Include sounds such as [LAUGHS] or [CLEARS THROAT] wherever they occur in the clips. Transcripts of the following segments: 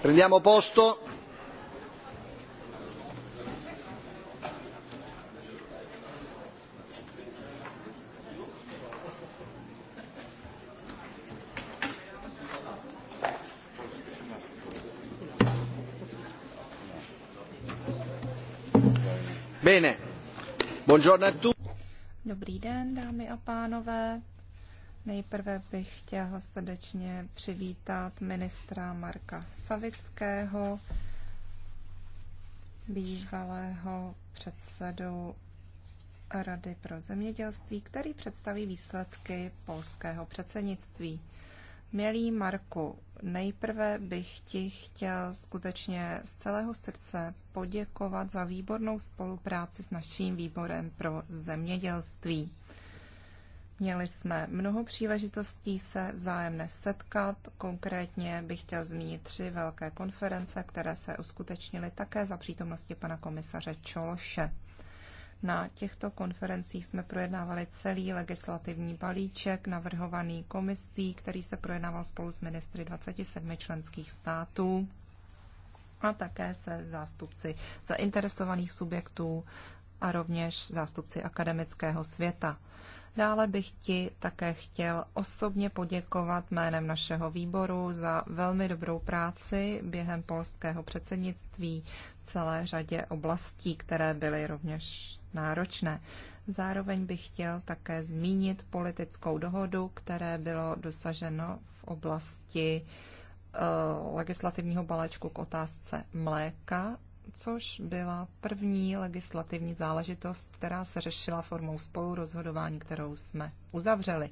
Prendiamo posto. Bene. Buongiorno a tutti. Dobrý den, dámy a pánové. Nejprve bych chtěla srdečně přivítat ministra Marka Savického, bývalého předsedu Rady pro zemědělství, který představí výsledky polského předsednictví. Milý Marku, nejprve bych ti chtěl skutečně z celého srdce poděkovat za výbornou spolupráci s naším výborem pro zemědělství. Měli jsme mnoho příležitostí se vzájemně setkat. Konkrétně bych chtěl zmínit tři velké konference, které se uskutečnily také za přítomnosti pana komisaře Čološe. Na těchto konferencích jsme projednávali celý legislativní balíček navrhovaný komisí, který se projednával spolu s ministry 27 členských států a také se zástupci zainteresovaných subjektů a rovněž zástupci akademického světa. Dále bych ti také chtěl osobně poděkovat jménem našeho výboru za velmi dobrou práci během polského předsednictví v celé řadě oblastí, které byly rovněž náročné. Zároveň bych chtěl také zmínit politickou dohodu, které bylo dosaženo v oblasti eh, legislativního balečku k otázce mléka což byla první legislativní záležitost, která se řešila formou spolurozhodování, kterou jsme uzavřeli.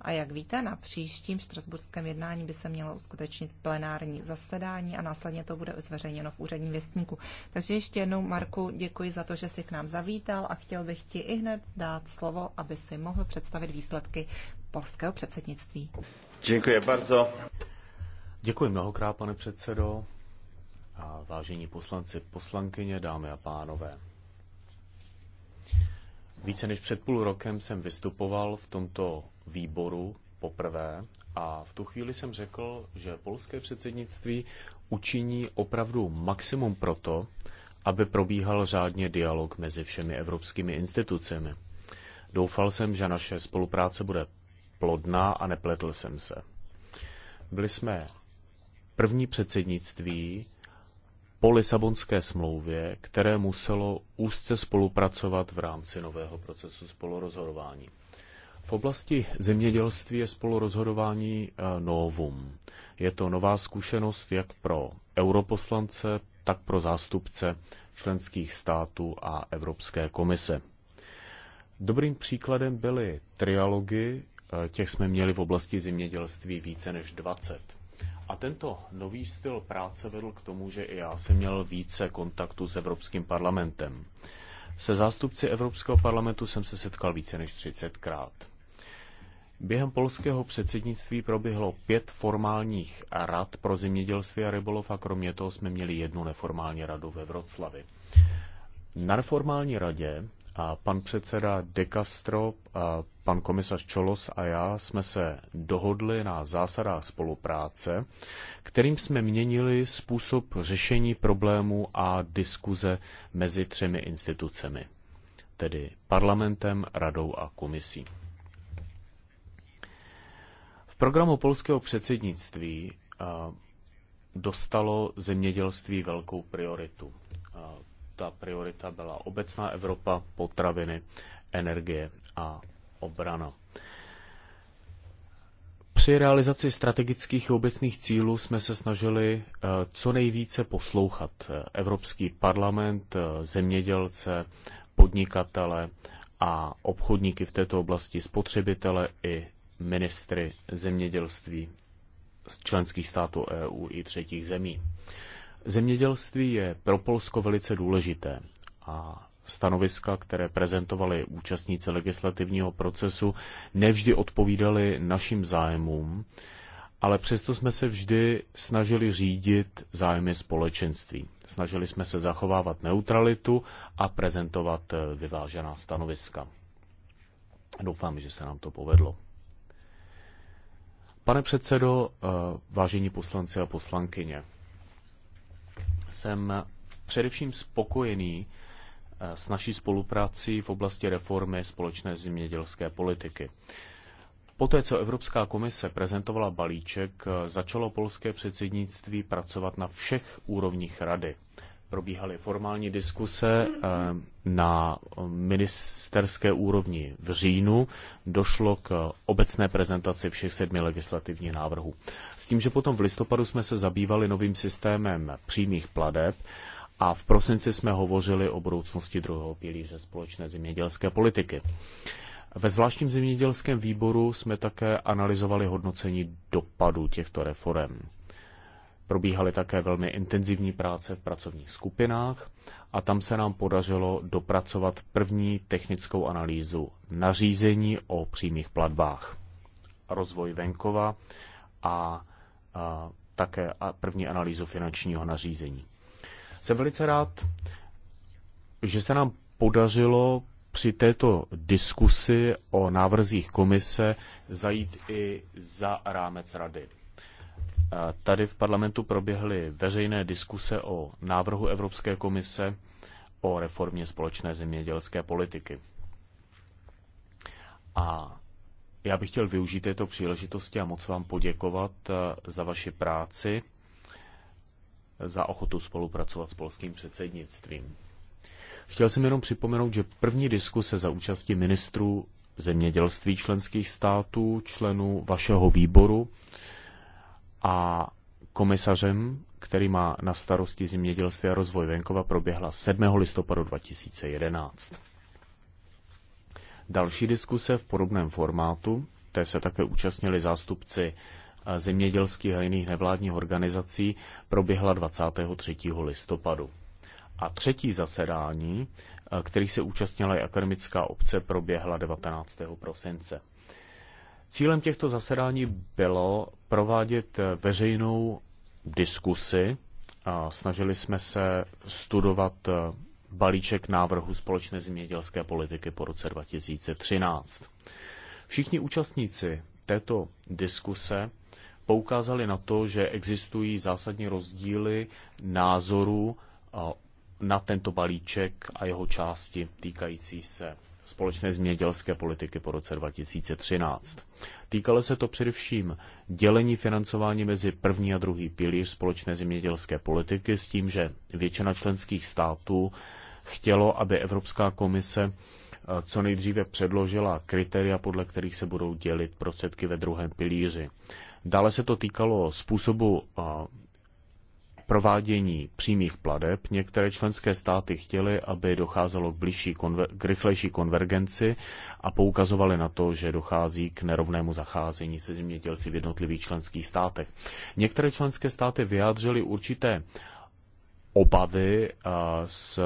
A jak víte, na příštím štrasburském jednání by se mělo uskutečnit plenární zasedání a následně to bude zveřejněno v úředním věstníku. Takže ještě jednou, Marku, děkuji za to, že jsi k nám zavítal a chtěl bych ti i hned dát slovo, aby si mohl představit výsledky polského předsednictví. Děkuji bardzo. Děkuji mnohokrát, pane předsedo a vážení poslanci, poslankyně, dámy a pánové. Více než před půl rokem jsem vystupoval v tomto výboru poprvé a v tu chvíli jsem řekl, že polské předsednictví učiní opravdu maximum proto, aby probíhal řádně dialog mezi všemi evropskými institucemi. Doufal jsem, že naše spolupráce bude plodná a nepletl jsem se. Byli jsme první předsednictví, po Lisabonské smlouvě, které muselo úzce spolupracovat v rámci nového procesu spolurozhodování. V oblasti zemědělství je spolurozhodování eh, novum. Je to nová zkušenost jak pro europoslance, tak pro zástupce členských států a Evropské komise. Dobrým příkladem byly trialogy, eh, těch jsme měli v oblasti zemědělství více než 20. A tento nový styl práce vedl k tomu, že i já jsem měl více kontaktu s Evropským parlamentem. Se zástupci Evropského parlamentu jsem se setkal více než 30krát. Během polského předsednictví proběhlo pět formálních rad pro zemědělství a rybolov a kromě toho jsme měli jednu neformální radu ve Vroclavi. Na neformální radě a pan předseda De Castro pan komisař Čolos a já jsme se dohodli na zásadách spolupráce, kterým jsme měnili způsob řešení problému a diskuze mezi třemi institucemi, tedy parlamentem, radou a komisí. V programu polského předsednictví dostalo zemědělství velkou prioritu. Ta priorita byla obecná Evropa, potraviny, energie a obrana. Při realizaci strategických a obecných cílů jsme se snažili eh, co nejvíce poslouchat Evropský parlament, eh, zemědělce, podnikatele a obchodníky v této oblasti, spotřebitele i ministry zemědělství z členských států EU i třetích zemí. Zemědělství je pro Polsko velice důležité a stanoviska, které prezentovali účastníci legislativního procesu, nevždy odpovídaly našim zájmům, ale přesto jsme se vždy snažili řídit zájmy společenství. Snažili jsme se zachovávat neutralitu a prezentovat eh, vyvážená stanoviska. Doufám, že se nám to povedlo. Pane předsedo, eh, vážení poslanci a poslankyně, jsem především spokojený, s naší spoluprací v oblasti reformy společné zemědělské politiky. Poté, co Evropská komise prezentovala balíček, začalo polské předsednictví pracovat na všech úrovních rady. Probíhaly formální diskuse eh, na ministerské úrovni v říjnu. Došlo k obecné prezentaci všech sedmi legislativních návrhů. S tím, že potom v listopadu jsme se zabývali novým systémem přímých pladeb a v prosinci jsme hovořili o budoucnosti druhého pilíře společné zemědělské politiky. Ve zvláštním zemědělském výboru jsme také analyzovali hodnocení dopadu těchto reform. Probíhaly také velmi intenzivní práce v pracovních skupinách a tam se nám podařilo dopracovat první technickou analýzu nařízení o přímých platbách, rozvoj venkova a, a také a první analýzu finančního nařízení. Jsem velice rád, že se nám podařilo při této diskusi o návrzích komise zajít i za rámec rady. Tady v parlamentu proběhly veřejné diskuse o návrhu Evropské komise o reformě společné zemědělské politiky. A já bych chtěl využít této příležitosti a moc vám poděkovat eh, za vaši práci za ochotu spolupracovat s polským předsednictvím. Chtěl jsem jenom připomenout, že první diskuse za účasti ministrů zemědělství členských států, členů vašeho výboru a komisařem, který má na starosti zemědělství a rozvoj venkova, proběhla 7. listopadu 2011. Další diskuse v podobném formátu, té se také účastnili zástupci zemědělských a jiných nevládních organizací proběhla 23. listopadu. A třetí zasedání, eh, který se účastnila i akademická obce, proběhla 19. prosince. Cílem těchto zasedání bylo provádět eh, veřejnou diskusi. A snažili jsme se studovat eh, balíček návrhu společné zemědělské politiky po roce 2013. Všichni účastníci této diskuse poukázali na to, že existují zásadní rozdíly názoru na tento balíček a jeho části týkající se společné zemědělské politiky po roce 2013. Týkalo se to především dělení financování mezi první a druhý pilíř společné zemědělské politiky s tím, že většina členských států chtělo, aby Evropská komise co nejdříve předložila kritéria, podle kterých se budou dělit prostředky ve druhém pilíři. Dále se to týkalo způsobu provádění přímých pladeb. Některé členské státy chtěly, aby docházelo k, blížší, k rychlejší konvergenci a poukazovali na to, že dochází k nerovnému zacházení se zemědělci v jednotlivých členských státech. Některé členské státy vyjádřily určité obavy z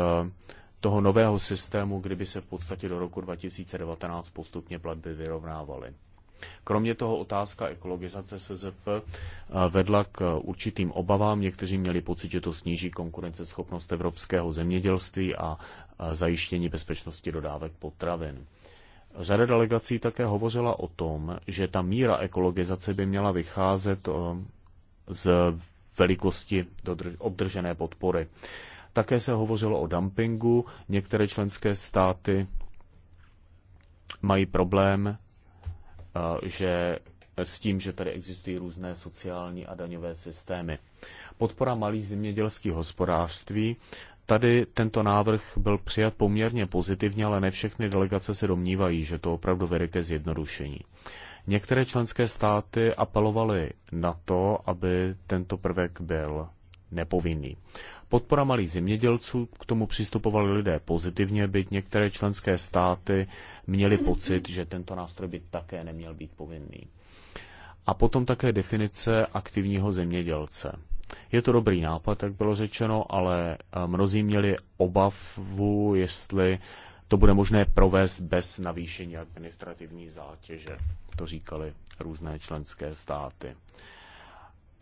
toho nového systému, kdyby se v podstatě do roku 2019 postupně platby vyrovnávaly. Kromě toho otázka ekologizace SZP eh, vedla k určitým obavám. Někteří měli pocit, že to sníží konkurenceschopnost evropského zemědělství a eh, zajištění bezpečnosti dodávek potravin. Řada delegací také hovořila o tom, že ta míra ekologizace by měla vycházet eh, z velikosti obdržené podpory. Také se hovořilo o dumpingu. Některé členské státy mají problém Eh, že s tím, že tady existují různé sociální a daňové systémy. Podpora malých zemědělských hospodářství. Tady tento návrh byl přijat poměrně pozitivně, ale ne všechny delegace se domnívají, že to opravdu vede ke zjednodušení. Některé členské státy apelovaly na to, aby tento prvek byl nepovinný. Podpora malých zemědělců, k tomu přistupovali lidé pozitivně, byť některé členské státy měly pocit, že tento nástroj by také neměl být povinný. A potom také definice aktivního zemědělce. Je to dobrý nápad, jak bylo řečeno, ale eh, mnozí měli obavu, jestli to bude možné provést bez navýšení administrativní zátěže. To říkali různé členské státy.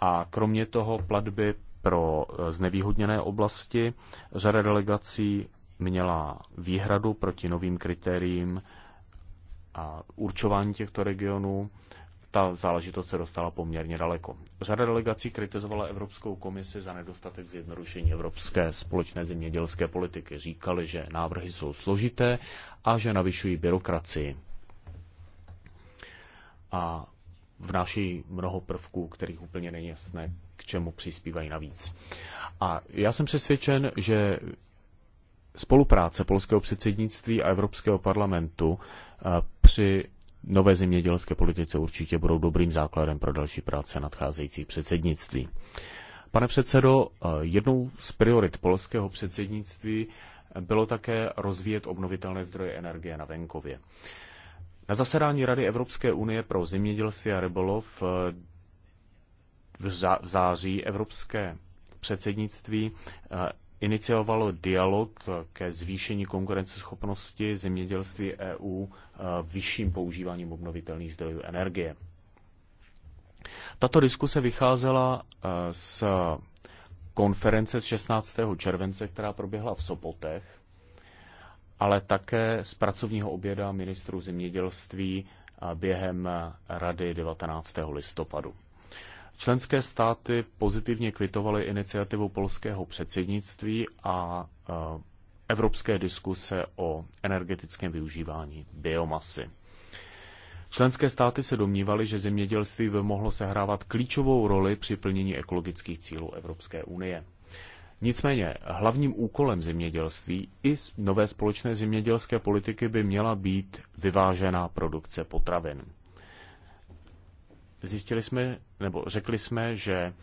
A kromě toho platby pro eh, znevýhodněné oblasti. Řada delegací měla výhradu proti novým kritériím a určování těchto regionů. Ta záležitost se dostala poměrně daleko. Řada delegací kritizovala Evropskou komisi za nedostatek zjednodušení evropské společné zemědělské politiky. Říkali, že návrhy jsou složité a že navyšují byrokracii. A vnáší mnoho prvků, kterých úplně není jasné, k čemu přispívají navíc. A já jsem přesvědčen, že spolupráce polského předsednictví a Evropského parlamentu eh, při nové zemědělské politice určitě budou dobrým základem pro další práce nadcházející předsednictví. Pane předsedo, eh, jednou z priorit polského předsednictví bylo také rozvíjet obnovitelné zdroje energie na venkově. Na zasedání Rady Evropské unie pro zemědělství a rybolov eh, v září Evropské předsednictví eh, iniciovalo dialog eh, ke zvýšení konkurenceschopnosti zemědělství EU eh, vyšším používáním obnovitelných zdrojů energie. Tato diskuse vycházela z konference z 16. července, která proběhla v Sopotech, ale také z pracovního oběda ministrů zemědělství během rady 19. listopadu. Členské státy pozitivně kvitovaly iniciativu polského předsednictví a e, evropské diskuse o energetickém využívání biomasy. Členské státy se domnívaly, že zemědělství by mohlo sehrávat klíčovou roli při plnění ekologických cílů Evropské unie. Nicméně hlavním úkolem zemědělství i nové společné zemědělské politiky by měla být vyvážená produkce potravin. Zjistili jsme, nebo řekli jsme, že eh,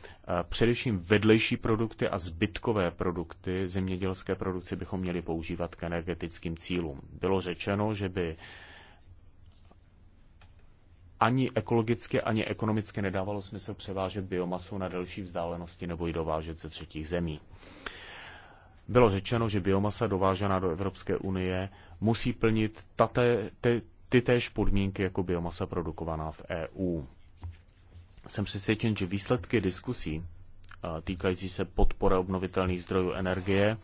především vedlejší produkty a zbytkové produkty zemědělské produkci bychom měli používat k energetickým cílům. Bylo řečeno, že by ani ekologicky, ani ekonomicky nedávalo smysl převážet biomasu na delší vzdálenosti nebo ji dovážet ze třetích zemí. Bylo řečeno, že biomasa dovážená do Evropské unie musí plnit taté, ty, ty též podmínky jako biomasa produkovaná v EU. Jsem přesvědčen, že výsledky diskusí týkající se podpory obnovitelných zdrojů energie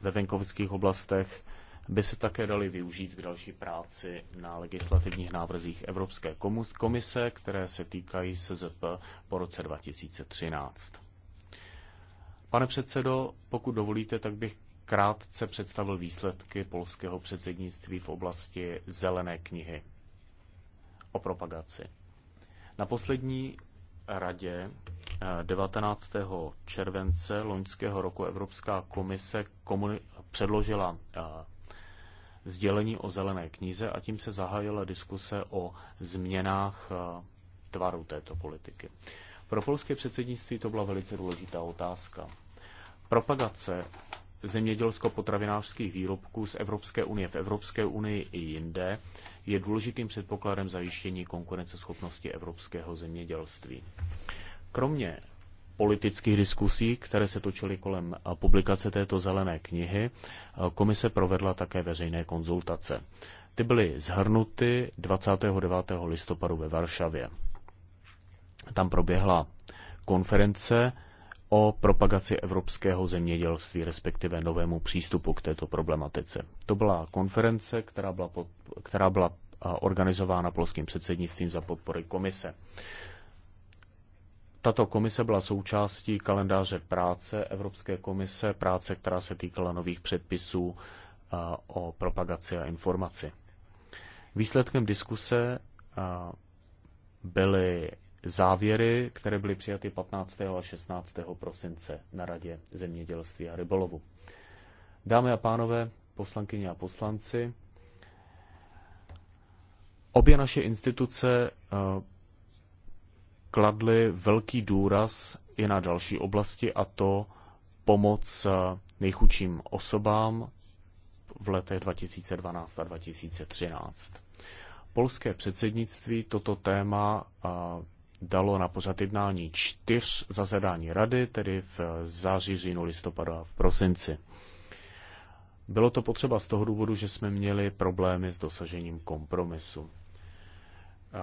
ve venkovských oblastech by se také daly využít k další práci na legislativních návrzích Evropské komise, které se týkají SZP po roce 2013. Pane předsedo, pokud dovolíte, tak bych krátce představil výsledky polského předsednictví v oblasti zelené knihy o propagaci. Na poslední radě 19. Eh, července loňského roku Evropská komise předložila eh, sdělení o zelené knize a tím se zahájila diskuse o změnách eh, tvaru této politiky. Pro polské předsednictví to byla velice důležitá otázka. Propagace zemědělsko-potravinářských výrobků z Evropské unie v Evropské unii i jinde je důležitým předpokladem zajištění konkurenceschopnosti evropského zemědělství. Kromě politických diskusí, které se točily kolem publikace této zelené knihy, komise provedla také veřejné konzultace. Ty byly zhrnuty 29. listopadu ve Varšavě. Tam proběhla konference o propagaci evropského zemědělství, respektive novému přístupu k této problematice. To byla konference, která byla, pod, která byla organizována polským předsednictvím za podpory komise. Tato komise byla součástí kalendáře práce Evropské komise, práce, která se týkala nových předpisů o propagaci a informaci. Výsledkem diskuse byly závěry, které byly přijaty 15. a 16. prosince na Radě zemědělství a rybolovu. Dámy a pánové, poslankyně a poslanci, obě naše instituce eh, kladly velký důraz i na další oblasti, a to pomoc eh, nejchudším osobám v letech 2012 a 2013. Polské předsednictví toto téma eh, dalo na pořad jednání čtyř zasedání rady, tedy v září, říjnu, listopadu a v prosinci. Bylo to potřeba z toho důvodu, že jsme měli problémy s dosažením kompromisu.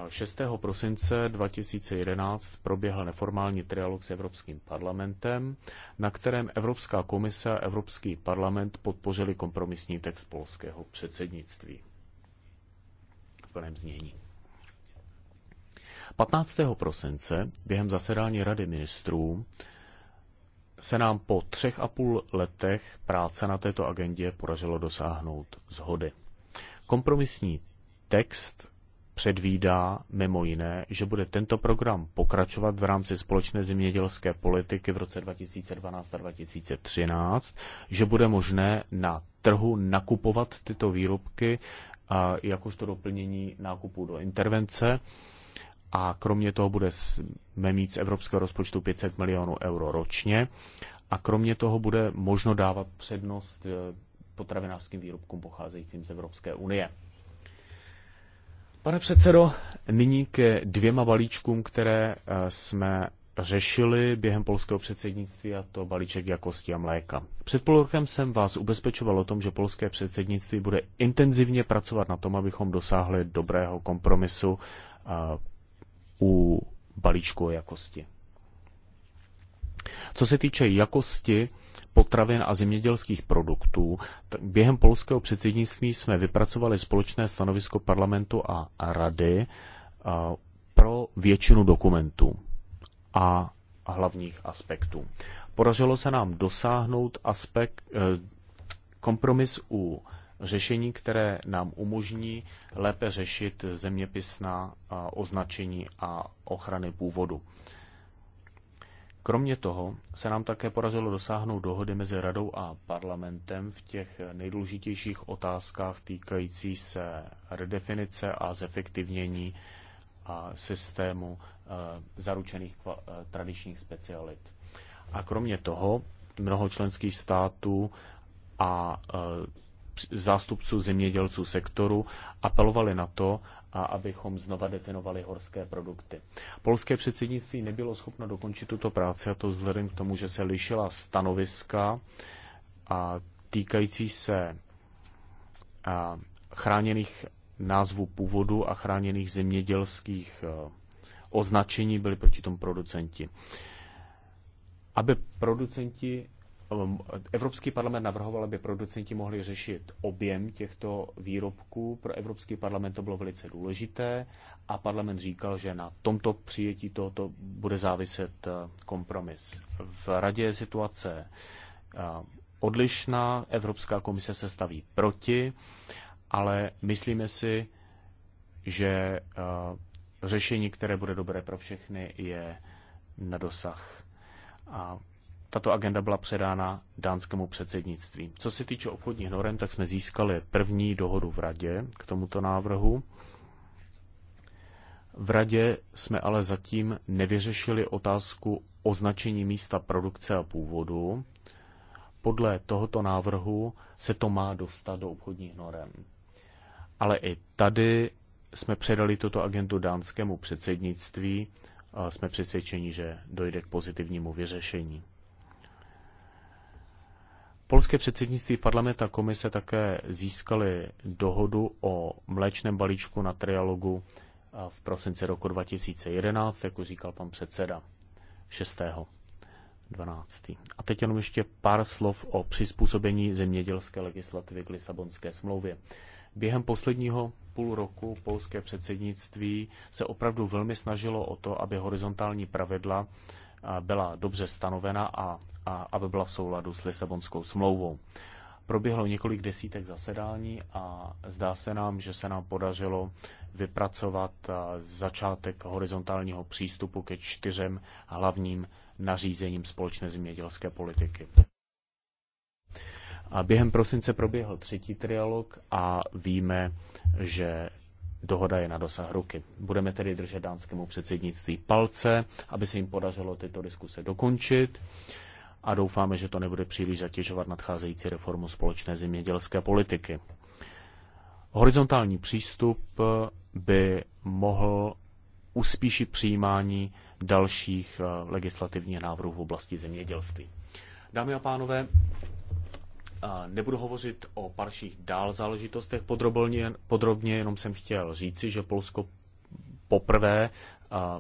6. prosince 2011 proběhl neformální trialog s Evropským parlamentem, na kterém Evropská komise a Evropský parlament podpořili kompromisní text polského předsednictví v plném znění. 15. prosince během zasedání Rady ministrů se nám po třech a půl letech práce na této agendě podařilo dosáhnout zhody. Kompromisní text předvídá mimo jiné, že bude tento program pokračovat v rámci společné zemědělské politiky v roce 2012 a 2013, že bude možné na trhu nakupovat tyto výrobky jakožto doplnění nákupů do intervence a kromě toho budeme mít z evropského rozpočtu 500 milionů euro ročně a kromě toho bude možno dávat přednost eh, potravinářským výrobkům pocházejícím z Evropské unie. Pane předsedo, nyní ke dvěma balíčkům, které eh, jsme řešili během polského předsednictví a to balíček jakosti a mléka. Před půl rokem jsem vás ubezpečoval o tom, že polské předsednictví bude intenzivně pracovat na tom, abychom dosáhli dobrého kompromisu eh, u balíčku o jakosti. Co se týče jakosti potravin a zemědělských produktů, během polského předsednictví jsme vypracovali společné stanovisko parlamentu a rady pro většinu dokumentů a hlavních aspektů. Podařilo se nám dosáhnout aspekt, e, kompromis u řešení, které nám umožní lépe řešit zeměpisná označení a ochrany původu. Kromě toho se nám také podařilo dosáhnout dohody mezi radou a parlamentem v těch nejdůležitějších otázkách týkající se redefinice a zefektivnění a systému zaručených tradičních specialit. A kromě toho mnoho členských států a zástupců zemědělců sektoru apelovali na to, a abychom znova definovali horské produkty. Polské předsednictví nebylo schopno dokončit tuto práci a to vzhledem k tomu, že se lišila stanoviska a týkající se a chráněných názvů původu a chráněných zemědělských e, označení byli proti tomu producenti. Aby producenti Um, Evropský parlament navrhoval, aby producenti mohli řešit objem těchto výrobků. Pro Evropský parlament to bylo velice důležité a parlament říkal, že na tomto přijetí tohoto bude záviset uh, kompromis. V radě je situace uh, odlišná, Evropská komise se staví proti, ale myslíme si, že uh, řešení, které bude dobré pro všechny, je na dosah. A tato agenda byla předána dánskému předsednictví. Co se týče obchodních norem, tak jsme získali první dohodu v radě k tomuto návrhu. V radě jsme ale zatím nevyřešili otázku označení místa produkce a původu. Podle tohoto návrhu se to má dostat do obchodních norem. Ale i tady jsme předali tuto agendu dánskému předsednictví a jsme přesvědčeni, že dojde k pozitivnímu vyřešení. Polské předsednictví parlamenta a komise také získali dohodu o mléčném balíčku na trialogu v prosinci roku 2011, jako říkal pan předseda, 6. 12. A teď jenom ještě pár slov o přizpůsobení zemědělské legislativy k Lisabonské smlouvě. Během posledního půl roku polské předsednictví se opravdu velmi snažilo o to, aby horizontální pravidla byla dobře stanovena a, a aby byla v souladu s Lisabonskou smlouvou. Proběhlo několik desítek zasedání a zdá se nám, že se nám podařilo vypracovat začátek horizontálního přístupu ke čtyřem hlavním nařízením společné zemědělské politiky. A během prosince proběhl třetí trialog a víme, že dohoda je na dosah ruky. Budeme tedy držet dánskému předsednictví palce, aby se jim podařilo tyto diskuse dokončit a doufáme, že to nebude příliš zatěžovat nadcházející reformu společné zemědělské politiky. Horizontální přístup eh, by mohl uspíšit přijímání dalších eh, legislativních návrhů v oblasti zemědělství. Dámy a pánové, Nebudu hovořit o parších dál záležitostech podrobně, podrobně, jenom jsem chtěl říci, že Polsko poprvé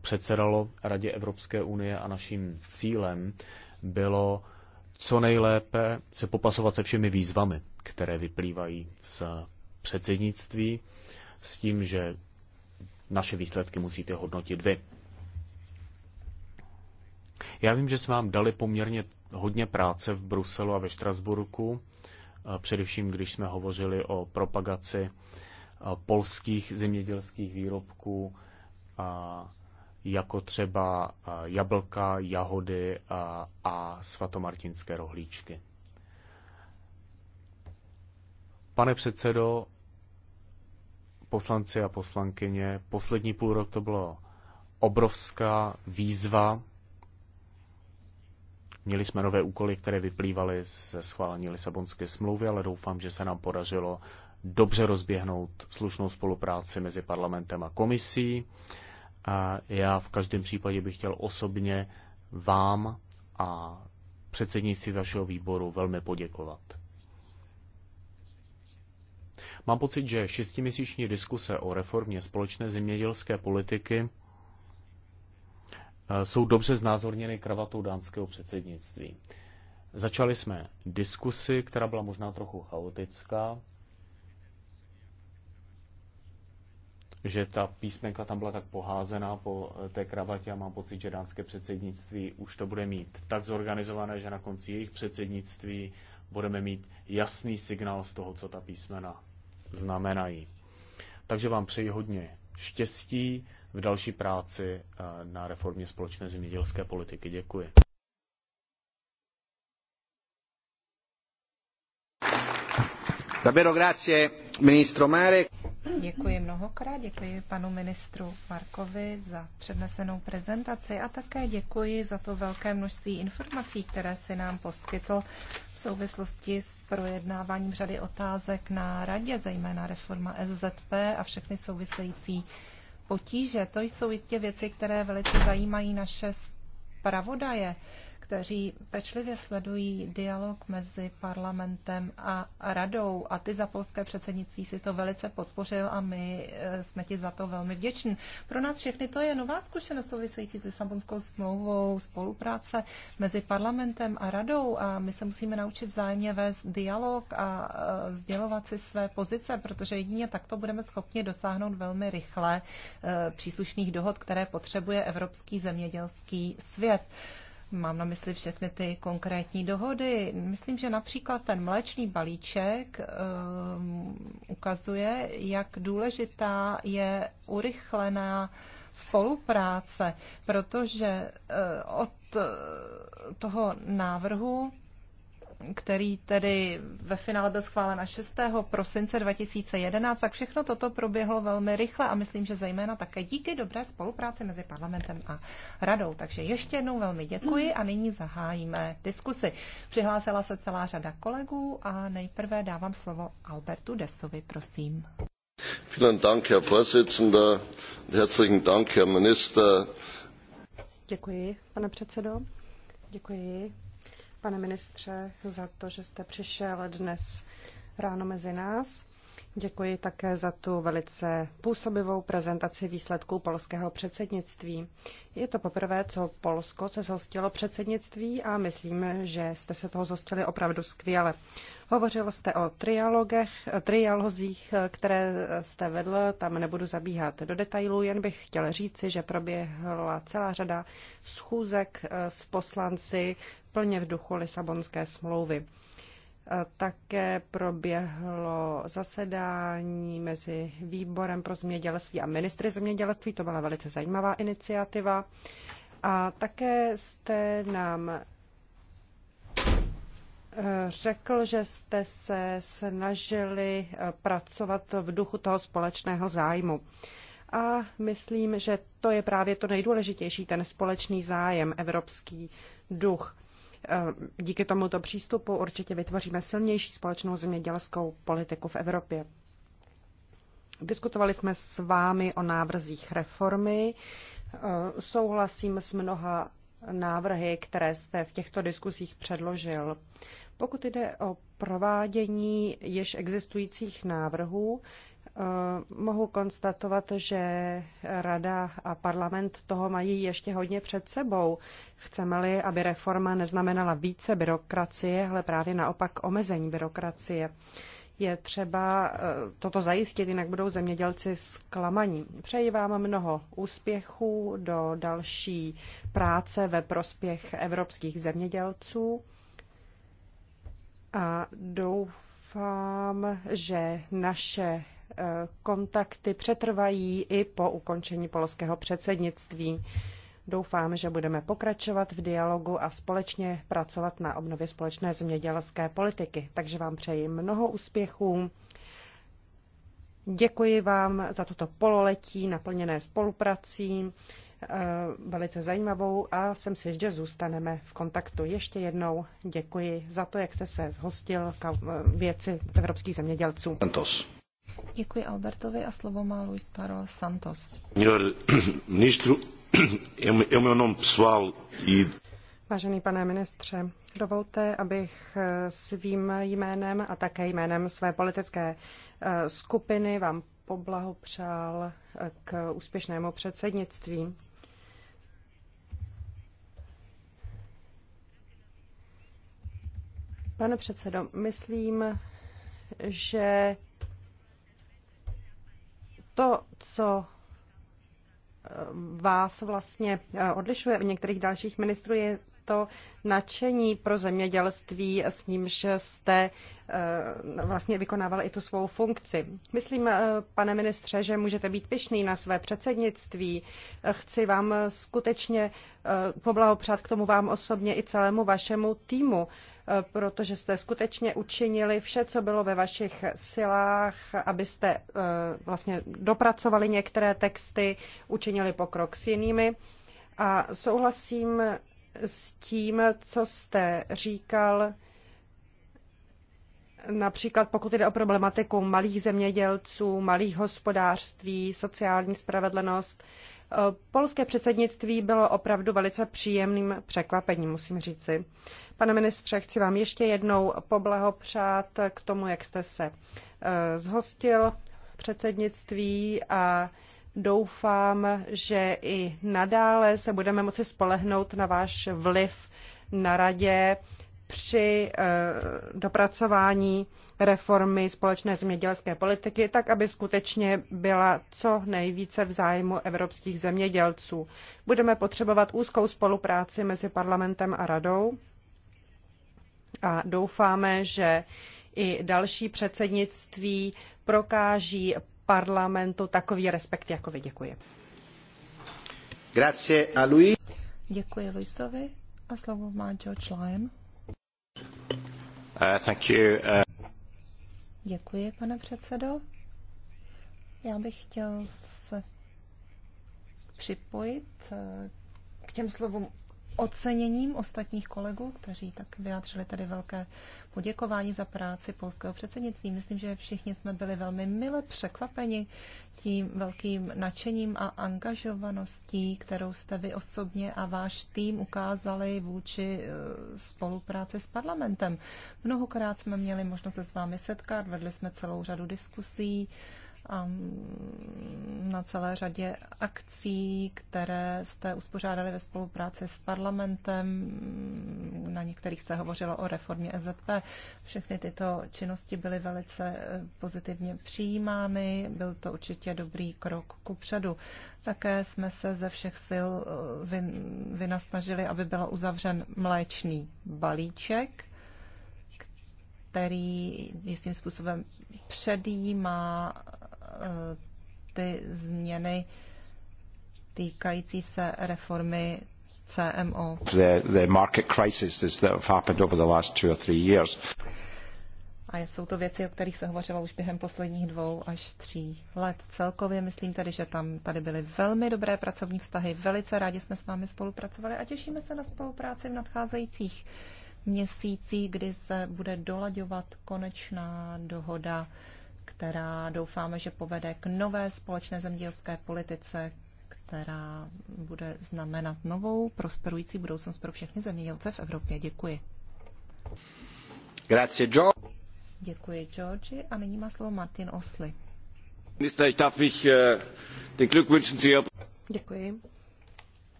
předsedalo Radě Evropské unie a naším cílem bylo co nejlépe se popasovat se všemi výzvami, které vyplývají z předsednictví, s tím, že naše výsledky musíte hodnotit vy. Já vím, že jsme vám dali poměrně hodně práce v Bruselu a ve Štrasburku, eh, především když jsme hovořili o propagaci eh, polských zemědělských výrobků, jako třeba eh, jablka, jahody a svatomartinské rohlíčky. Pane předsedo, poslanci a poslankyně, poslední půl rok to bylo obrovská výzva Měli jsme nové úkoly, které vyplývaly ze schválení Lisabonské smlouvy, ale doufám, že se nám podařilo dobře rozběhnout slušnou spolupráci mezi parlamentem a komisí. A já v každém případě bych chtěl osobně vám a předsednictví vašeho výboru velmi poděkovat. Mám pocit, že šestiměsíční diskuse o reformě společné zemědělské politiky Eh, jsou dobře znázorněny kravatou dánského předsednictví. Začali jsme diskusi, která byla možná trochu chaotická, že ta písmenka tam byla tak poházená po eh, té kravatě a mám pocit, že dánské předsednictví už to bude mít tak zorganizované, že na konci jejich předsednictví budeme mít jasný signál z toho, co ta písmena znamenají. Takže vám přeji hodně štěstí, v další práci eh, na reformě společné zemědělské politiky. Děkuji. Děkuji mnohokrát, děkuji panu ministru Markovi za přednesenou prezentaci a také děkuji za to velké množství informací, které si nám poskytl v souvislosti s projednáváním řady otázek na radě, zejména reforma SZP a všechny související potíže. To jsou jistě věci, které velice zajímají naše zpravodaje kteří pečlivě sledují dialog mezi parlamentem a radou a ty za polské předsednictví si to velice podpořil a my eh, jsme ti za to velmi vděční. Pro nás všechny to je nová zkušenost související s Lisabonskou smlouvou, spolupráce mezi parlamentem a radou a my se musíme naučit vzájemně vést dialog a eh, sdělovat si své pozice, protože jedině takto budeme schopni dosáhnout velmi rychle eh, příslušných dohod, které potřebuje evropský zemědělský svět. Mám na mysli všechny ty konkrétní dohody. Myslím, že například ten mléčný balíček um, ukazuje, jak důležitá je urychlená spolupráce, protože uh, od toho návrhu který tedy ve finále byl schválen až 6. prosince 2011, tak všechno toto proběhlo velmi rychle a myslím, že zejména také díky dobré spolupráci mezi parlamentem a radou. Takže ještě jednou velmi děkuji a nyní zahájíme diskusy. Přihlásila se celá řada kolegů a nejprve dávám slovo Albertu Desovi, prosím. Vielen Dank, Herr Vorsitzender. Herzlichen Dank, Herr Minister. Děkuji, pane předsedo. Děkuji, pane ministře, za to, že jste přišel dnes ráno mezi nás. Děkuji také za tu velice působivou prezentaci výsledků polského předsednictví. Je to poprvé, co Polsko se zhostilo předsednictví a myslím, že jste se toho zhostili opravdu skvěle. Hovořil jste o trialogech, trialozích, které jste vedl, tam nebudu zabíhat do detailů, jen bych chtěl říci, že proběhla celá řada schůzek eh, s poslanci plně v duchu Lisabonské smlouvy. Eh, také proběhlo zasedání mezi výborem pro zemědělství a ministry zemědělství. To byla velice zajímavá iniciativa. A také jste nám řekl, že jste se snažili eh, pracovat v duchu toho společného zájmu. A myslím, že to je právě to nejdůležitější, ten společný zájem, evropský duch. Eh, díky tomuto přístupu určitě vytvoříme silnější společnou zemědělskou politiku v Evropě. Diskutovali jsme s vámi o návrzích reformy. Eh, souhlasím s mnoha návrhy, které jste v těchto diskusích předložil. Pokud jde o provádění již existujících návrhů, eh, mohu konstatovat, že Rada a parlament toho mají ještě hodně před sebou. Chceme-li, aby reforma neznamenala více byrokracie, ale právě naopak omezení byrokracie. Je třeba eh, toto zajistit, jinak budou zemědělci zklamaní. Přeji vám mnoho úspěchů do další práce ve prospěch evropských zemědělců a doufám, že naše eh, kontakty přetrvají i po ukončení polského předsednictví. Doufám, že budeme pokračovat v dialogu a společně pracovat na obnově společné zemědělské politiky. Takže vám přeji mnoho úspěchů. Děkuji vám za toto pololetí naplněné spoluprací, eh, velice zajímavou a jsem si, že zůstaneme v kontaktu. Ještě jednou děkuji za to, jak jste se zhostil eh, věci evropských zemědělců. Santos. Děkuji Albertovi a slovo má Luis Paro Santos. [CLEARS THROAT] Vážený pane ministře, dovolte, abych eh, svým jménem a také jménem své politické eh, skupiny vám poblahopřál eh, k úspěšnému předsednictví. Pane předsedo, myslím, že to, co vás vlastně eh, odlišuje od některých dalších ministrů, je to nadšení pro zemědělství, s nímž jste eh, vlastně vykonával i tu svou funkci. Myslím, eh, pane ministře, že můžete být pišný na své předsednictví. Eh, chci vám skutečně poblahopřát k tomu vám osobně i celému vašemu týmu, protože jste skutečně učinili vše, co bylo ve vašich silách, abyste vlastně dopracovali některé texty, učinili pokrok s jinými. A souhlasím s tím, co jste říkal, například pokud jde o problematiku malých zemědělců, malých hospodářství, sociální spravedlnost. Polské předsednictví bylo opravdu velice příjemným překvapením, musím říci. Pane ministře, chci vám ještě jednou poblahopřát k tomu, jak jste se eh, zhostil předsednictví a Doufám, že i nadále se budeme moci spolehnout na váš vliv na radě při eh, dopracování reformy společné zemědělské politiky, tak aby skutečně byla co nejvíce v zájmu evropských zemědělců. Budeme potřebovat úzkou spolupráci mezi parlamentem a radou a doufáme, že i další předsednictví prokáží parlamentu takový respekt jako vy. Děkuji. Grazie a lui. Děkuji Luisovi a slovo má George Lyon. Uh, thank you, uh... Děkuji, pane předsedo. Já bych chtěl se připojit uh, k těm slovům oceněním ostatních kolegů, kteří tak vyjádřili tady velké poděkování za práci polského předsednictví. Myslím, že všichni jsme byli velmi mile překvapeni tím velkým nadšením a angažovaností, kterou jste vy osobně a váš tým ukázali vůči eh, spolupráci s parlamentem. Mnohokrát jsme měli možnost se s vámi setkat, vedli jsme celou řadu diskusí, Mm, na celé řadě akcí, které jste uspořádali ve spolupráci s parlamentem. Na některých se hovořilo o reformě EZP. Všechny tyto činnosti byly velice e, pozitivně přijímány. Byl to určitě dobrý krok ku předu. Také jsme se ze všech sil e, vynasnažili, aby byl uzavřen mléčný balíček, který jistým způsobem předjímá ty změny týkající se reformy CMO. The, the market crisis, that have happened over the last two or three years. A jsou to věci, o kterých se hovořilo už během posledních dvou až tří let. Celkově myslím tedy, že tam tady byly velmi dobré pracovní vztahy. Velice rádi jsme s vámi spolupracovali a těšíme se na spolupráci v nadcházejících měsících, kdy se bude dolaďovat konečná dohoda která doufáme, že povede k nové společné zemědělské politice, která bude znamenat novou prosperující budoucnost pro všechny zemědělce v Evropě. Děkuji. Grazie, Joe. Děkuji, Georgi. A nyní má slovo Martin Osli. Äh, Děkuji.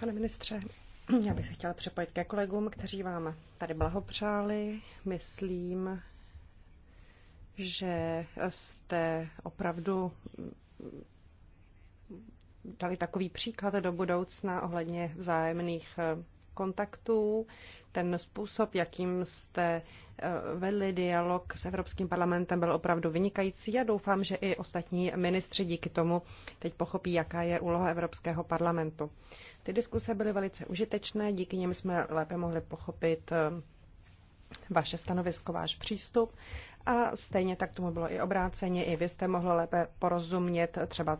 Pane ministře, já bych se chtěla přepojit ke kolegům, kteří vám tady blahopřáli. Myslím, že jste opravdu dali takový příklad do budoucna ohledně vzájemných eh, kontaktů, ten způsob, jakým jste eh, vedli dialog s Evropským parlamentem, byl opravdu vynikající Já doufám, že i ostatní ministři díky tomu teď pochopí, jaká je úloha Evropského parlamentu. Ty diskuse byly velice užitečné, díky nim jsme lépe mohli pochopit eh, vaše stanovisko, váš přístup a stejně tak tomu bylo i obráceně, i vy jste mohli lépe porozumět třeba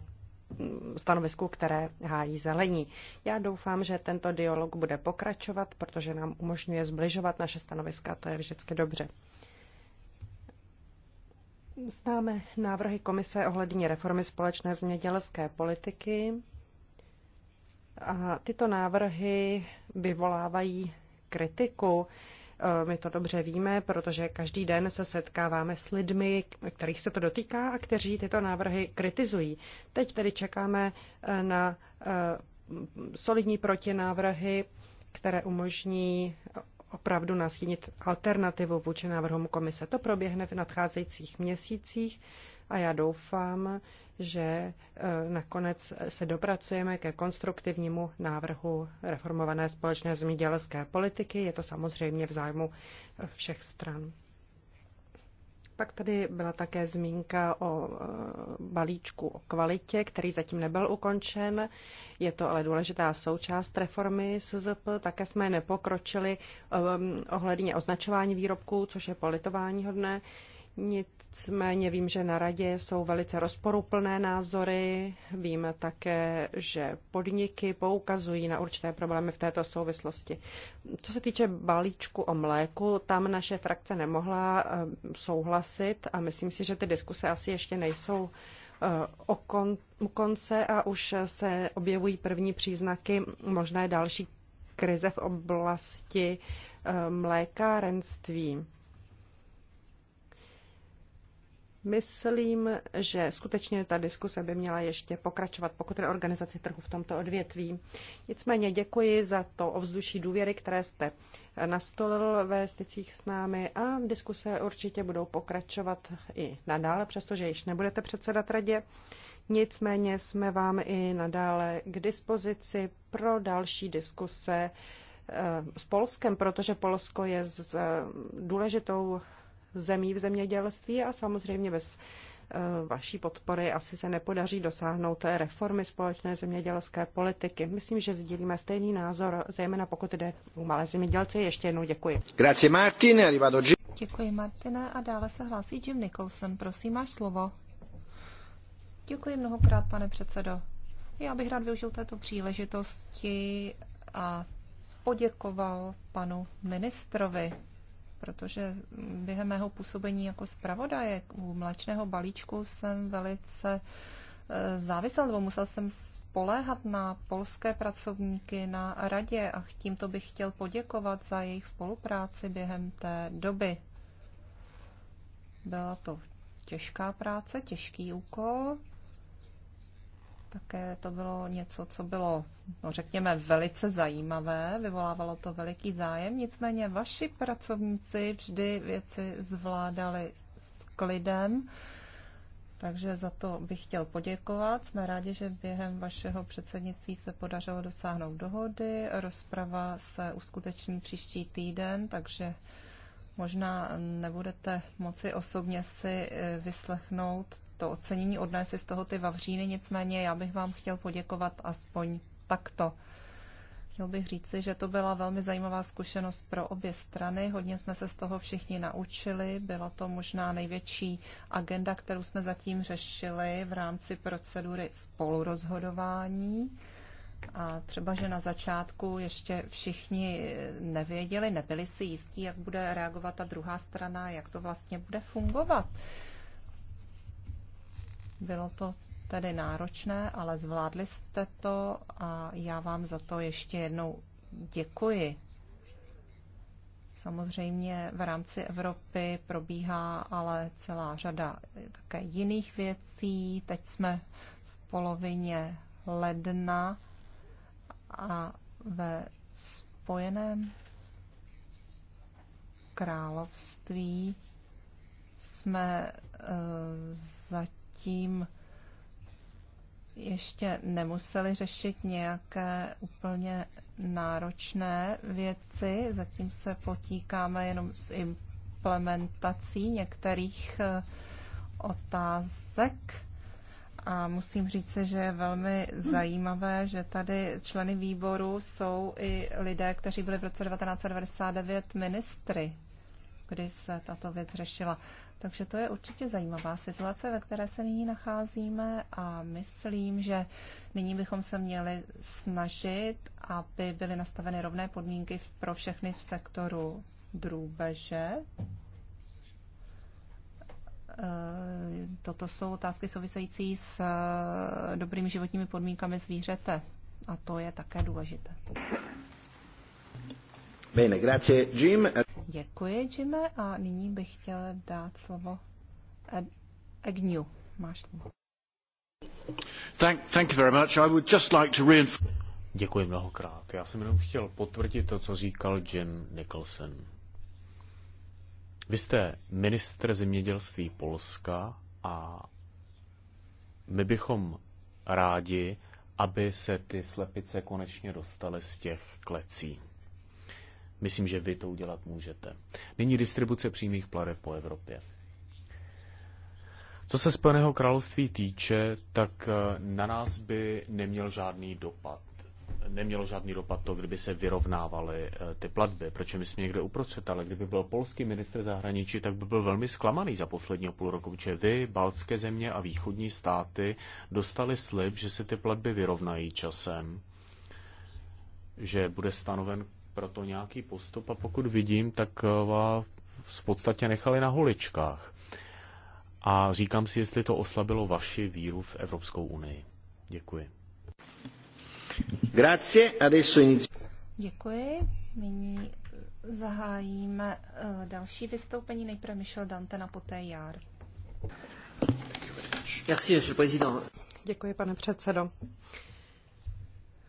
mm, stanovisku, které hájí zelení. Já doufám, že tento dialog bude pokračovat, protože nám umožňuje zbližovat naše stanoviska, to je vždycky dobře. Známe návrhy komise ohledně reformy společné zemědělské politiky. A tyto návrhy vyvolávají kritiku. Eh, my to dobře víme, protože každý den se setkáváme s lidmi, kterých se to dotýká a kteří tyto návrhy kritizují. Teď tedy čekáme eh, na eh, solidní protinávrhy, které umožní opravdu nastínit alternativu vůči návrhům komise. To proběhne v nadcházejících měsících a já doufám, že e, nakonec se dopracujeme ke konstruktivnímu návrhu reformované společné zemědělské politiky. Je to samozřejmě v zájmu e, všech stran. Pak tady byla také zmínka o e, balíčku o kvalitě, který zatím nebyl ukončen. Je to ale důležitá součást reformy SZP. Také jsme nepokročili ohledně označování výrobků, což je politování hodné. Nicméně vím, že na radě jsou velice rozporuplné názory. Vím také, že podniky poukazují na určité problémy v této souvislosti. Co se týče balíčku o mléku, tam naše frakce nemohla eh, souhlasit a myslím si, že ty diskuse asi ještě nejsou eh, o konce a už se objevují první příznaky možné další krize v oblasti eh, mlékárenství Myslím, že skutečně ta diskuse by měla ještě pokračovat, pokud je organizaci trhu v tomto odvětví. Nicméně děkuji za to ovzduší důvěry, které jste nastolil ve stycích s námi a diskuse určitě budou pokračovat i nadále, přestože již nebudete předsedat radě. Nicméně jsme vám i nadále k dispozici pro další diskuse eh, s Polskem, protože Polsko je s důležitou zemí v zemědělství a samozřejmě bez eh, vaší podpory asi se nepodaří dosáhnout té reformy společné zemědělské politiky. Myslím, že sdílíme stejný názor, zejména pokud jde o malé zemědělce. Ještě jednou děkuji. Grazie Martin, arrivado G- Děkuji Martine a dále se hlásí Jim Nicholson. Prosím, máš slovo. Děkuji mnohokrát, pane předsedo. Já bych rád využil této příležitosti a poděkoval panu ministrovi protože během mého působení jako zpravodaje u mléčného balíčku jsem velice eh, závisel, nebo musel jsem spoléhat na polské pracovníky na radě a tímto bych chtěl poděkovat za jejich spolupráci během té doby. Byla to těžká práce, těžký úkol, také to bylo něco, co bylo, no řekněme, velice zajímavé, vyvolávalo to veliký zájem, nicméně vaši pracovníci vždy věci zvládali s klidem, takže za to bych chtěl poděkovat. Jsme rádi, že během vašeho předsednictví se podařilo dosáhnout dohody. Rozprava se uskuteční příští týden, takže možná nebudete moci osobně si eh, vyslechnout to ocenění odnesli z toho ty vavříny, nicméně já bych vám chtěl poděkovat aspoň takto. Chtěl bych říci, že to byla velmi zajímavá zkušenost pro obě strany. Hodně jsme se z toho všichni naučili. Byla to možná největší agenda, kterou jsme zatím řešili v rámci procedury spolurozhodování. A třeba, že na začátku ještě všichni nevěděli, nebyli si jistí, jak bude reagovat ta druhá strana, jak to vlastně bude fungovat. Bylo to tedy náročné, ale zvládli jste to a já vám za to ještě jednou děkuji. Samozřejmě v rámci Evropy probíhá ale celá řada také jiných věcí. Teď jsme v polovině ledna a ve Spojeném království jsme e, eh, začali zatím ještě nemuseli řešit nějaké úplně náročné věci, zatím se potýkáme jenom s implementací některých eh, otázek. A musím říct, že je velmi zajímavé, že tady členy výboru jsou i lidé, kteří byli v roce 1999 ministry, kdy se tato věc řešila. Takže to je určitě zajímavá situace, ve které se nyní nacházíme a myslím, že nyní bychom se měli snažit, aby byly nastaveny rovné podmínky pro všechny v sektoru drůbeže. E, toto jsou otázky související s e, dobrými životními podmínkami zvířete a to je také důležité. Bene, grazie Jim. Děkuji, Jime, a nyní bych chtěl dát slovo Agnew. Máš slovo. Thank, thank you very much. I would just like to reinforce... Děkuji mnohokrát. Já jsem jenom chtěl potvrdit to, co říkal Jim Nicholson. Vy jste ministr zemědělství Polska a my bychom rádi, aby se ty slepice konečně dostaly z těch klecí. Myslím, že vy to udělat můžete. Nyní distribuce přímých pladeb po Evropě. Co se Spojeného království týče, tak eh, na nás by neměl žádný dopad. Nemělo žádný dopad to, kdyby se vyrovnávaly eh, ty platby, proč my jsme někde uprostřed, ale kdyby byl polský ministr zahraničí, tak by byl velmi zklamaný za posledního půl roku, protože vy, baltské země a východní státy dostali slib, že se ty platby vyrovnají časem, že bude stanoven pro to nějaký postup a pokud vidím, tak eh, vás v podstatě nechali na holičkách. A říkám si, jestli to oslabilo vaši víru v Evropskou unii. Děkuji. Grazie, adesso inizio. Děkuji. Nyní zahájíme eh, další vystoupení. Nejprve Michel Dante na poté Jár. Merci, Děkuji, pane předsedo.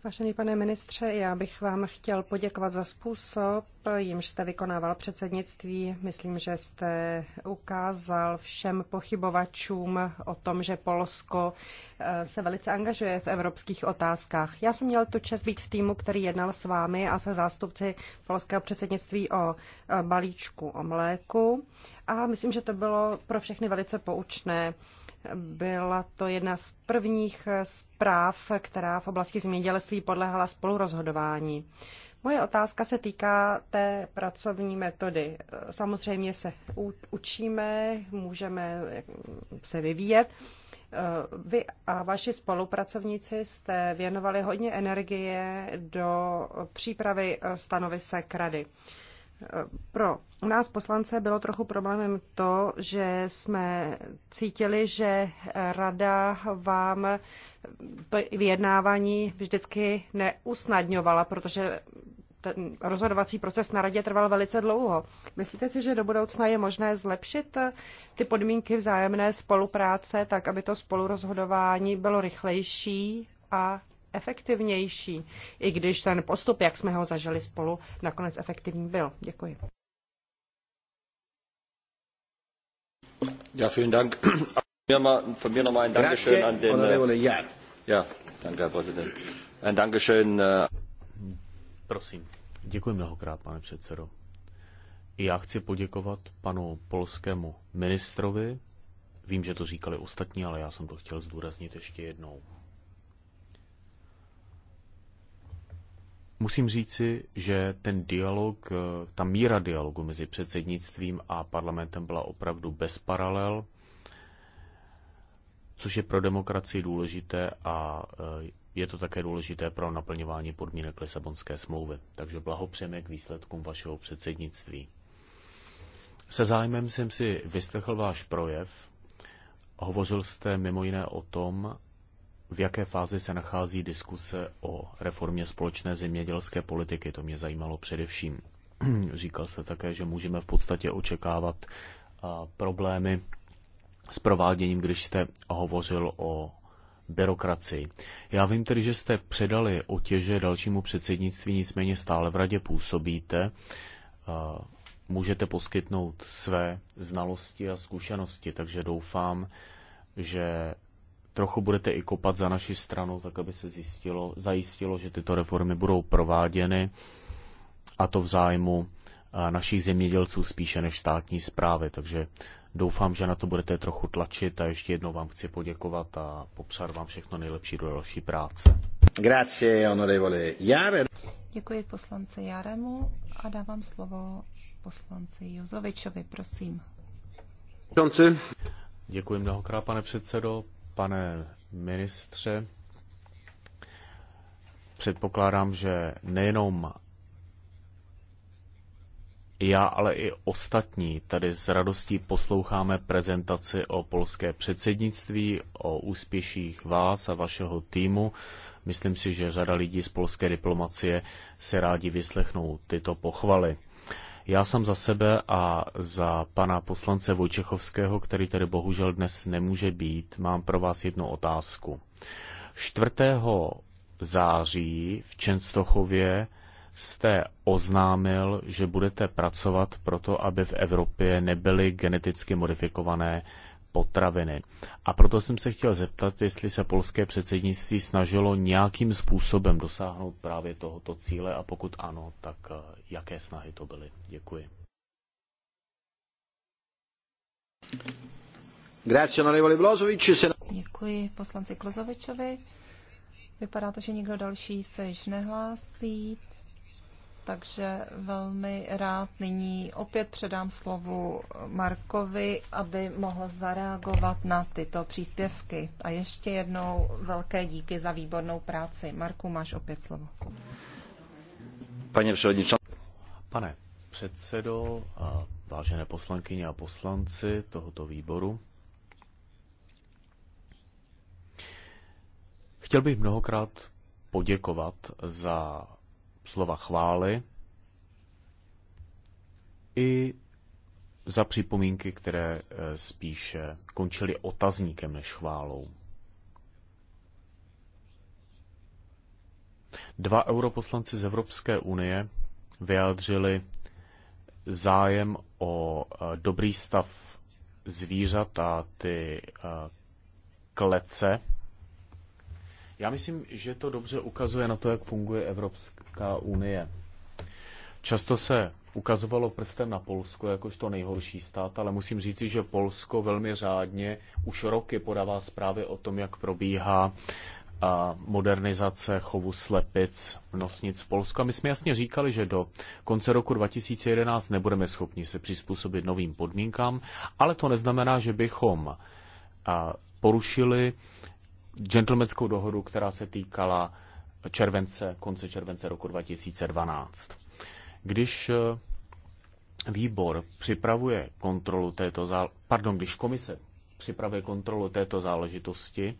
Vážený pane ministře, já bych vám chtěl poděkovat za způsob, jimž jste vykonával předsednictví. Myslím, že jste ukázal všem pochybovačům o tom, že Polsko eh, se velice angažuje v evropských otázkách. Já jsem měl tu čest být v týmu, který jednal s vámi a se zástupci polského předsednictví o eh, balíčku o mléku. A myslím, že to bylo pro všechny velice poučné. Byla to jedna z prvních zpráv, která v oblasti zemědělství podlehala spolurozhodování. Moje otázka se týká té pracovní metody. Samozřejmě se učíme, můžeme se vyvíjet. Vy a vaši spolupracovníci jste věnovali hodně energie do přípravy stanovisek rady pro nás poslance bylo trochu problémem to, že jsme cítili, že rada vám to vyjednávání vždycky neusnadňovala, protože ten rozhodovací proces na radě trval velice dlouho. Myslíte si, že do budoucna je možné zlepšit ty podmínky vzájemné spolupráce tak, aby to spolurozhodování bylo rychlejší a efektivnější, i když ten postup, jak jsme ho zažili spolu, nakonec efektivní byl. Děkuji. Ja, vielen Dank. Von mir nochmal ein Dankeschön an den. Äh, ja, danke, Herr Präsident. Ein Dankeschön. Äh, Prosím. Děkuji mnohokrát, pane předsedo. Já chci poděkovat panu polskému ministrovi. Vím, že to říkali ostatní, ale já jsem to chtěl zdůraznit ještě jednou. Musím říci, že ten dialog, eh, ta míra dialogu mezi předsednictvím a parlamentem byla opravdu bez paralel, což je pro demokracii důležité a eh, je to také důležité pro naplňování podmínek Lisabonské smlouvy. Takže blahopřejeme k výsledkům vašeho předsednictví. Se zájmem jsem si vyslechl váš projev. Hovořil jste mimo jiné o tom, v jaké fázi se nachází diskuse o reformě společné zemědělské politiky. To mě zajímalo především. [CLEARS THROAT] Říkal se také, že můžeme v podstatě očekávat problémy s prováděním, když jste hovořil o byrokracii. Já vím tedy, že jste předali otěže dalšímu předsednictví, nicméně stále v radě působíte. Můžete poskytnout své znalosti a zkušenosti, takže doufám, že trochu budete i kopat za naši stranu, tak aby se zjistilo, zajistilo, že tyto reformy budou prováděny a to v zájmu eh, našich zemědělců spíše než státní zprávy. Takže doufám, že na to budete trochu tlačit a ještě jednou vám chci poděkovat a popřát vám všechno nejlepší do další práce. Grazie, onorevole Jare. Děkuji poslance Jaremu a dávám slovo poslanci Jozovičovi, prosím. Děkuji mnohokrát, pane předsedo pane ministře. Předpokládám, že nejenom já, ale i ostatní tady s radostí posloucháme prezentaci o polské předsednictví, o úspěších vás a vašeho týmu. Myslím si, že řada lidí z polské diplomacie se rádi vyslechnou tyto pochvaly. Já jsem za sebe a za pana poslance Vojčechovského, který tady bohužel dnes nemůže být, mám pro vás jednu otázku. 4. září v Čenstochově jste oznámil, že budete pracovat pro to, aby v Evropě nebyly geneticky modifikované potraviny. A proto jsem se chtěl zeptat, jestli se polské předsednictví snažilo nějakým způsobem dosáhnout právě tohoto cíle a pokud ano, tak eh, jaké snahy to byly. Děkuji. Děkuji poslanci Klozovičovi. Vypadá to, že nikdo další se již nehlásí, takže velmi rád nyní opět předám slovu Markovi, aby mohl zareagovat na tyto příspěvky. A ještě jednou velké díky za výbornou práci. Marku, máš opět slovo. Pane předsedo. Pane předsedo a vážené poslankyně a poslanci tohoto výboru, chtěl bych mnohokrát poděkovat za slova chvály i za připomínky, které eh, spíše končily otazníkem než chválou. Dva europoslanci z Evropské unie vyjádřili zájem o eh, dobrý stav zvířat a ty eh, klece. Já myslím, že to dobře ukazuje na to, jak funguje evropsk, Evropská unie. Často se ukazovalo prstem na Polsko jakožto nejhorší stát, ale musím říci, že Polsko velmi řádně už roky podává zprávy o tom, jak probíhá a modernizace chovu slepic, nosnic Polska. My jsme jasně říkali, že do konce roku 2011 nebudeme schopni se přizpůsobit novým podmínkám, ale to neznamená, že bychom porušili gentlemanskou dohodu, která se týkala července, konce července roku 2012. Když eh, výbor připravuje kontrolu této zál... pardon, když komise připravuje kontrolu této záležitosti,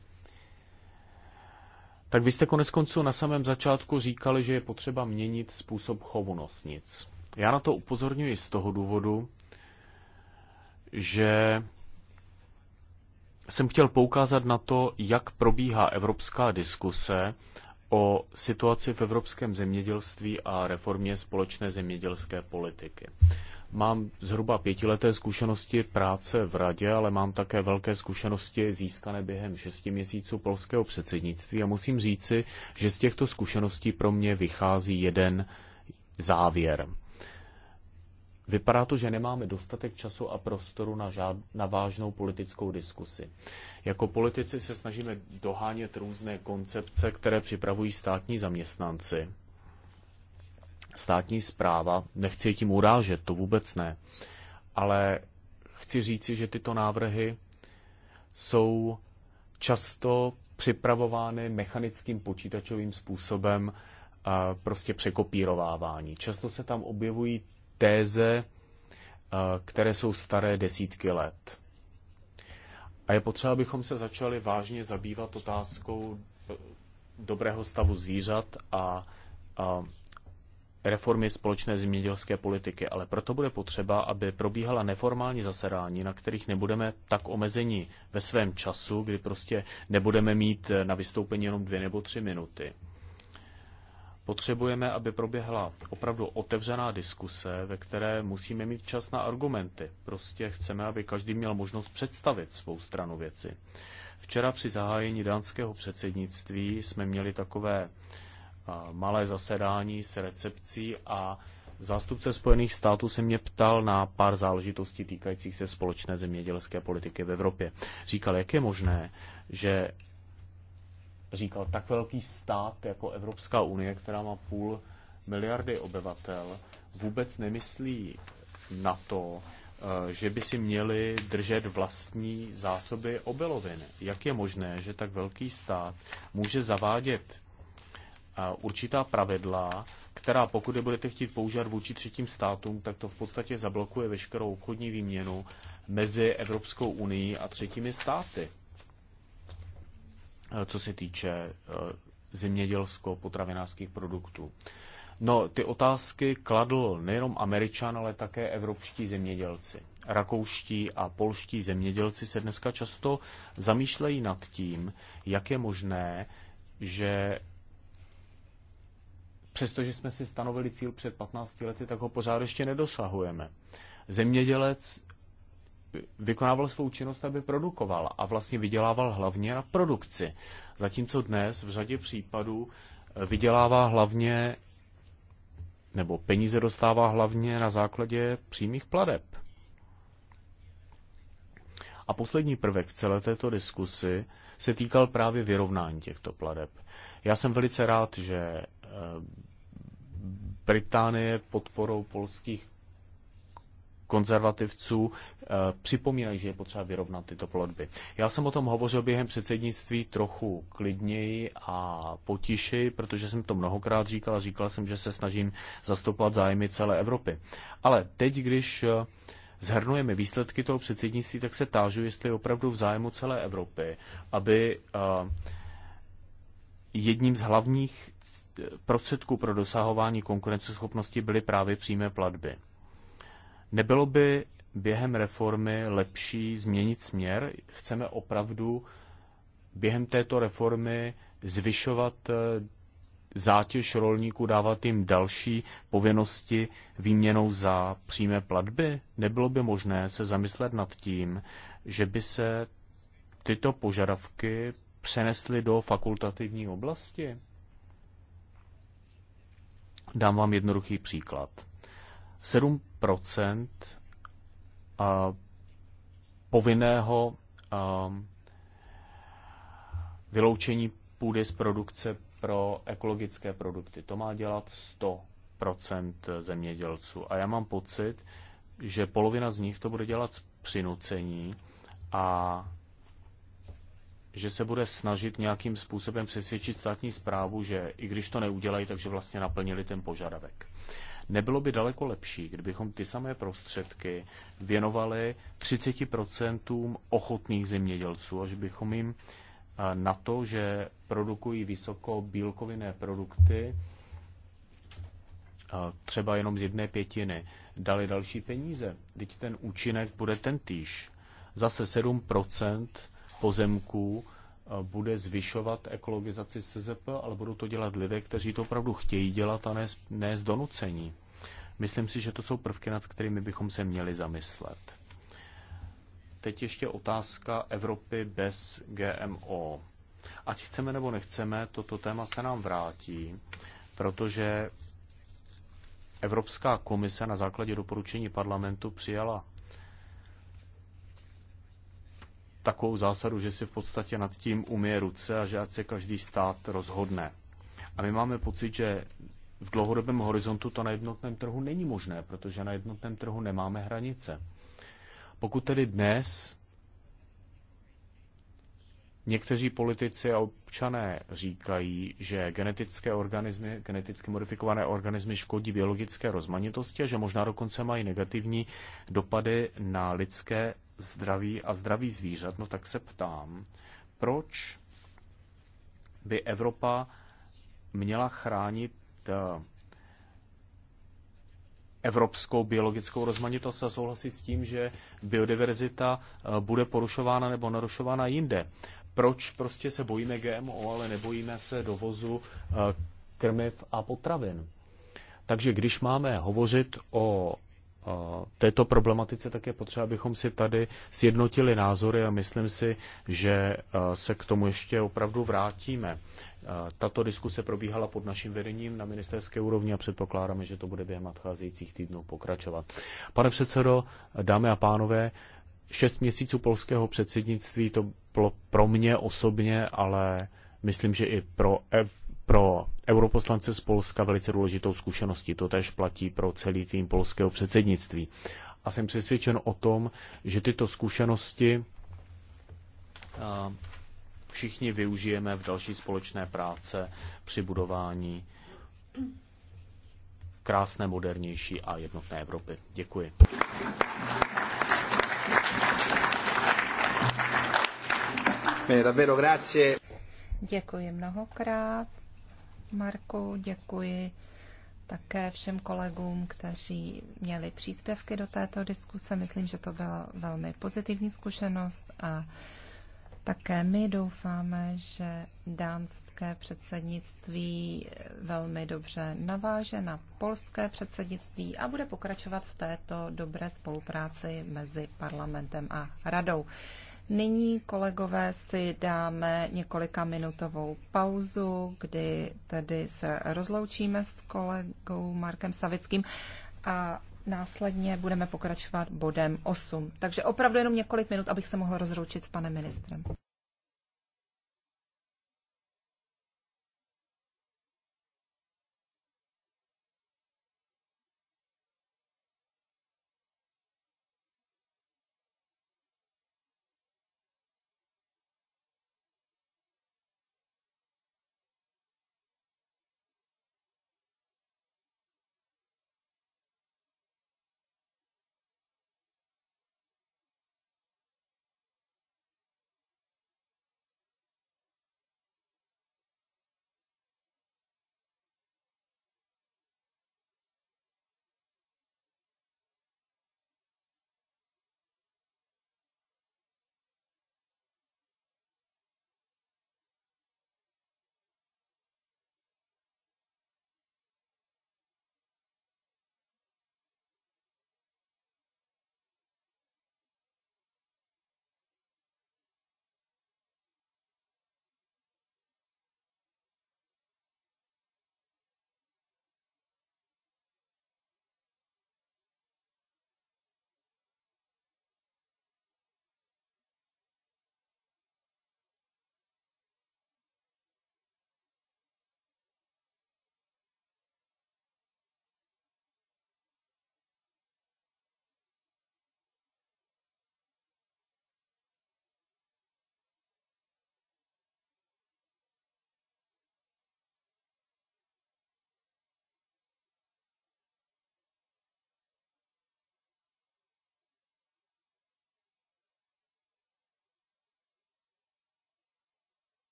tak vy jste konec konců na samém začátku říkali, že je potřeba měnit způsob chovu nosnic. Já na to upozorňuji z toho důvodu, že jsem chtěl poukázat na to, jak probíhá evropská diskuse o situaci v evropském zemědělství a reformě společné zemědělské politiky. Mám zhruba pětileté zkušenosti práce v radě, ale mám také velké zkušenosti získané během šesti měsíců polského předsednictví a musím říci, že z těchto zkušeností pro mě vychází jeden závěr. Vypadá to, že nemáme dostatek času a prostoru na, žád, na vážnou politickou diskusi. Jako politici se snažíme dohánět různé koncepce, které připravují státní zaměstnanci. Státní zpráva, nechci je tím urážet, to vůbec ne. Ale chci říci, že tyto návrhy jsou často připravovány mechanickým počítačovým způsobem, prostě překopírovávání. Často se tam objevují téze, eh, které jsou staré desítky let. A je potřeba, abychom se začali vážně zabývat otázkou eh, dobrého stavu zvířat a, a reformy společné zemědělské politiky, ale proto bude potřeba, aby probíhala neformální zasedání, na kterých nebudeme tak omezeni ve svém času, kdy prostě nebudeme mít eh, na vystoupení jenom dvě nebo tři minuty. Potřebujeme, aby proběhla opravdu otevřená diskuse, ve které musíme mít čas na argumenty. Prostě chceme, aby každý měl možnost představit svou stranu věci. Včera při zahájení dánského předsednictví jsme měli takové malé zasedání s recepcí a zástupce Spojených států se mě ptal na pár záležitostí týkajících se společné zemědělské politiky v Evropě. Říkal, jak je možné, že říkal, tak velký stát jako Evropská unie, která má půl miliardy obyvatel, vůbec nemyslí na to, eh, že by si měli držet vlastní zásoby obilovin. Jak je možné, že tak velký stát může zavádět eh, určitá pravidla, která pokud je budete chtít používat vůči třetím státům, tak to v podstatě zablokuje veškerou obchodní výměnu mezi Evropskou unii a třetími státy. Eh, co se týče eh, zemědělsko-potravinářských produktů. No, ty otázky kladl nejenom Američan, ale také evropští zemědělci. Rakouští a polští zemědělci se dneska často zamýšlejí nad tím, jak je možné, že přestože jsme si stanovili cíl před 15 lety, tak ho pořád ještě nedosahujeme. Zemědělec vykonával svou činnost, aby produkoval a vlastně vydělával hlavně na produkci. Zatímco dnes v řadě případů eh, vydělává hlavně nebo peníze dostává hlavně na základě přímých pladeb. A poslední prvek v celé této diskusi se týkal právě vyrovnání těchto pladeb. Já jsem velice rád, že eh, Británie podporou polských konzervativců eh, připomínají, že je potřeba vyrovnat tyto plodby. Já jsem o tom hovořil během předsednictví trochu klidněji a potišeji, protože jsem to mnohokrát říkal a říkal jsem, že se snažím zastupovat zájmy celé Evropy. Ale teď, když eh, zhrnujeme výsledky toho předsednictví, tak se tážu, jestli je opravdu v zájmu celé Evropy, aby eh, jedním z hlavních prostředků pro dosahování konkurenceschopnosti byly právě přímé platby. Nebylo by během reformy lepší změnit směr? Chceme opravdu během této reformy zvyšovat eh, zátěž rolníků, dávat jim další povinnosti výměnou za přímé platby? Nebylo by možné se zamyslet nad tím, že by se tyto požadavky přenesly do fakultativní oblasti? Dám vám jednoduchý příklad. 7 povinného vyloučení půdy z produkce pro ekologické produkty. To má dělat 100 zemědělců. A já mám pocit, že polovina z nich to bude dělat z přinucení a že se bude snažit nějakým způsobem přesvědčit státní zprávu, že i když to neudělají, takže vlastně naplnili ten požadavek. Nebylo by daleko lepší, kdybychom ty samé prostředky věnovali 30% ochotných zemědělců, až bychom jim na to, že produkují vysoko bílkovinné produkty, třeba jenom z jedné pětiny, dali další peníze. Teď ten účinek bude ten týž. Zase 7% pozemků bude zvyšovat ekologizaci CZP, ale budou to dělat lidé, kteří to opravdu chtějí dělat a ne, ne z donucení. Myslím si, že to jsou prvky, nad kterými bychom se měli zamyslet. Teď ještě otázka Evropy bez GMO. Ať chceme nebo nechceme, toto téma se nám vrátí, protože Evropská komise na základě doporučení parlamentu přijala takovou zásadu, že si v podstatě nad tím umije ruce a že ať se každý stát rozhodne. A my máme pocit, že v dlouhodobém horizontu to na jednotném trhu není možné, protože na jednotném trhu nemáme hranice. Pokud tedy dnes někteří politici a občané říkají, že genetické organismy, geneticky modifikované organismy škodí biologické rozmanitosti a že možná dokonce mají negativní dopady na lidské zdraví a zdraví zvířat, no tak se ptám, proč by Evropa měla chránit eh, evropskou biologickou rozmanitost a souhlasit s tím, že biodiverzita eh, bude porušována nebo narušována jinde. Proč prostě se bojíme GMO, ale nebojíme se dovozu eh, krmiv a potravin? Takže když máme hovořit o této problematice, tak je potřeba, abychom si tady sjednotili názory a myslím si, že se k tomu ještě opravdu vrátíme. Tato diskuse probíhala pod naším vedením na ministerské úrovni a předpokládáme, že to bude během nadcházejících týdnů pokračovat. Pane předsedo, dámy a pánové, šest měsíců polského předsednictví to bylo pro mě osobně, ale myslím, že i pro Ev pro europoslance z Polska velice důležitou zkušeností. To tež platí pro celý tým polského předsednictví. A jsem přesvědčen o tom, že tyto zkušenosti všichni využijeme v další společné práce při budování krásné, modernější a jednotné Evropy. Děkuji. Děkuji mnohokrát. Marku, děkuji také všem kolegům, kteří měli příspěvky do této diskuse. Myslím, že to byla velmi pozitivní zkušenost a také my doufáme, že dánské předsednictví velmi dobře naváže na polské předsednictví a bude pokračovat v této dobré spolupráci mezi parlamentem a radou. Nyní, kolegové, si dáme několika minutovou pauzu, kdy tedy se rozloučíme s kolegou Markem Savickým a následně budeme pokračovat bodem 8. Takže opravdu jenom několik minut, abych se mohl rozloučit s panem ministrem.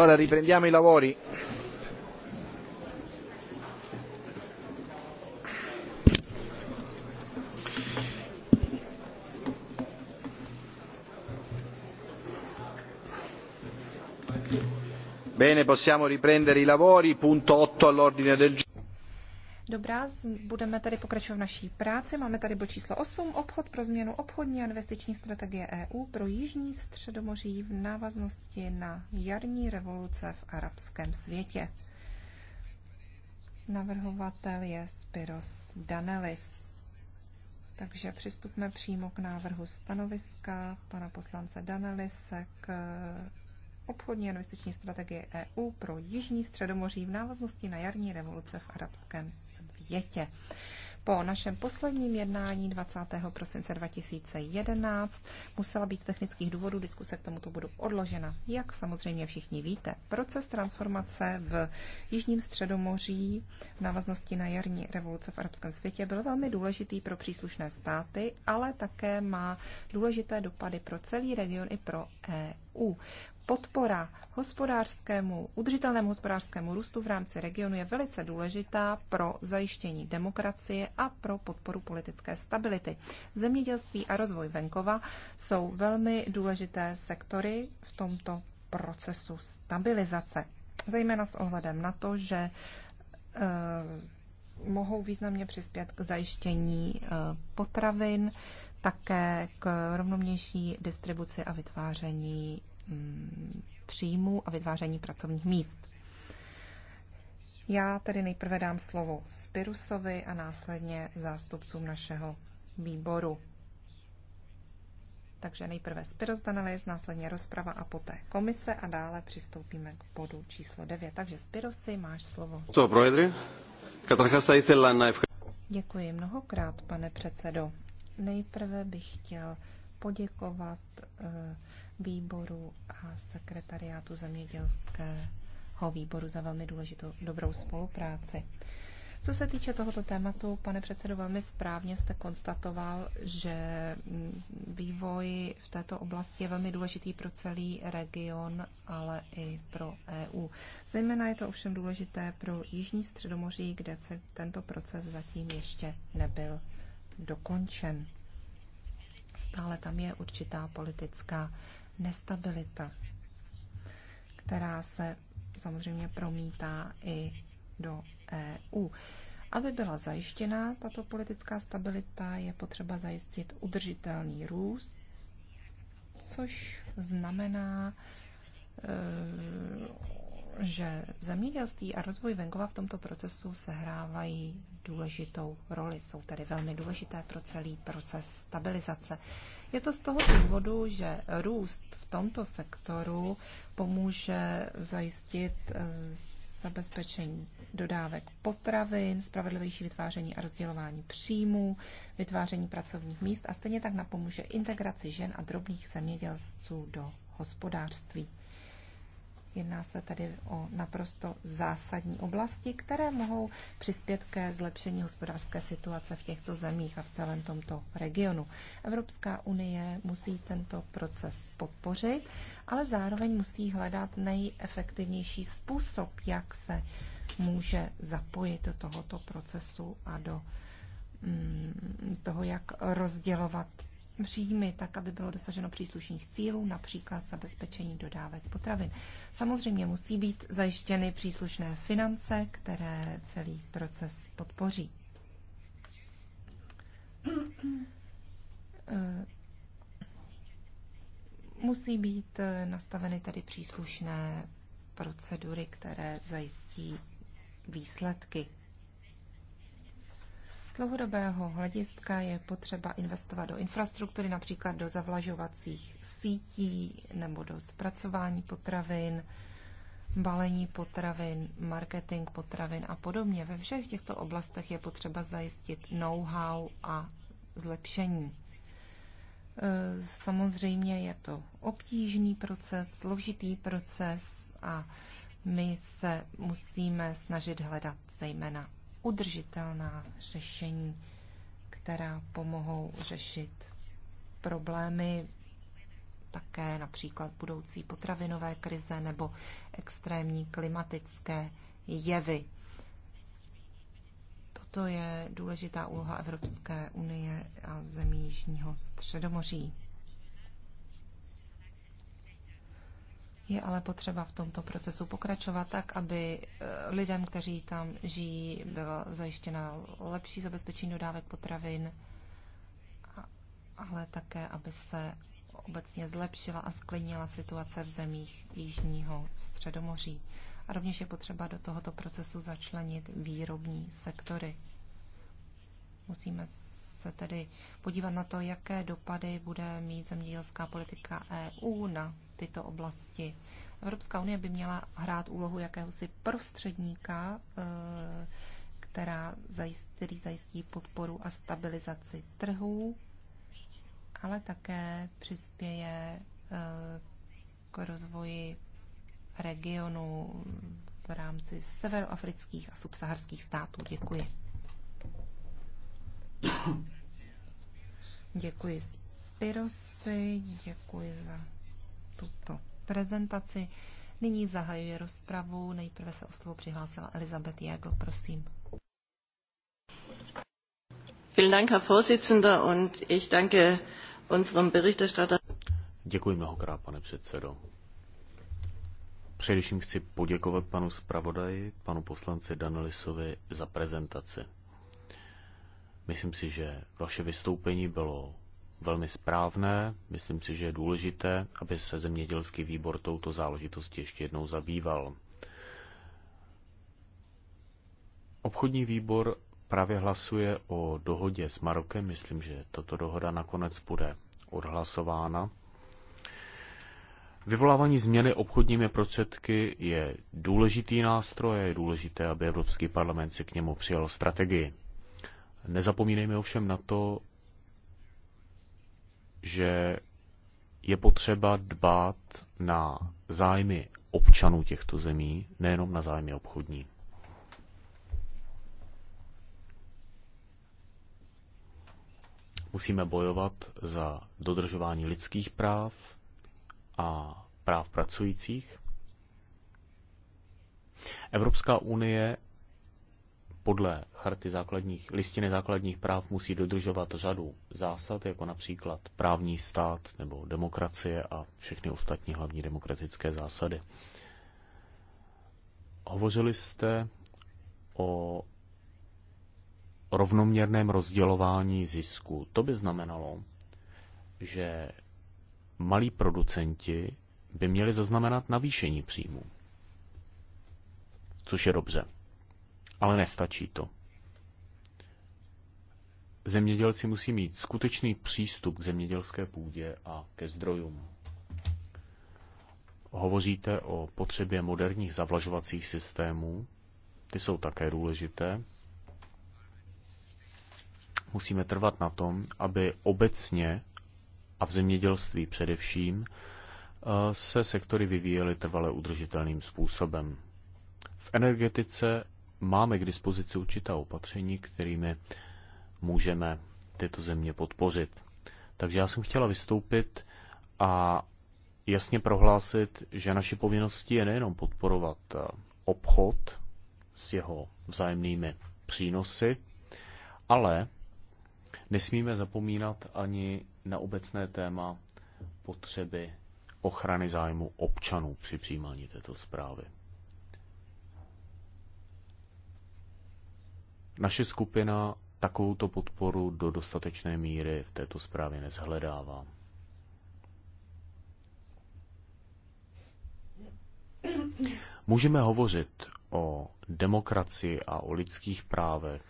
Allora riprendiamo i lavori. Bene, possiamo riprendere i lavori. Punto 8 all'ordine del giorno. Dobrá, budeme tady pokračovat v naší práci. Máme tady bod číslo 8, obchod pro změnu obchodní a investiční strategie EU pro Jižní středomoří v návaznosti na jarní revoluce v arabském světě. Navrhovatel je Spiros Danelis. Takže přistupme přímo k návrhu stanoviska pana poslance Danelise k obchodní a investiční strategie EU pro Jižní středomoří v návaznosti na jarní revoluce v arabském světě. Po našem posledním jednání 20. prosince 2011 musela být z technických důvodů diskuse k tomuto bodu odložena. Jak samozřejmě všichni víte, proces transformace v Jižním středomoří v návaznosti na jarní revoluce v arabském světě byl velmi důležitý pro příslušné státy, ale také má důležité dopady pro celý region i pro EU podpora hospodářskému, udržitelnému hospodářskému růstu v rámci regionu je velice důležitá pro zajištění demokracie a pro podporu politické stability. Zemědělství a rozvoj venkova jsou velmi důležité sektory v tomto procesu stabilizace. Zejména s ohledem na to, že e, mohou významně přispět k zajištění e, potravin, také k rovnomější distribuci a vytváření příjmů a vytváření pracovních míst. Já tedy nejprve dám slovo Spirusovi a následně zástupcům našeho výboru. Takže nejprve Spiros Danelis, následně rozprava a poté komise a dále přistoupíme k bodu číslo 9. Takže Spirosy, máš slovo. Co, projedry? Děkuji mnohokrát, pane předsedo. Nejprve bych chtěl poděkovat eh, výboru a sekretariátu zemědělského výboru za velmi důležitou dobrou spolupráci. Co se týče tohoto tématu, pane předsedo, velmi správně jste konstatoval, že vývoj v této oblasti je velmi důležitý pro celý region, ale i pro EU. Zejména je to ovšem důležité pro Jižní středomoří, kde se tento proces zatím ještě nebyl dokončen. Stále tam je určitá politická nestabilita, která se samozřejmě promítá i do EU. Aby byla zajištěna tato politická stabilita, je potřeba zajistit udržitelný růst, což znamená, eh, že zemědělství a rozvoj venkova v tomto procesu sehrávají důležitou roli. Jsou tedy velmi důležité pro celý proces stabilizace. Je to z toho důvodu, že růst v tomto sektoru pomůže zajistit eh, zabezpečení dodávek potravin, spravedlivější vytváření a rozdělování příjmů, vytváření pracovních míst a stejně tak napomůže integraci žen a drobných zemědělců do hospodářství. Jedná se tedy o naprosto zásadní oblasti, které mohou přispět ke zlepšení hospodářské situace v těchto zemích a v celém tomto regionu. Evropská unie musí tento proces podpořit, ale zároveň musí hledat nejefektivnější způsob, jak se může zapojit do tohoto procesu a do mm, toho, jak rozdělovat příjmy, tak aby bylo dosaženo příslušných cílů, například zabezpečení dodávek potravin. Samozřejmě musí být zajištěny příslušné finance, které celý proces podpoří. Eh, musí být eh, nastaveny tedy příslušné procedury, které zajistí výsledky dlouhodobého hlediska je potřeba investovat do infrastruktury, například do zavlažovacích sítí nebo do zpracování potravin, balení potravin, marketing potravin a podobně. Ve všech těchto oblastech je potřeba zajistit know-how a zlepšení. E, samozřejmě je to obtížný proces, složitý proces a my se musíme snažit hledat zejména udržitelná řešení, která pomohou řešit problémy také například budoucí potravinové krize nebo extrémní klimatické jevy. Toto je důležitá úloha Evropské unie a zemí Jižního středomoří. Je ale potřeba v tomto procesu pokračovat tak, aby eh, lidem, kteří tam žijí, byla zajištěna lepší zabezpečení dodávek potravin, ale také, aby se obecně zlepšila a sklidnila situace v zemích Jižního středomoří. A rovněž je potřeba do tohoto procesu začlenit výrobní sektory. Musíme se tedy podívat na to, jaké dopady bude mít zemědělská politika EU na tyto oblasti. Evropská unie by měla hrát úlohu jakéhosi prostředníka, eh, která, který zajistí podporu a stabilizaci trhů, ale také přispěje eh, k rozvoji regionu v rámci severoafrických a subsaharských států. Děkuji. Děkuji Spirosy, děkuji za tuto prezentaci. Nyní zahajuje rozpravu. Nejprve se o slovo přihlásila Elizabeth Jägl. Prosím. Vielen Dank, Herr Vorsitzender, und ich danke unserem Berichterstatter. Děkuji mnohokrát, pane předsedo. Především chci poděkovat panu zpravodaji, panu poslanci Danelisovi za prezentaci. Myslím si, že vaše vystoupení bylo velmi správné. Myslím si, že je důležité, aby se zemědělský výbor touto záležitostí ještě jednou zabýval. Obchodní výbor právě hlasuje o dohodě s Marokem. Myslím, že tato dohoda nakonec bude odhlasována. Vyvolávání změny obchodními prostředky je důležitý nástroj a je důležité, aby Evropský parlament si k němu přijal strategii. Nezapomínejme ovšem na to, že je potřeba dbát na zájmy občanů těchto zemí, nejenom na zájmy obchodní. Musíme bojovat za dodržování lidských práv a práv pracujících. Evropská unie podle charty základních, listiny základních práv musí dodržovat řadu zásad, jako například právní stát nebo demokracie a všechny ostatní hlavní demokratické zásady. Hovořili jste o rovnoměrném rozdělování zisku. To by znamenalo, že malí producenti by měli zaznamenat navýšení příjmu. což je dobře. Ale nestačí to. Zemědělci musí mít skutečný přístup k zemědělské půdě a ke zdrojům. Hovoříte o potřebě moderních zavlažovacích systémů, ty jsou také důležité. Musíme trvat na tom, aby obecně a v zemědělství především eh, se sektory vyvíjely trvale udržitelným způsobem. V energetice máme k dispozici určitá opatření, kterými můžeme tyto země podpořit. Takže já jsem chtěla vystoupit a jasně prohlásit, že naše povinností je nejenom podporovat eh, obchod s jeho vzájemnými přínosy, ale nesmíme zapomínat ani na obecné téma potřeby ochrany zájmu občanů při přijímání této zprávy. Naše skupina takovouto podporu do dostatečné míry v této zprávě nezhledává. Můžeme hovořit o demokracii a o lidských právech,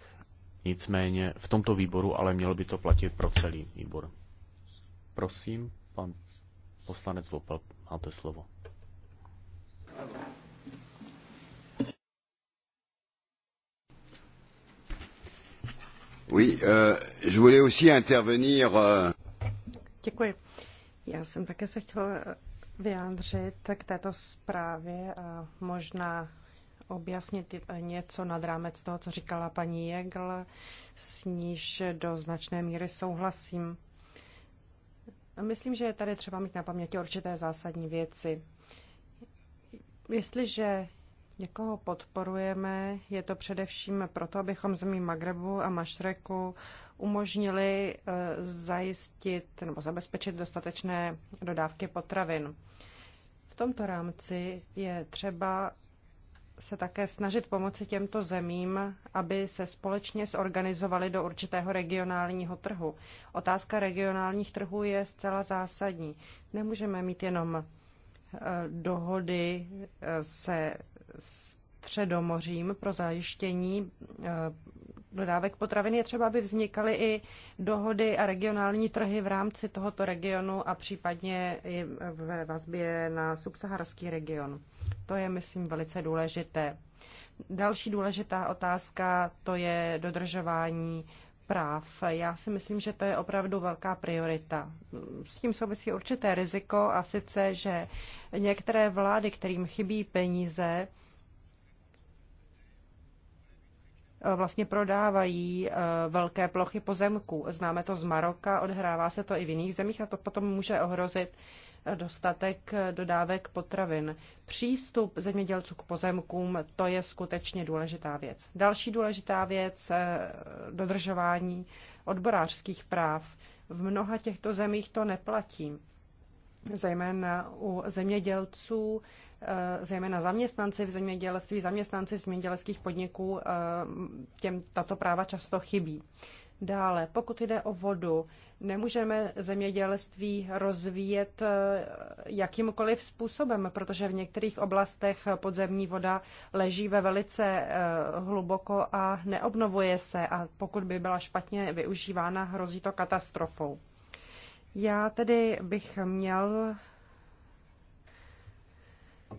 nicméně v tomto výboru, ale mělo by to platit pro celý výbor. Prosím, pan poslanec Vopel, máte slovo. Oui, euh, je voulais aussi intervenir. Euh... Děkuji. Já jsem také se chtěl vyjádřit k této zprávě a možná objasnit něco nad rámec toho, co říkala paní Jegl, s níž do značné míry souhlasím. Myslím, že je tady třeba mít na paměti určité zásadní věci. Jestliže Někoho podporujeme, je to především proto, abychom zemí Magrebu a Mašreku umožnili eh, zajistit nebo zabezpečit dostatečné dodávky potravin. V tomto rámci je třeba se také snažit pomoci těmto zemím, aby se společně zorganizovali do určitého regionálního trhu. Otázka regionálních trhů je zcela zásadní. Nemůžeme mít jenom eh, dohody eh, se středomořím pro zajištění eh, dodávek potravin je třeba, aby vznikaly i dohody a regionální trhy v rámci tohoto regionu a případně i ve vazbě na subsaharský region. To je, myslím, velice důležité. Další důležitá otázka to je dodržování práv. Já si myslím, že to je opravdu velká priorita. S tím souvisí určité riziko a sice, že některé vlády, kterým chybí peníze, vlastně prodávají eh, velké plochy pozemků. Známe to z Maroka, odhrává se to i v jiných zemích a to potom může ohrozit dostatek dodávek potravin. Přístup zemědělců k pozemkům, to je skutečně důležitá věc. Další důležitá věc, eh, dodržování odborářských práv. V mnoha těchto zemích to neplatí. Zejména u zemědělců, eh, zejména zaměstnanci v zemědělství, zaměstnanci zemědělských podniků, eh, těm tato práva často chybí. Dále, pokud jde o vodu, Nemůžeme zemědělství rozvíjet eh, jakýmkoliv způsobem, protože v některých oblastech podzemní voda leží ve velice eh, hluboko a neobnovuje se a pokud by byla špatně využívána, hrozí to katastrofou. Já tedy bych měl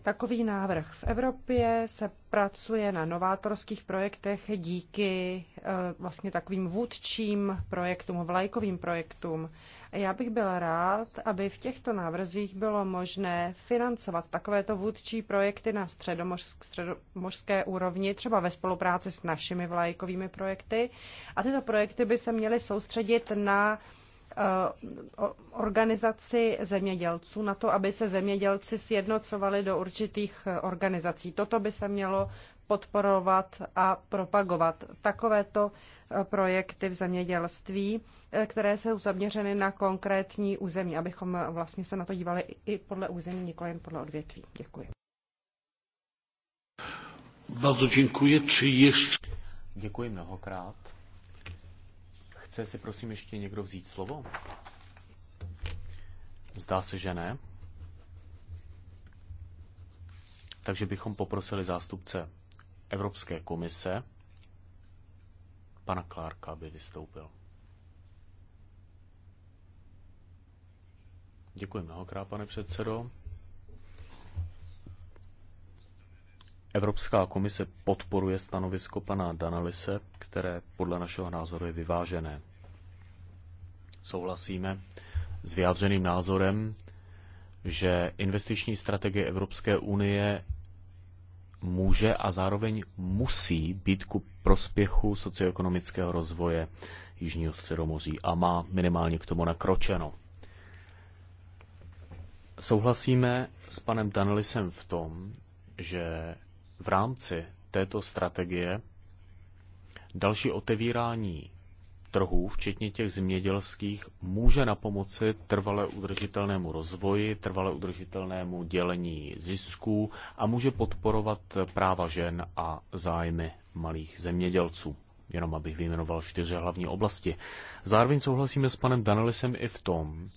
takový návrh. V Evropě se pracuje na novátorských projektech díky eh, vlastně takovým vůdčím projektům, vlajkovým projektům. Já bych byla rád, aby v těchto návrzích bylo možné financovat takovéto vůdčí projekty na středomořsk, středomořské úrovni, třeba ve spolupráci s našimi vlajkovými projekty. A tyto projekty by se měly soustředit na uh, Eh, organizaci zemědělců, na to, aby se zemědělci sjednocovali do určitých eh, organizací. Toto by se mělo podporovat a propagovat. Takovéto eh, projekty v zemědělství, které jsou zaměřeny na konkrétní území, abychom vlastně se na to dívali i podle území, nikoli jen podle odvětví. Děkuji. Bardzo dziękuję. Czy jeszcze... Děkuji mnohokrát. Chce si prosím ještě někdo vzít slovo? Zdá se, že ne. Takže bychom poprosili zástupce Evropské komise, pana Klárka, aby vystoupil. Děkuji mnohokrát, pane předsedo. Evropská komise podporuje stanovisko pana Danalise, které podle našeho názoru je vyvážené. Souhlasíme s vyjádřeným názorem, že investiční strategie Evropské unie může a zároveň musí být ku prospěchu socioekonomického rozvoje Jižního středomoří a má minimálně k tomu nakročeno. Souhlasíme s panem Danelisem v tom, že v rámci této strategie další otevírání trhů, včetně těch zemědělských, může na pomoci trvale udržitelnému rozvoji, trvale udržitelnému dělení zisků a může podporovat práva žen a zájmy malých zemědělců. Jenom abych vyjmenoval čtyři hlavní oblasti. Zároveň souhlasíme s panem Danelisem i v tom,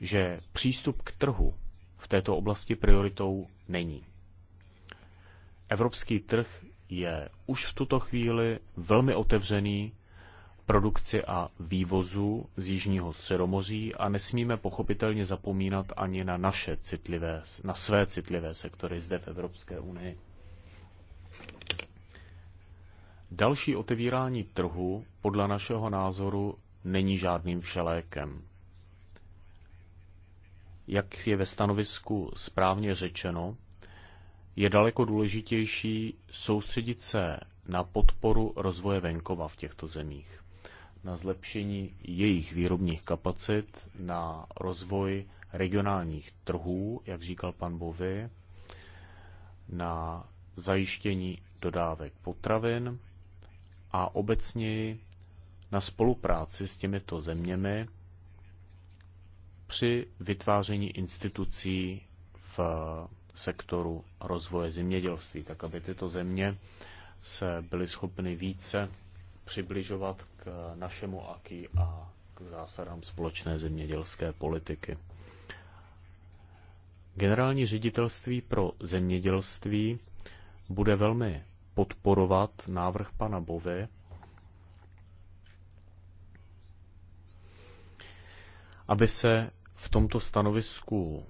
že přístup k trhu v této oblasti prioritou není. Evropský trh je už v tuto chvíli velmi otevřený produkci a vývozu z Jižního středomoří a nesmíme pochopitelně zapomínat ani na naše citlivé, na své citlivé sektory zde v Evropské unii. Další otevírání trhu podle našeho názoru není žádným všelékem. Jak je ve stanovisku správně řečeno, je daleko důležitější soustředit se na podporu rozvoje venkova v těchto zemích, na zlepšení jejich výrobních kapacit, na rozvoj regionálních trhů, jak říkal pan Bovy, na zajištění dodávek potravin a obecně na spolupráci s těmito zeměmi při vytváření institucí v sektoru rozvoje zemědělství, tak aby tyto země se byly schopny více přibližovat k našemu AKI a k zásadám společné zemědělské politiky. Generální ředitelství pro zemědělství bude velmi podporovat návrh pana Bovy aby se v tomto stanovisku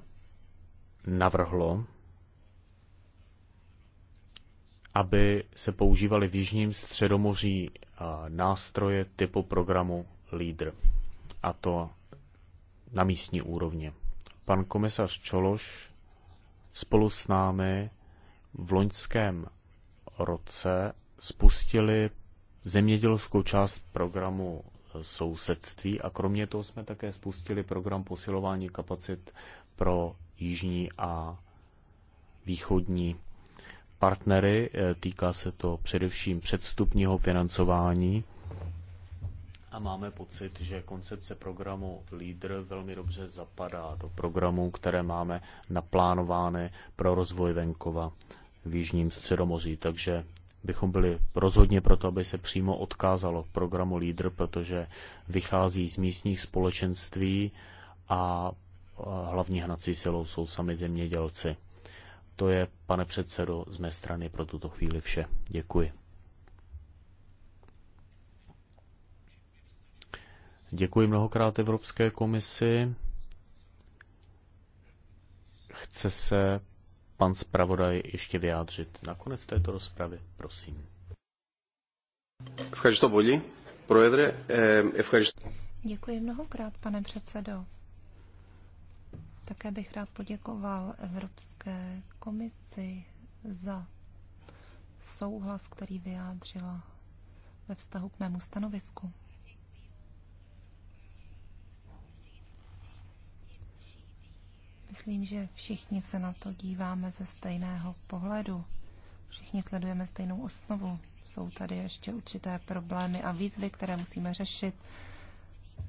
navrhlo, aby se používaly v Jižním středomoří eh, nástroje typu programu LEADER, a to na místní úrovni. Pan komisař Čološ spolu s námi v loňském roce spustili zemědělskou část programu eh, sousedství a kromě toho jsme také spustili program posilování kapacit pro jižní a východní partnery. Eh, týká se to především předstupního financování. A máme pocit, že koncepce programu LEADER velmi dobře zapadá do programů, které máme naplánovány pro rozvoj venkova v Jižním středomoří. Takže bychom byli rozhodně proto, aby se přímo odkázalo k programu LEADER, protože vychází z místních společenství a hlavní hnací silou jsou sami zemědělci. To je, pane předsedo, z mé strany pro tuto chvíli vše. Děkuji. Děkuji mnohokrát Evropské komisi. Chce se pan zpravodaj ještě vyjádřit na konec této rozpravy? Prosím. Děkuji mnohokrát, pane předsedo. Také bych rád poděkoval Evropské komisi za souhlas, který vyjádřila ve vztahu k mému stanovisku. Myslím, že všichni se na to díváme ze stejného pohledu. Všichni sledujeme stejnou osnovu. Jsou tady ještě určité problémy a výzvy, které musíme řešit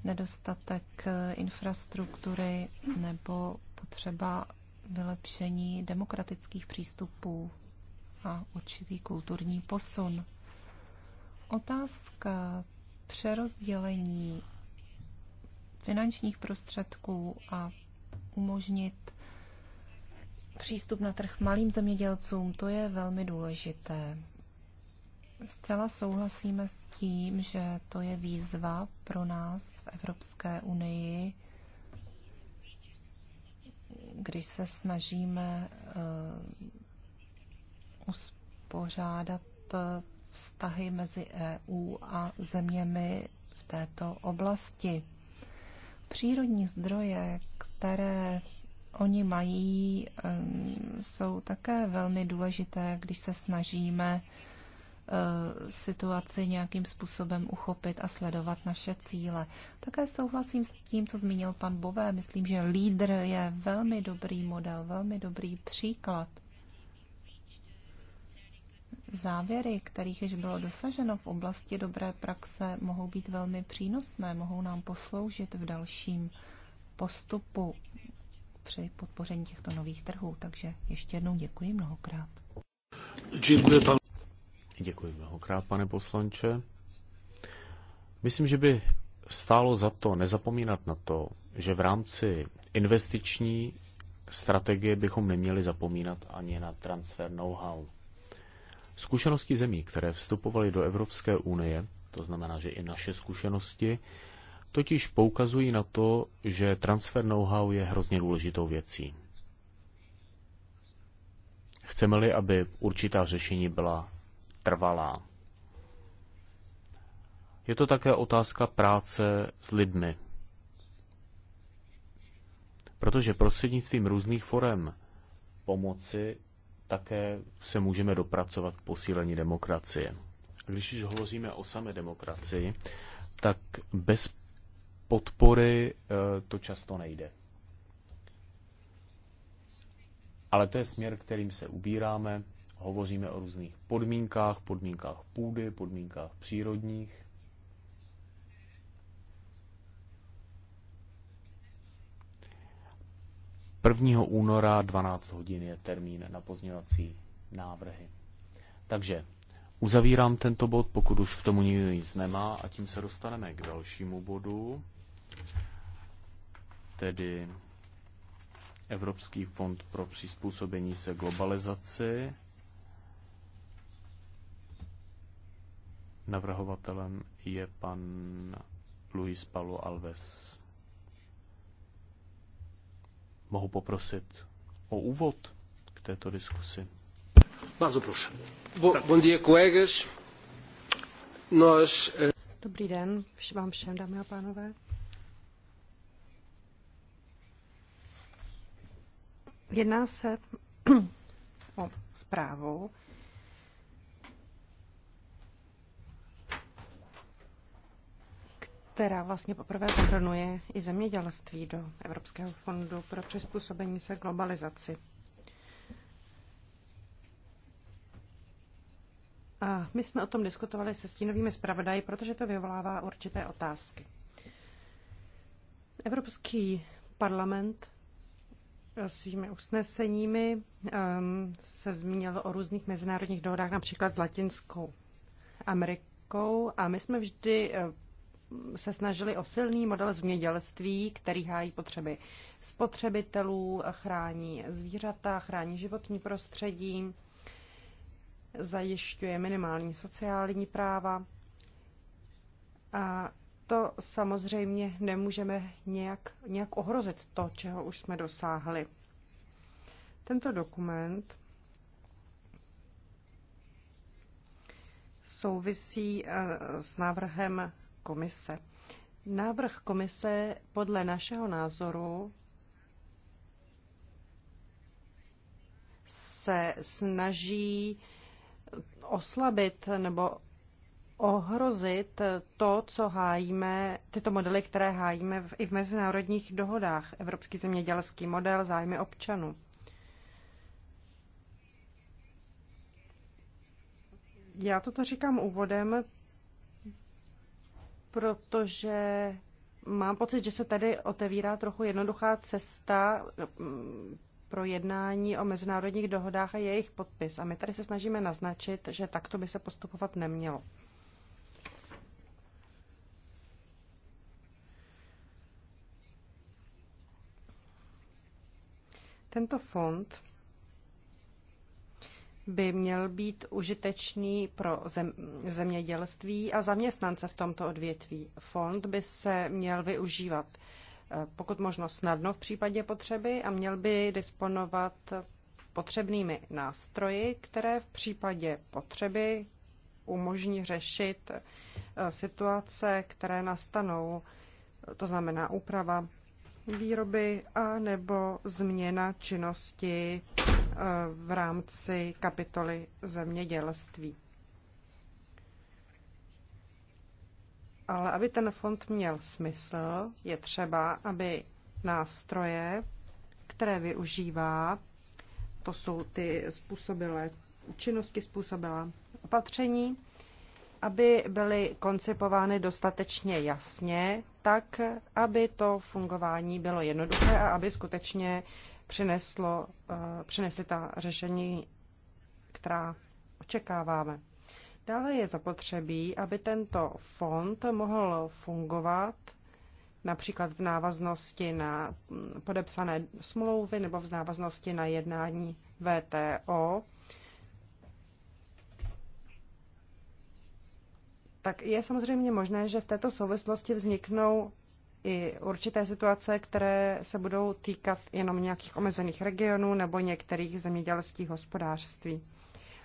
nedostatek eh, infrastruktury nebo potřeba vylepšení demokratických přístupů a určitý kulturní posun. Otázka přerozdělení finančních prostředků a umožnit přístup na trh malým zemědělcům, to je velmi důležité. Zcela souhlasíme s tím, že to je výzva pro nás v Evropské unii, když se snažíme eh, uspořádat eh, vztahy mezi EU a zeměmi v této oblasti. Přírodní zdroje, které oni mají, eh, jsou také velmi důležité, když se snažíme Eh, situaci nějakým způsobem uchopit a sledovat naše cíle. Také souhlasím s tím, co zmínil pan Bové. Myslím, že lídr je velmi dobrý model, velmi dobrý příklad. Závěry, kterých již bylo dosaženo v oblasti dobré praxe, mohou být velmi přínosné, mohou nám posloužit v dalším postupu při podpoření těchto nových trhů. Takže ještě jednou děkuji mnohokrát. Děkuji pan. Děkuji mnohokrát, pane poslanče. Myslím, že by stálo za to nezapomínat na to, že v rámci investiční strategie bychom neměli zapomínat ani na transfer know-how. Zkušenosti zemí, které vstupovaly do Evropské unie, to znamená, že i naše zkušenosti, totiž poukazují na to, že transfer know-how je hrozně důležitou věcí. Chceme-li, aby určitá řešení byla trvalá. Je to také otázka práce s lidmi. Protože prostřednictvím různých forem pomoci také se můžeme dopracovat k posílení demokracie. Když už hovoříme o samé demokracii, tak bez podpory e, to často nejde. Ale to je směr, kterým se ubíráme Hovoříme o různých podmínkách, podmínkách půdy, podmínkách přírodních. Prvního února 12 hodin je termín na pozněvací návrhy. Takže uzavírám tento bod, pokud už k tomu nikdo nic nemá, a tím se dostaneme k dalšímu bodu, tedy Evropský fond pro přizpůsobení se globalizaci. Navrhovatelem je pan Luis Paulo Alves. Mohu poprosit o úvod k této diskusi. Bardzo proszę. Bo, dia, colegas. Nós... Eh, Dobrý den vám všem, dámy a pánové. Jedná se [CLEARS THROAT] o zprávu, která vlastně poprvé zahrnuje i zemědělství do Evropského fondu pro přizpůsobení se globalizaci. A my jsme o tom diskutovali se stínovými zpravodaji, protože to vyvolává určité otázky. Evropský parlament svými usneseními um, se zmínil o různých mezinárodních dohodách, například s Latinskou Amerikou. A my jsme vždy eh, se snažili o silný model zemědělství, který hájí potřeby spotřebitelů, chrání zvířata, chrání životní prostředí, zajišťuje minimální sociální práva. A to samozřejmě nemůžeme nějak, nějak ohrozit to, čeho už jsme dosáhli. Tento dokument souvisí eh, s návrhem komise. Návrh komise podle našeho názoru se snaží oslabit nebo ohrozit to, co hájíme, tyto modely, které hájíme i v mezinárodních dohodách. Evropský zemědělský model, zájmy občanů. Já toto říkám úvodem, protože mám pocit, že se tady otevírá trochu jednoduchá cesta mm, pro jednání o mezinárodních dohodách a jejich podpis. A my tady se snažíme naznačit, že takto by se postupovat nemělo. Tento fond by měl být užitečný pro zem, zemědělství a zaměstnance v tomto odvětví. Fond by se měl využívat eh, pokud možno snadno v případě potřeby a měl by disponovat potřebnými nástroji, které v případě potřeby umožní řešit eh, situace, které nastanou, eh, to znamená úprava výroby a nebo změna činnosti v rámci kapitoly zemědělství. Ale aby ten fond měl smysl, je třeba, aby nástroje, které využívá, to jsou ty způsobilé činnosti, způsobila opatření, aby byly koncipovány dostatečně jasně, tak, aby to fungování bylo jednoduché a aby skutečně přineslo, eh, přinesly ta řešení, která očekáváme. Dále je zapotřebí, aby tento fond mohl fungovat například v návaznosti na podepsané smlouvy nebo v návaznosti na jednání VTO, tak je samozřejmě možné, že v této souvislosti vzniknou i určité situace, které se budou týkat jenom nějakých omezených regionů nebo některých zemědělských hospodářství.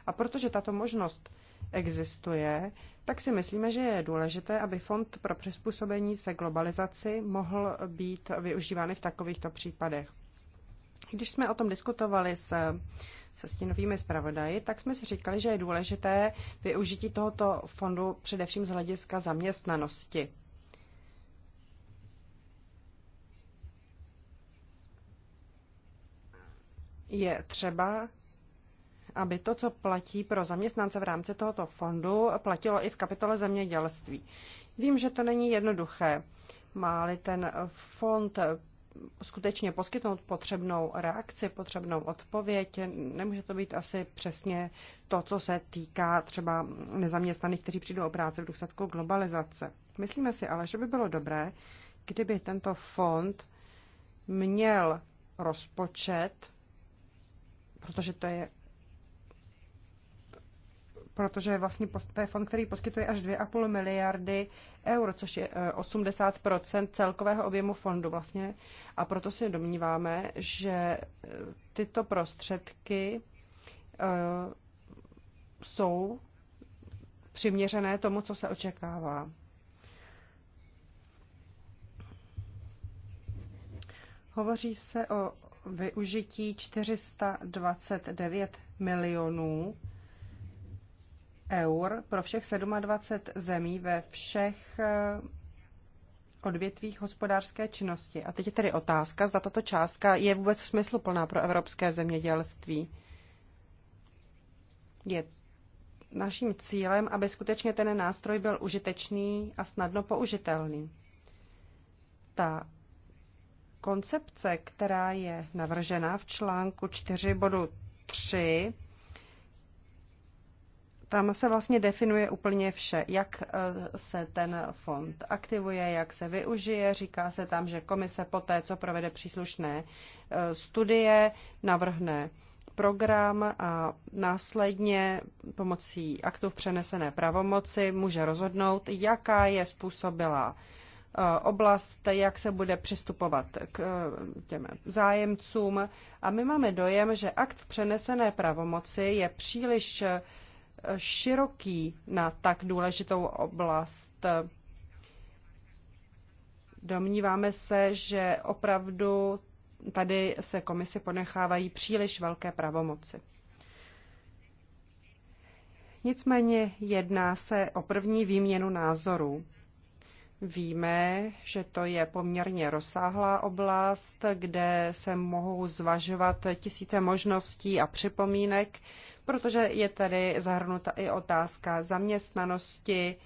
A protože tato možnost existuje, tak si myslíme, že je důležité, aby Fond pro přizpůsobení se globalizaci mohl být využíván v takovýchto případech. Když jsme o tom diskutovali s se stínovými zpravodaji, tak jsme si říkali, že je důležité využití tohoto fondu především z hlediska zaměstnanosti. je třeba, aby to, co platí pro zaměstnance v rámci tohoto fondu, platilo i v kapitole zemědělství. Vím, že to není jednoduché. Má-li ten fond skutečně poskytnout potřebnou reakci, potřebnou odpověď. Nemůže to být asi přesně to, co se týká třeba nezaměstnaných, kteří přijdou o práci v důsledku globalizace. Myslíme si ale, že by bylo dobré, kdyby tento fond měl rozpočet, protože to je protože vlastně to je fond, který poskytuje až 2,5 miliardy eur, což je 80 eh, celkového objemu fondu vlastně. A proto si domníváme, že eh, tyto prostředky eh, jsou přiměřené tomu, co se očekává. Hovoří se o využití 429 milionů eur pro všech 27 zemí ve všech eh, odvětvích hospodářské činnosti. A teď je tedy otázka, zda tato částka je vůbec v smyslu plná pro evropské zemědělství. Je naším cílem, aby skutečně ten nástroj byl užitečný a snadno použitelný. Ta koncepce, která je navržena v článku 4 bodu 3, tam se vlastně definuje úplně vše, jak eh, se ten fond aktivuje, jak se využije. Říká se tam, že komise poté, co provede příslušné eh, studie, navrhne program a následně pomocí aktu v přenesené pravomoci může rozhodnout, jaká je způsobila Eh, oblast, jak se bude přistupovat k eh, těm zájemcům. A my máme dojem, že akt v přenesené pravomoci je příliš eh, široký na tak důležitou oblast. Domníváme se, že opravdu tady se komisi ponechávají příliš velké pravomoci. Nicméně jedná se o první výměnu názorů. Víme, že to je poměrně rozsáhlá oblast, kde se mohou zvažovat tisíce možností a připomínek, protože je tady zahrnuta i otázka zaměstnanosti.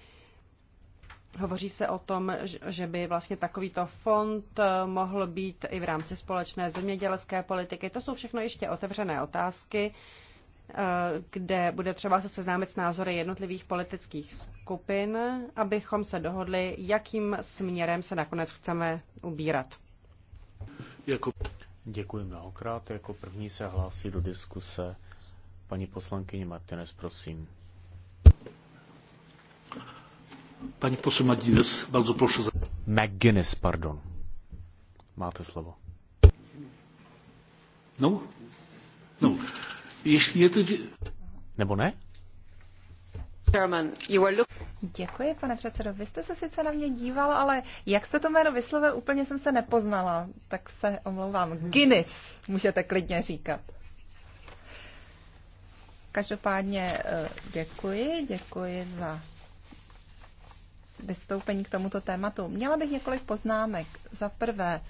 Hovoří se o tom, že by vlastně takovýto fond mohl být i v rámci společné zemědělské politiky. To jsou všechno ještě otevřené otázky, Eh, kde bude třeba se seznámit s názory jednotlivých politických skupin, abychom se dohodli, jakým směrem se nakonec chceme ubírat. Jako... Děkuji mnohokrát. Jako první se hlásí do diskuse paní poslankyně Martinez, prosím. Paní poslankyně Martinez, bardzo prosím Za... McGuinness, pardon. Máte slovo. No? No. Ještě je to... Nebo ne? Děkuji, pane předsedo. Vy jste se sice na mě díval, ale jak jste to jméno vyslovil, úplně jsem se nepoznala. Tak se omlouvám. Guinness, můžete klidně říkat. Každopádně eh, děkuji, děkuji za vystoupení k tomuto tématu. Měla bych několik poznámek. Za prvé,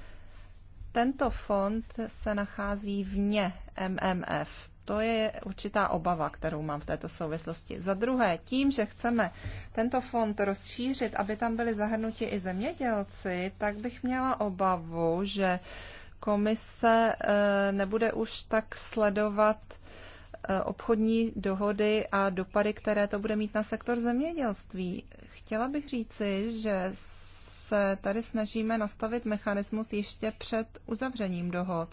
tento fond se nachází vně MMF to je určitá obava, kterou mám v této souvislosti. Za druhé, tím, že chceme tento fond rozšířit, aby tam byli zahrnuti i zemědělci, tak bych měla obavu, že komise eh, nebude už tak sledovat eh, obchodní dohody a dopady, které to bude mít na sektor zemědělství. Chtěla bych říci, že se tady snažíme nastavit mechanismus ještě před uzavřením dohod,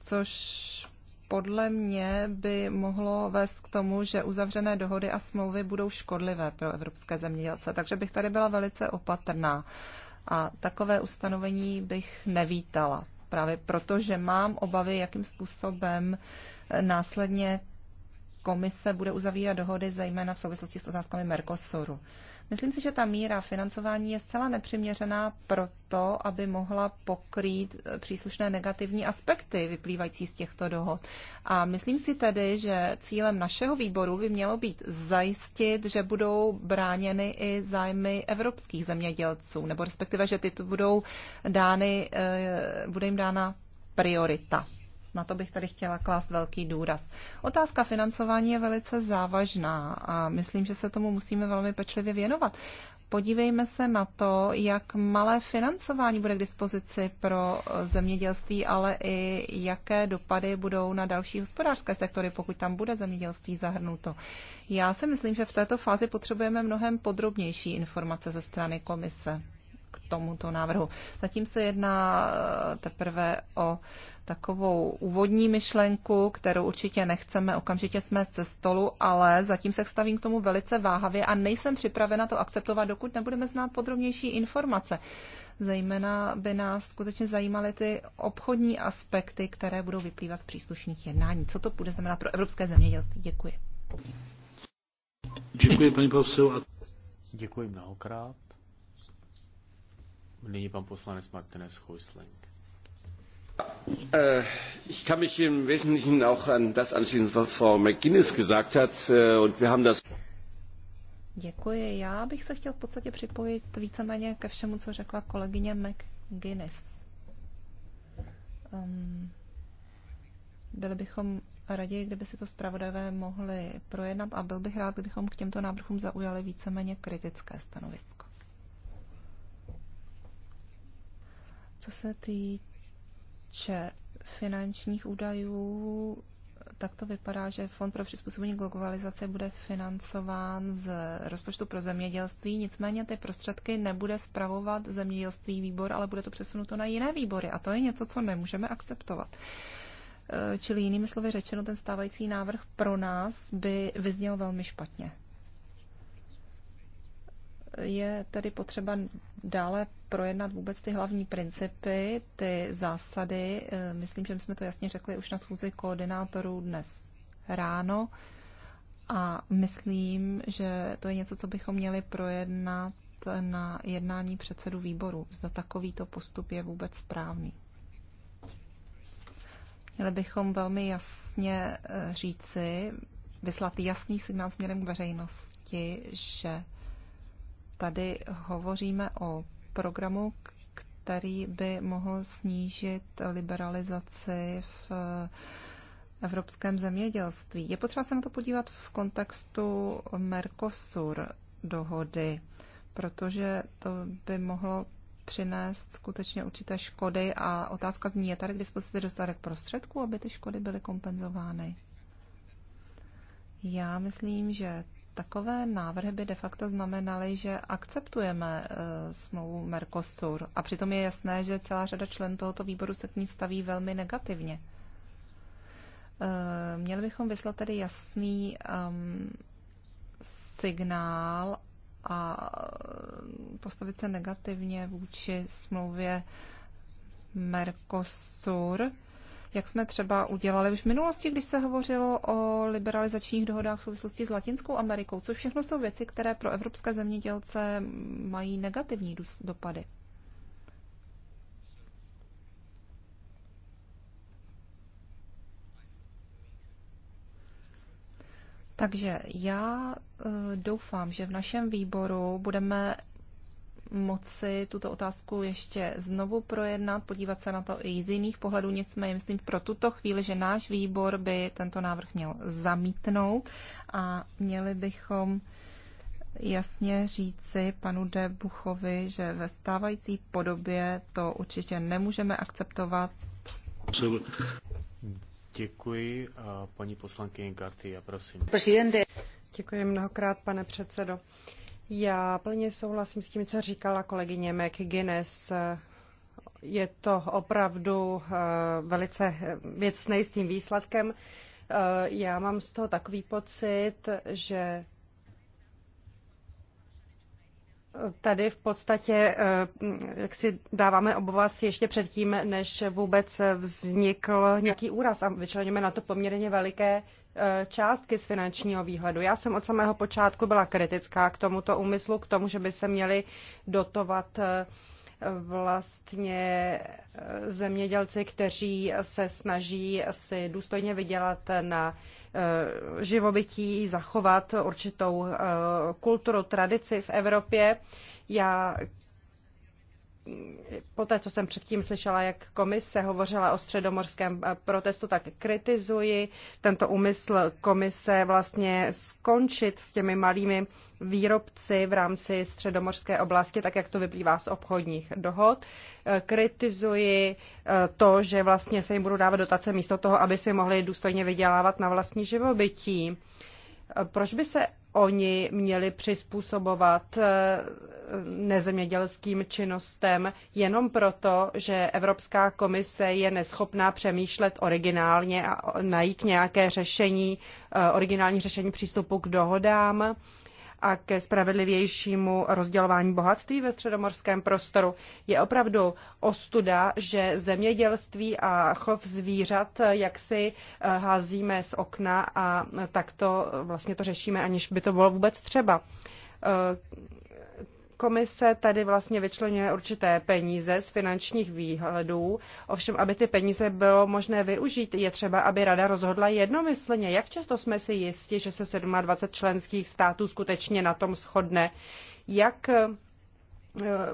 což podle mě by mohlo vést k tomu, že uzavřené dohody a smlouvy budou škodlivé pro evropské zemědělce. Takže bych tady byla velice opatrná a takové ustanovení bych nevítala. Právě proto, že mám obavy, jakým způsobem eh, následně komise bude uzavírat dohody, zejména v souvislosti s otázkami Mercosuru. Myslím si, že ta míra financování je zcela nepřiměřená pro to, aby mohla pokrýt eh, příslušné negativní aspekty vyplývající z těchto dohod. A myslím si tedy, že cílem našeho výboru by mělo být zajistit, že budou bráněny i zájmy evropských zemědělců, nebo respektive, že tyto budou dány, eh, bude jim dána priorita. Na to bych tady chtěla klást velký důraz. Otázka financování je velice závažná a myslím, že se tomu musíme velmi pečlivě věnovat. Podívejme se na to, jak malé financování bude k dispozici pro zemědělství, ale i jaké dopady budou na další hospodářské sektory, pokud tam bude zemědělství zahrnuto. Já si myslím, že v této fázi potřebujeme mnohem podrobnější informace ze strany komise k tomuto návrhu. Zatím se jedná eh, teprve o takovou úvodní myšlenku, kterou určitě nechceme okamžitě jsme ze stolu, ale zatím se stavím k tomu velice váhavě a nejsem připravena to akceptovat, dokud nebudeme znát podrobnější informace. Zejména by nás skutečně zajímaly ty obchodní aspekty, které budou vyplývat z příslušných jednání. Co to bude znamenat pro evropské zemědělství? Děkuji. Děkuji, paní profesor. Děkuji mnohokrát. Nyní pan poslanec Martinez Hojsling. Äh, ich kann mich im Wesentlichen auch an das anschließen, was Frau McGuinness gesagt hat. Äh, und wir haben das Děkuji. Já bych se chtěl v podstatě připojit víceméně ke všemu, co řekla kolegyně McGuinness. Um, byli bychom raději, kdyby si to zpravodajové mohli projednat a byl bych rád, kdybychom k těmto návrhům zaujali víceméně kritické stanovisko. Co se týče finančních údajů, tak to vypadá, že Fond pro přizpůsobení globalizace bude financován z rozpočtu pro zemědělství, nicméně ty prostředky nebude spravovat zemědělství výbor, ale bude to přesunuto na jiné výbory a to je něco, co nemůžeme akceptovat. E, čili jinými slovy řečeno, ten stávající návrh pro nás by vyzněl velmi špatně. Je tedy potřeba dále projednat vůbec ty hlavní principy, ty zásady. Eh, myslím, že jsme to jasně řekli už na schůzi koordinátorů dnes ráno. A myslím, že to je něco, co bychom měli projednat na jednání předsedu výboru. Zda takovýto postup je vůbec správný. Měli bychom velmi jasně eh, říci, vyslat jasný signál směrem k veřejnosti, že Tady hovoříme o programu, který by mohl snížit liberalizaci v eh, evropském zemědělství. Je potřeba se na to podívat v kontextu Mercosur dohody, protože to by mohlo přinést skutečně určité škody a otázka zní, je tady k dispozici dostatek prostředků, aby ty škody byly kompenzovány? Já myslím, že takové návrhy by de facto znamenaly, že akceptujeme eh, smlouvu Mercosur a přitom je jasné, že celá řada členů tohoto výboru se k ní staví velmi negativně. Eh, měli bychom vyslat tedy jasný um, signál a eh, postavit se negativně vůči smlouvě Mercosur jak jsme třeba udělali už v minulosti, když se hovořilo o liberalizačních dohodách v souvislosti s Latinskou Amerikou, což všechno jsou věci, které pro evropské zemědělce mají negativní dopady. Takže já eh, doufám, že v našem výboru budeme moci tuto otázku ještě znovu projednat, podívat se na to i z jiných pohledů. Nicméně myslím pro tuto chvíli, že náš výbor by tento návrh měl zamítnout a měli bychom jasně říci panu De Buchovi, že ve stávající podobě to určitě nemůžeme akceptovat. Děkuji. A paní poslankyně Garty, já prosím. Děkuji mnohokrát, pane předsedo. Uh, já plně souhlasím s tím, co říkala kolegyně McGuinness. Je to opravdu eh, velice věc s nejistým výsledkem. Eh, já mám z toho takový pocit, že tady v podstatě eh, jak si dáváme obvaz ještě předtím, než vůbec vznikl nějaký úraz a vyčleníme na to poměrně veliké Eh, částky z finančního výhledu. Já jsem od samého počátku byla kritická k tomuto úmyslu, k tomu, že by se měli dotovat eh, vlastně eh, zemědělci, kteří se snaží si důstojně vydělat na živobytí, zachovat určitou kulturu, tradici v Evropě. Já po té, co jsem předtím slyšela, jak komise hovořila o středomorském eh, protestu, tak kritizuji tento úmysl komise vlastně skončit s těmi malými výrobci v rámci středomorské oblasti, tak jak to vyplývá z obchodních dohod. Eh, kritizuji eh, to, že vlastně se jim budou dávat dotace místo toho, aby si mohli důstojně vydělávat na vlastní živobytí. Proč by se oni měli přizpůsobovat eh, nezemědělským činnostem jenom proto, že Evropská komise je neschopná přemýšlet originálně a najít nějaké řešení, eh, originální řešení přístupu k dohodám a ke spravedlivějšímu rozdělování bohatství ve středomorském prostoru. Je opravdu ostuda, že zemědělství a chov zvířat jak si eh, házíme z okna a takto vlastně to řešíme, aniž by to bylo vůbec třeba eh, Komise tady vlastně vyčlenuje určité peníze z finančních výhledů, ovšem, aby ty peníze bylo možné využít, je třeba, aby Rada rozhodla jednomyslně. Jak často jsme si jistí, že se 27 členských států skutečně na tom shodne? Jak eh,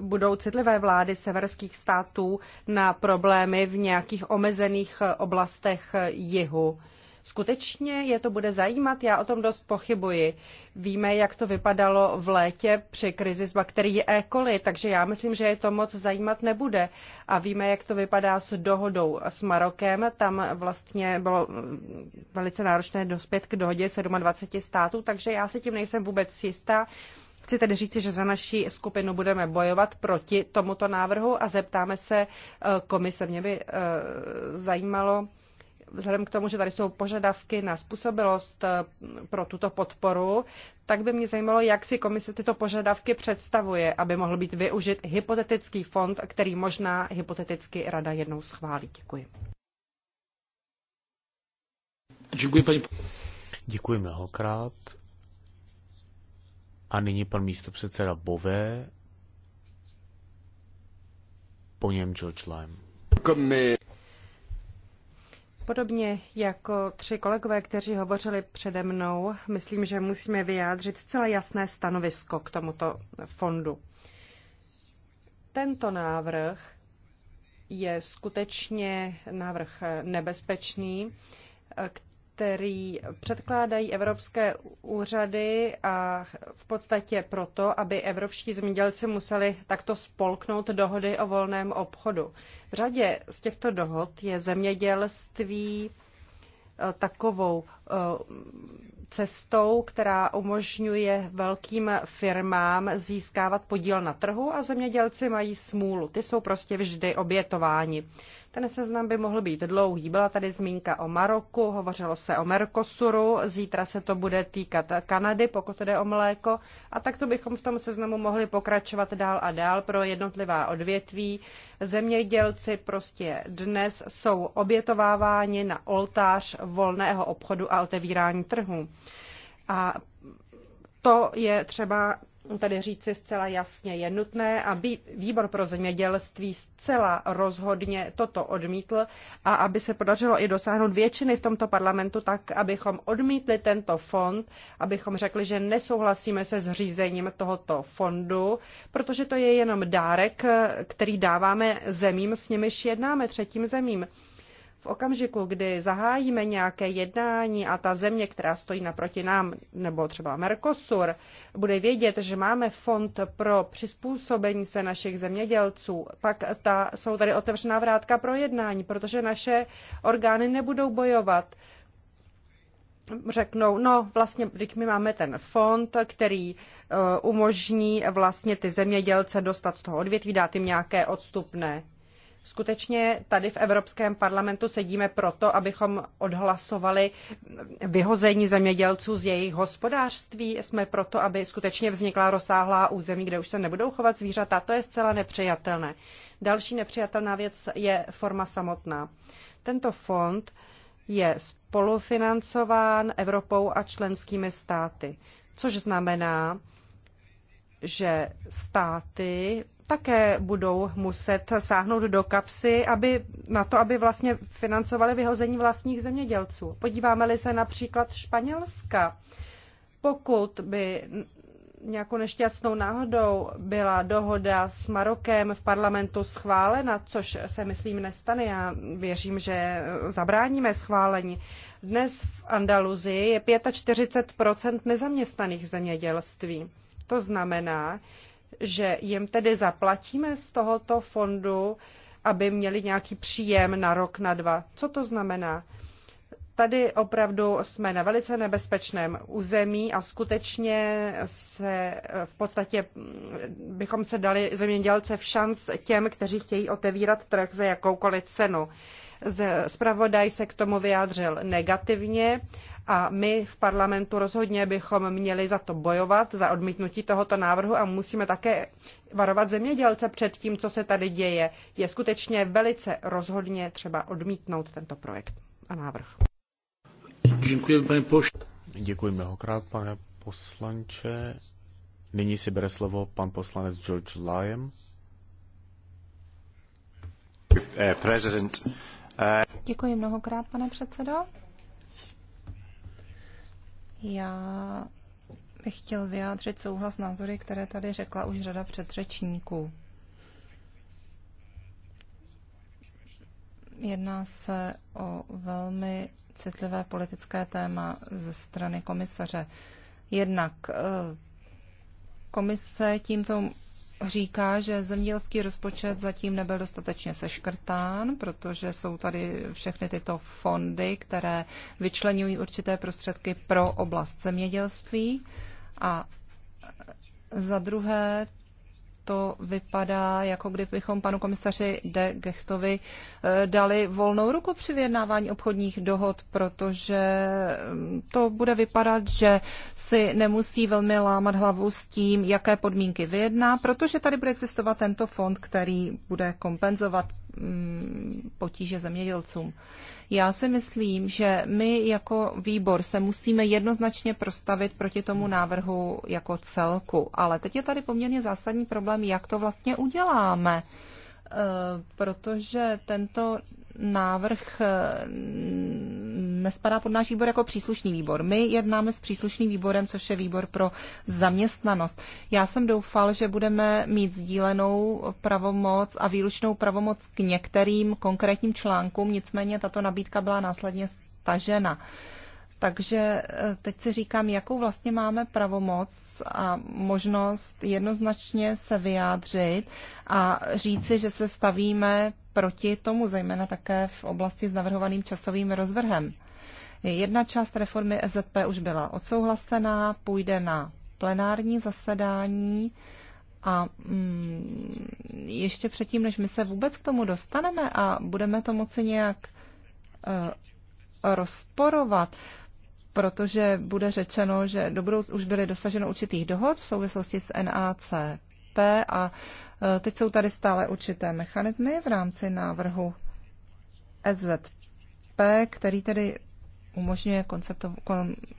budou citlivé vlády severských států na problémy v nějakých omezených eh, oblastech eh, jihu? Skutečně je to bude zajímat? Já o tom dost pochybuji. Víme, jak to vypadalo v létě při krizi s bakterií E. coli, takže já myslím, že je to moc zajímat nebude. A víme, jak to vypadá s dohodou s Marokem. Tam vlastně bylo mm, velice náročné dospět k dohodě 27 států, takže já si tím nejsem vůbec jistá. Chci tedy říci, že za naší skupinu budeme bojovat proti tomuto návrhu a zeptáme se e, komise. Mě by e, zajímalo, vzhledem k tomu, že tady jsou požadavky na způsobilost eh, pro tuto podporu, tak by mě zajímalo, jak si komise tyto požadavky představuje, aby mohl být využit hypotetický fond, který možná hypoteticky rada jednou schválí. Děkuji. Děkuji, paní. Děkuji mnohokrát. A nyní pan místopředseda Bové, po něm George Lime. Jako Podobně jako tři kolegové, kteří hovořili přede mnou, myslím, že musíme vyjádřit zcela jasné stanovisko k tomuto fondu. Tento návrh je skutečně návrh nebezpečný, který předkládají evropské úřady a v podstatě proto, aby evropští zemědělci museli takto spolknout dohody o volném obchodu. V řadě z těchto dohod je zemědělství eh, takovou cestou, která umožňuje velkým firmám získávat podíl na trhu a zemědělci mají smůlu. Ty jsou prostě vždy obětováni. Ten seznam by mohl být dlouhý. Byla tady zmínka o Maroku, hovořilo se o Mercosuru, zítra se to bude týkat Kanady, pokud jde o mléko. A takto bychom v tom seznamu mohli pokračovat dál a dál pro jednotlivá odvětví. Zemědělci prostě dnes jsou obětováváni na oltář volného obchodu a otevírání trhu. A to je třeba tady říci zcela jasně, je nutné, aby výbor pro zemědělství zcela rozhodně toto odmítl a aby se podařilo i dosáhnout většiny v tomto parlamentu tak, abychom odmítli tento fond, abychom řekli, že nesouhlasíme se zřízením tohoto fondu, protože to je jenom dárek, který dáváme zemím, s nimiž jednáme, třetím zemím v okamžiku, kdy zahájíme nějaké jednání a ta země, která stojí naproti nám, nebo třeba Mercosur, bude vědět, že máme fond pro přizpůsobení se našich zemědělců, pak ta, jsou tady otevřená vrátka pro jednání, protože naše orgány nebudou bojovat řeknou, no vlastně, když my máme ten fond, který e, umožní vlastně ty zemědělce dostat z toho odvětví, dát jim nějaké odstupné skutečně tady v Evropském parlamentu sedíme proto, abychom odhlasovali vyhození zemědělců z jejich hospodářství. Jsme proto, aby skutečně vznikla rozsáhlá území, kde už se nebudou chovat zvířata. To je zcela nepřijatelné. Další nepřijatelná věc je forma samotná. Tento fond je spolufinancován Evropou a členskými státy, což znamená, že státy také budou muset sáhnout do kapsy, aby, na to, aby vlastně financovali vyhození vlastních zemědělců. Podíváme-li se například Španělska, pokud by nějakou nešťastnou náhodou byla dohoda s Marokem v parlamentu schválena, což se myslím nestane. Já věřím, že zabráníme schválení. Dnes v Andaluzii je 45 nezaměstnaných v zemědělství. To znamená, že jim tedy zaplatíme z tohoto fondu, aby měli nějaký příjem na rok, na dva. Co to znamená? Tady opravdu jsme na velice nebezpečném území a skutečně se v podstatě bychom se dali zemědělce v šanc těm, kteří chtějí otevírat trh za jakoukoliv cenu. Spravodaj se k tomu vyjádřil negativně a my v parlamentu rozhodně bychom měli za to bojovat, za odmítnutí tohoto návrhu a musíme také varovat zemědělce před tím, co se tady děje. Je skutečně velice rozhodně třeba odmítnout tento projekt a návrh. Děkuji, pane poš... Děkuji mnohokrát, pane poslanče. Nyní si bere slovo pan poslanec George Lyon. Eh, eh, Děkuji mnohokrát, pane předsedo. Já bych chtěl vyjádřit souhlas názory, které tady řekla už řada předřečníků. Jedná se o velmi citlivé politické téma ze strany komisaře. Jednak eh, komise tímto říká, že zemědělský rozpočet zatím nebyl dostatečně seškrtán, protože jsou tady všechny tyto fondy, které vyčlenují určité prostředky pro oblast zemědělství. A za druhé to vypadá, jako kdybychom panu komisaři De Gechtovi eh, dali volnou ruku při vyjednávání obchodních dohod, protože mm, to bude vypadat, že si nemusí velmi lámat hlavu s tím, jaké podmínky vyjedná, protože tady bude existovat tento fond, který bude kompenzovat Mm, potíže zemědělcům. Já si myslím, že my jako výbor se musíme jednoznačně prostavit proti tomu návrhu jako celku. Ale teď je tady poměrně zásadní problém, jak to vlastně uděláme, e, protože tento návrh nespadá pod náš výbor jako příslušný výbor. My jednáme s příslušným výborem, což je výbor pro zaměstnanost. Já jsem doufal, že budeme mít sdílenou pravomoc a výlučnou pravomoc k některým konkrétním článkům, nicméně tato nabídka byla následně stažena. Takže e, teď si říkám, jakou vlastně máme pravomoc a možnost jednoznačně se vyjádřit a říci, že se stavíme proti tomu, zejména také v oblasti s navrhovaným časovým rozvrhem. Jedna část reformy SZP už byla odsouhlasená, půjde na plenární zasedání a mm, ještě předtím, než my se vůbec k tomu dostaneme a budeme to moci nějak e, rozporovat, protože bude řečeno, že do budoucna už byly dosaženo určitých dohod v souvislosti s NACP a e, teď jsou tady stále určité mechanismy v rámci návrhu SZP, který tedy umožňuje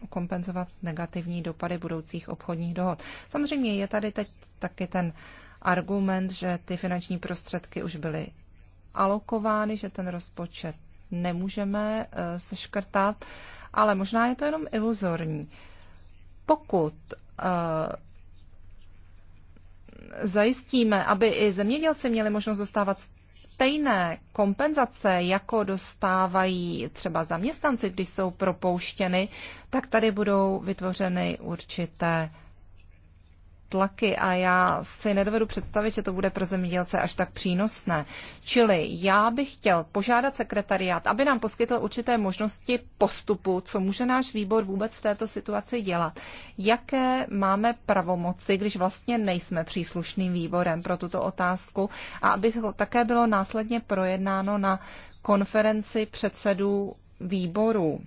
kompenzovat negativní dopady budoucích obchodních dohod. Samozřejmě je tady teď taky ten argument, že ty finanční prostředky už byly alokovány, že ten rozpočet nemůžeme eh, seškrtat, ale možná je to jenom iluzorní. Pokud eh, zajistíme, aby i zemědělci měli možnost dostávat stejné kompenzace, jako dostávají třeba zaměstnanci, když jsou propouštěny, tak tady budou vytvořeny určité tlaky a já si nedovedu představit, že to bude pro zemědělce až tak přínosné. Čili já bych chtěl požádat sekretariát, aby nám poskytl určité možnosti postupu, co může náš výbor vůbec v této situaci dělat. Jaké máme pravomoci, když vlastně nejsme příslušným výborem pro tuto otázku a aby to také bylo následně projednáno na konferenci předsedů výborů.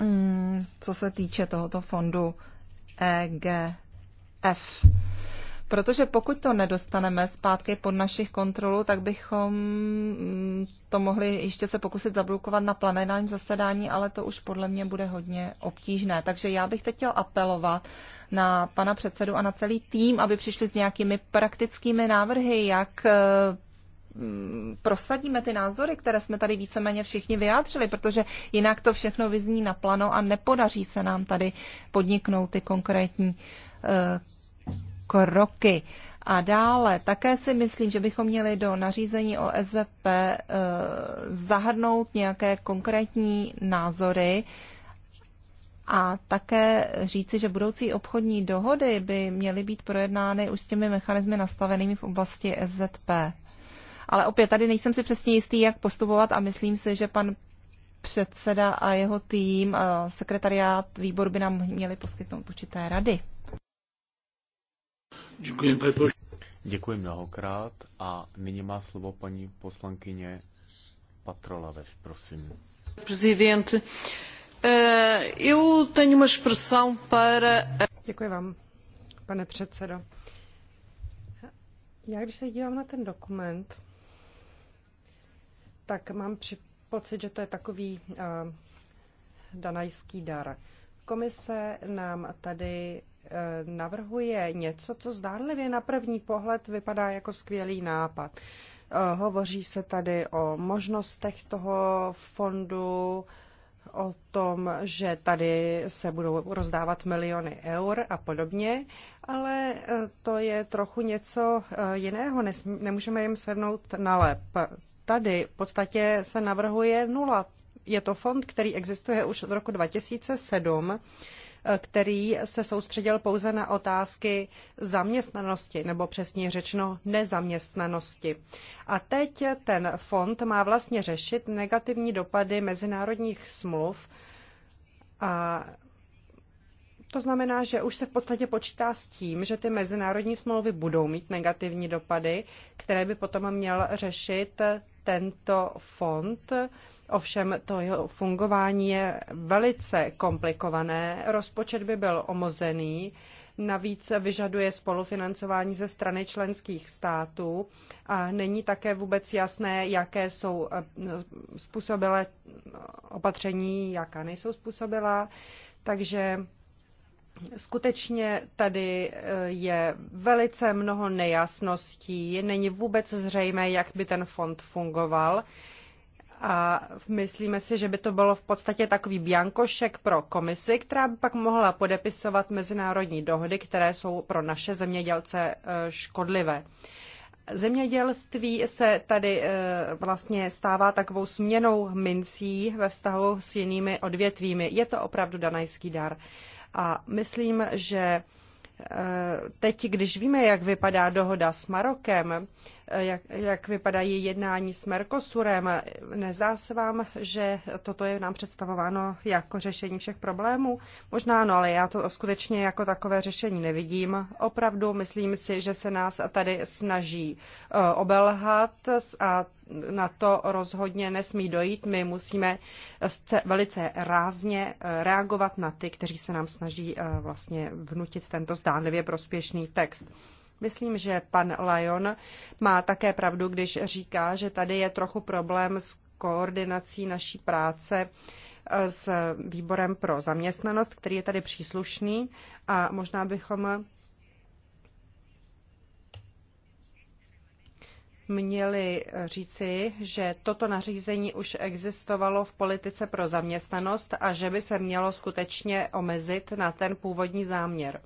Hmm, co se týče tohoto fondu EG. F. Protože pokud to nedostaneme zpátky pod našich kontrolu, tak bychom mm, to mohli ještě se pokusit zablokovat na plenárním zasedání, ale to už podle mě bude hodně obtížné. Takže já bych teď chtěl apelovat na pana předsedu a na celý tým, aby přišli s nějakými praktickými návrhy, jak eh, mm, prosadíme ty názory, které jsme tady víceméně všichni vyjádřili, protože jinak to všechno vyzní na plano a nepodaří se nám tady podniknout ty konkrétní Eh, kroky. A dále také si myslím, že bychom měli do nařízení o SZP eh, zahrnout nějaké konkrétní názory a také říci, že budoucí obchodní dohody by měly být projednány už s těmi mechanismy nastavenými v oblasti SZP. Ale opět tady nejsem si přesně jistý, jak postupovat a myslím si, že pan předseda a jeho tým, sekretariát výboru by nám měli poskytnout určité rady. Děkuji, Děkuji mnohokrát a nyní má slovo paní poslankyně Veš, prosím. Prezidente, eh, eu tenho uma expressão para... Děkuji vám, pane předsedo. Já když se dívám na ten dokument, tak mám při pocit, že to je takový uh, danajský dar. Komise nám tady navrhuje něco, co zdánlivě na první pohled vypadá jako skvělý nápad. Eh, hovoří se tady o možnostech toho fondu, o tom, že tady se budou rozdávat miliony eur a podobně, ale eh, to je trochu něco eh, jiného. Nemůžeme jim sednout na lep. Tady v podstatě se navrhuje nula. Je to fond, který existuje už od roku 2007 který se soustředil pouze na otázky zaměstnanosti, nebo přesně řečeno nezaměstnanosti. A teď ten fond má vlastně řešit negativní dopady mezinárodních smluv a to znamená, že už se v podstatě počítá s tím, že ty mezinárodní smlouvy budou mít negativní dopady, které by potom měl řešit tento fond. Ovšem to jeho fungování je velice komplikované. Rozpočet by byl omozený. Navíc vyžaduje spolufinancování ze strany členských států a není také vůbec jasné, jaké jsou eh, způsobilé opatření, jaká nejsou způsobilá. Takže Skutečně tady eh, je velice mnoho nejasností, není vůbec zřejmé, jak by ten fond fungoval a myslíme si, že by to bylo v podstatě takový biankošek pro komisi, která by pak mohla podepisovat mezinárodní dohody, které jsou pro naše zemědělce eh, škodlivé. Zemědělství se tady eh, vlastně stává takovou směnou mincí ve vztahu s jinými odvětvími. Je to opravdu danajský dar. A myslím, že eh, teď, když víme, jak vypadá dohoda s Marokem, jak, jak vypadají jednání s Mercosurem. Nezdá se vám, že toto je nám představováno jako řešení všech problémů? Možná ano, ale já to skutečně jako takové řešení nevidím. Opravdu myslím si, že se nás tady snaží eh, obelhat a na to rozhodně nesmí dojít. My musíme velice rázně eh, reagovat na ty, kteří se nám snaží eh, vlastně vnutit tento zdánlivě prospěšný text. Myslím, že pan Lyon má také pravdu, když říká, že tady je trochu problém s koordinací naší práce eh, s výborem pro zaměstnanost, který je tady příslušný a možná bychom měli eh, říci, že toto nařízení už existovalo v politice pro zaměstnanost a že by se mělo skutečně omezit na ten původní záměr.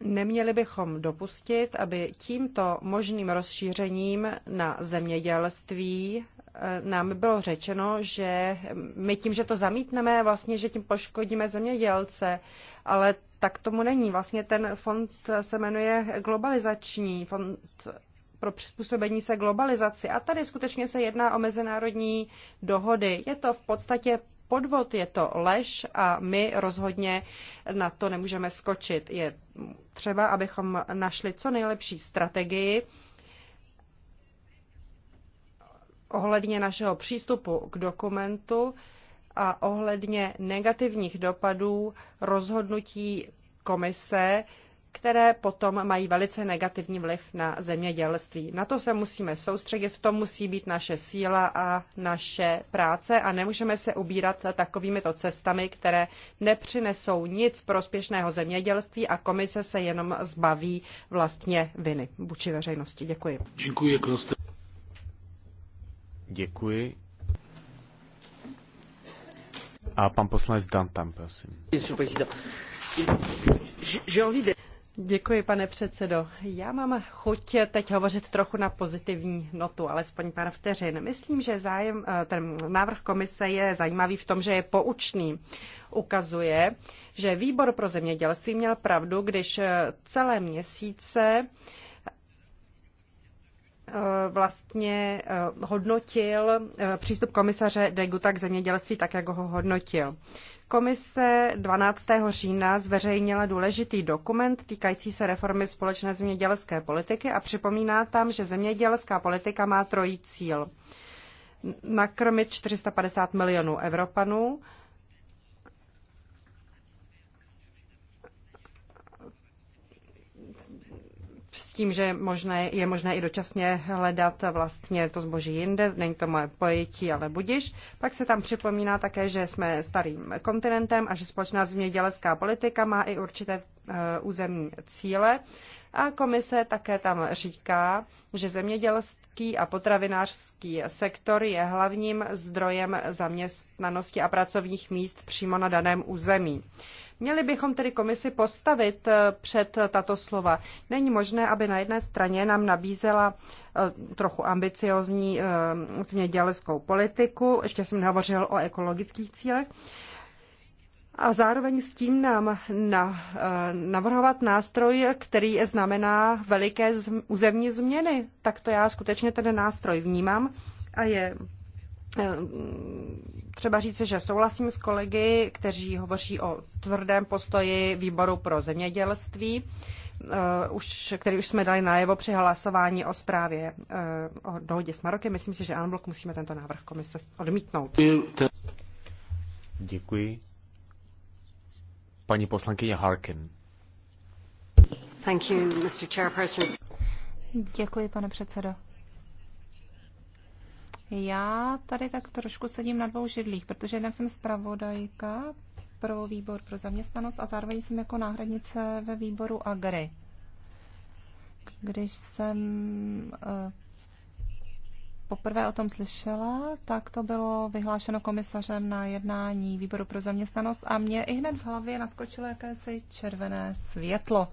Neměli bychom dopustit, aby tímto možným rozšířením na zemědělství eh, nám bylo řečeno, že my tím, že to zamítneme, vlastně, že tím poškodíme zemědělce, ale tak tomu není. Vlastně ten fond se jmenuje globalizační, fond pro přizpůsobení se globalizaci. A tady skutečně se jedná o mezinárodní dohody. Je to v podstatě podvod, je to lež a my rozhodně na to nemůžeme skočit. Je třeba, abychom našli co nejlepší strategii ohledně našeho přístupu k dokumentu a ohledně negativních dopadů rozhodnutí komise, které potom mají velice negativní vliv na zemědělství. Na to se musíme soustředit, v tom musí být naše síla a naše práce a nemůžeme se ubírat takovýmito cestami, které nepřinesou nic prospěšného zemědělství a komise se jenom zbaví vlastně viny vůči veřejnosti. Děkuji. Děkuji, Koste. Děkuji. A pan poslanec Dantam, prosím. Děkuji, Děkuji, pane předsedo. Já mám chuť teď hovořit trochu na pozitivní notu, alespoň pár vteřin. Myslím, že zájem, eh, ten návrh komise je zajímavý v tom, že je poučný. Ukazuje, že výbor pro zemědělství měl pravdu, když eh, celé měsíce uh, Eh, vlastně eh, hodnotil eh, přístup komisaře Deguta k zemědělství tak, jak ho hodnotil. Komise 12. října zveřejnila důležitý dokument týkající se reformy společné zemědělské politiky a připomíná tam, že zemědělská politika má trojí cíl. Nakrmit 450 milionů Evropanů, tím, že možné, je možné i dočasně hledat vlastně to zboží jinde, není to moje pojetí, ale budiš. Pak se tam připomíná také, že jsme starým kontinentem a že společná zemědělská politika má i určité Eh, územní cíle. A komise také tam říká, že zemědělský a potravinářský sektor je hlavním zdrojem zaměstnanosti a pracovních míst přímo na daném území. Měli bychom tedy komisi postavit eh, před tato slova. Není možné, aby na jedné straně nám nabízela eh, trochu ambiciozní zemědělskou politiku, ještě jsem nehovořil o ekologických cílech, a zároveň s tím nám na, eh, navrhovat nástroj, který znamená veliké územní změny. Tak to já skutečně ten nástroj vnímám a je eh, třeba říct, že souhlasím s kolegy, kteří hovoří o tvrdém postoji výboru pro zemědělství, eh, už, který už jsme dali najevo při hlasování o zprávě o dohodě s Marokem. Myslím si, že Anblok musíme tento návrh komise odmítnout. Děkuji paní poslankyně Harkin. Thank you, Mr. Chairperson. Děkuji, pane předsedo. Já tady tak trošku sedím na dvou židlích, protože jednak jsem zpravodajka pro výbor pro zaměstnanost a zároveň jsem jako náhradnice ve výboru Agri. Když jsem eh, poprvé o tom slyšela, tak to bylo vyhlášeno komisařem na jednání výboru pro zaměstnanost a mě i hned v hlavě naskočilo jakési červené světlo.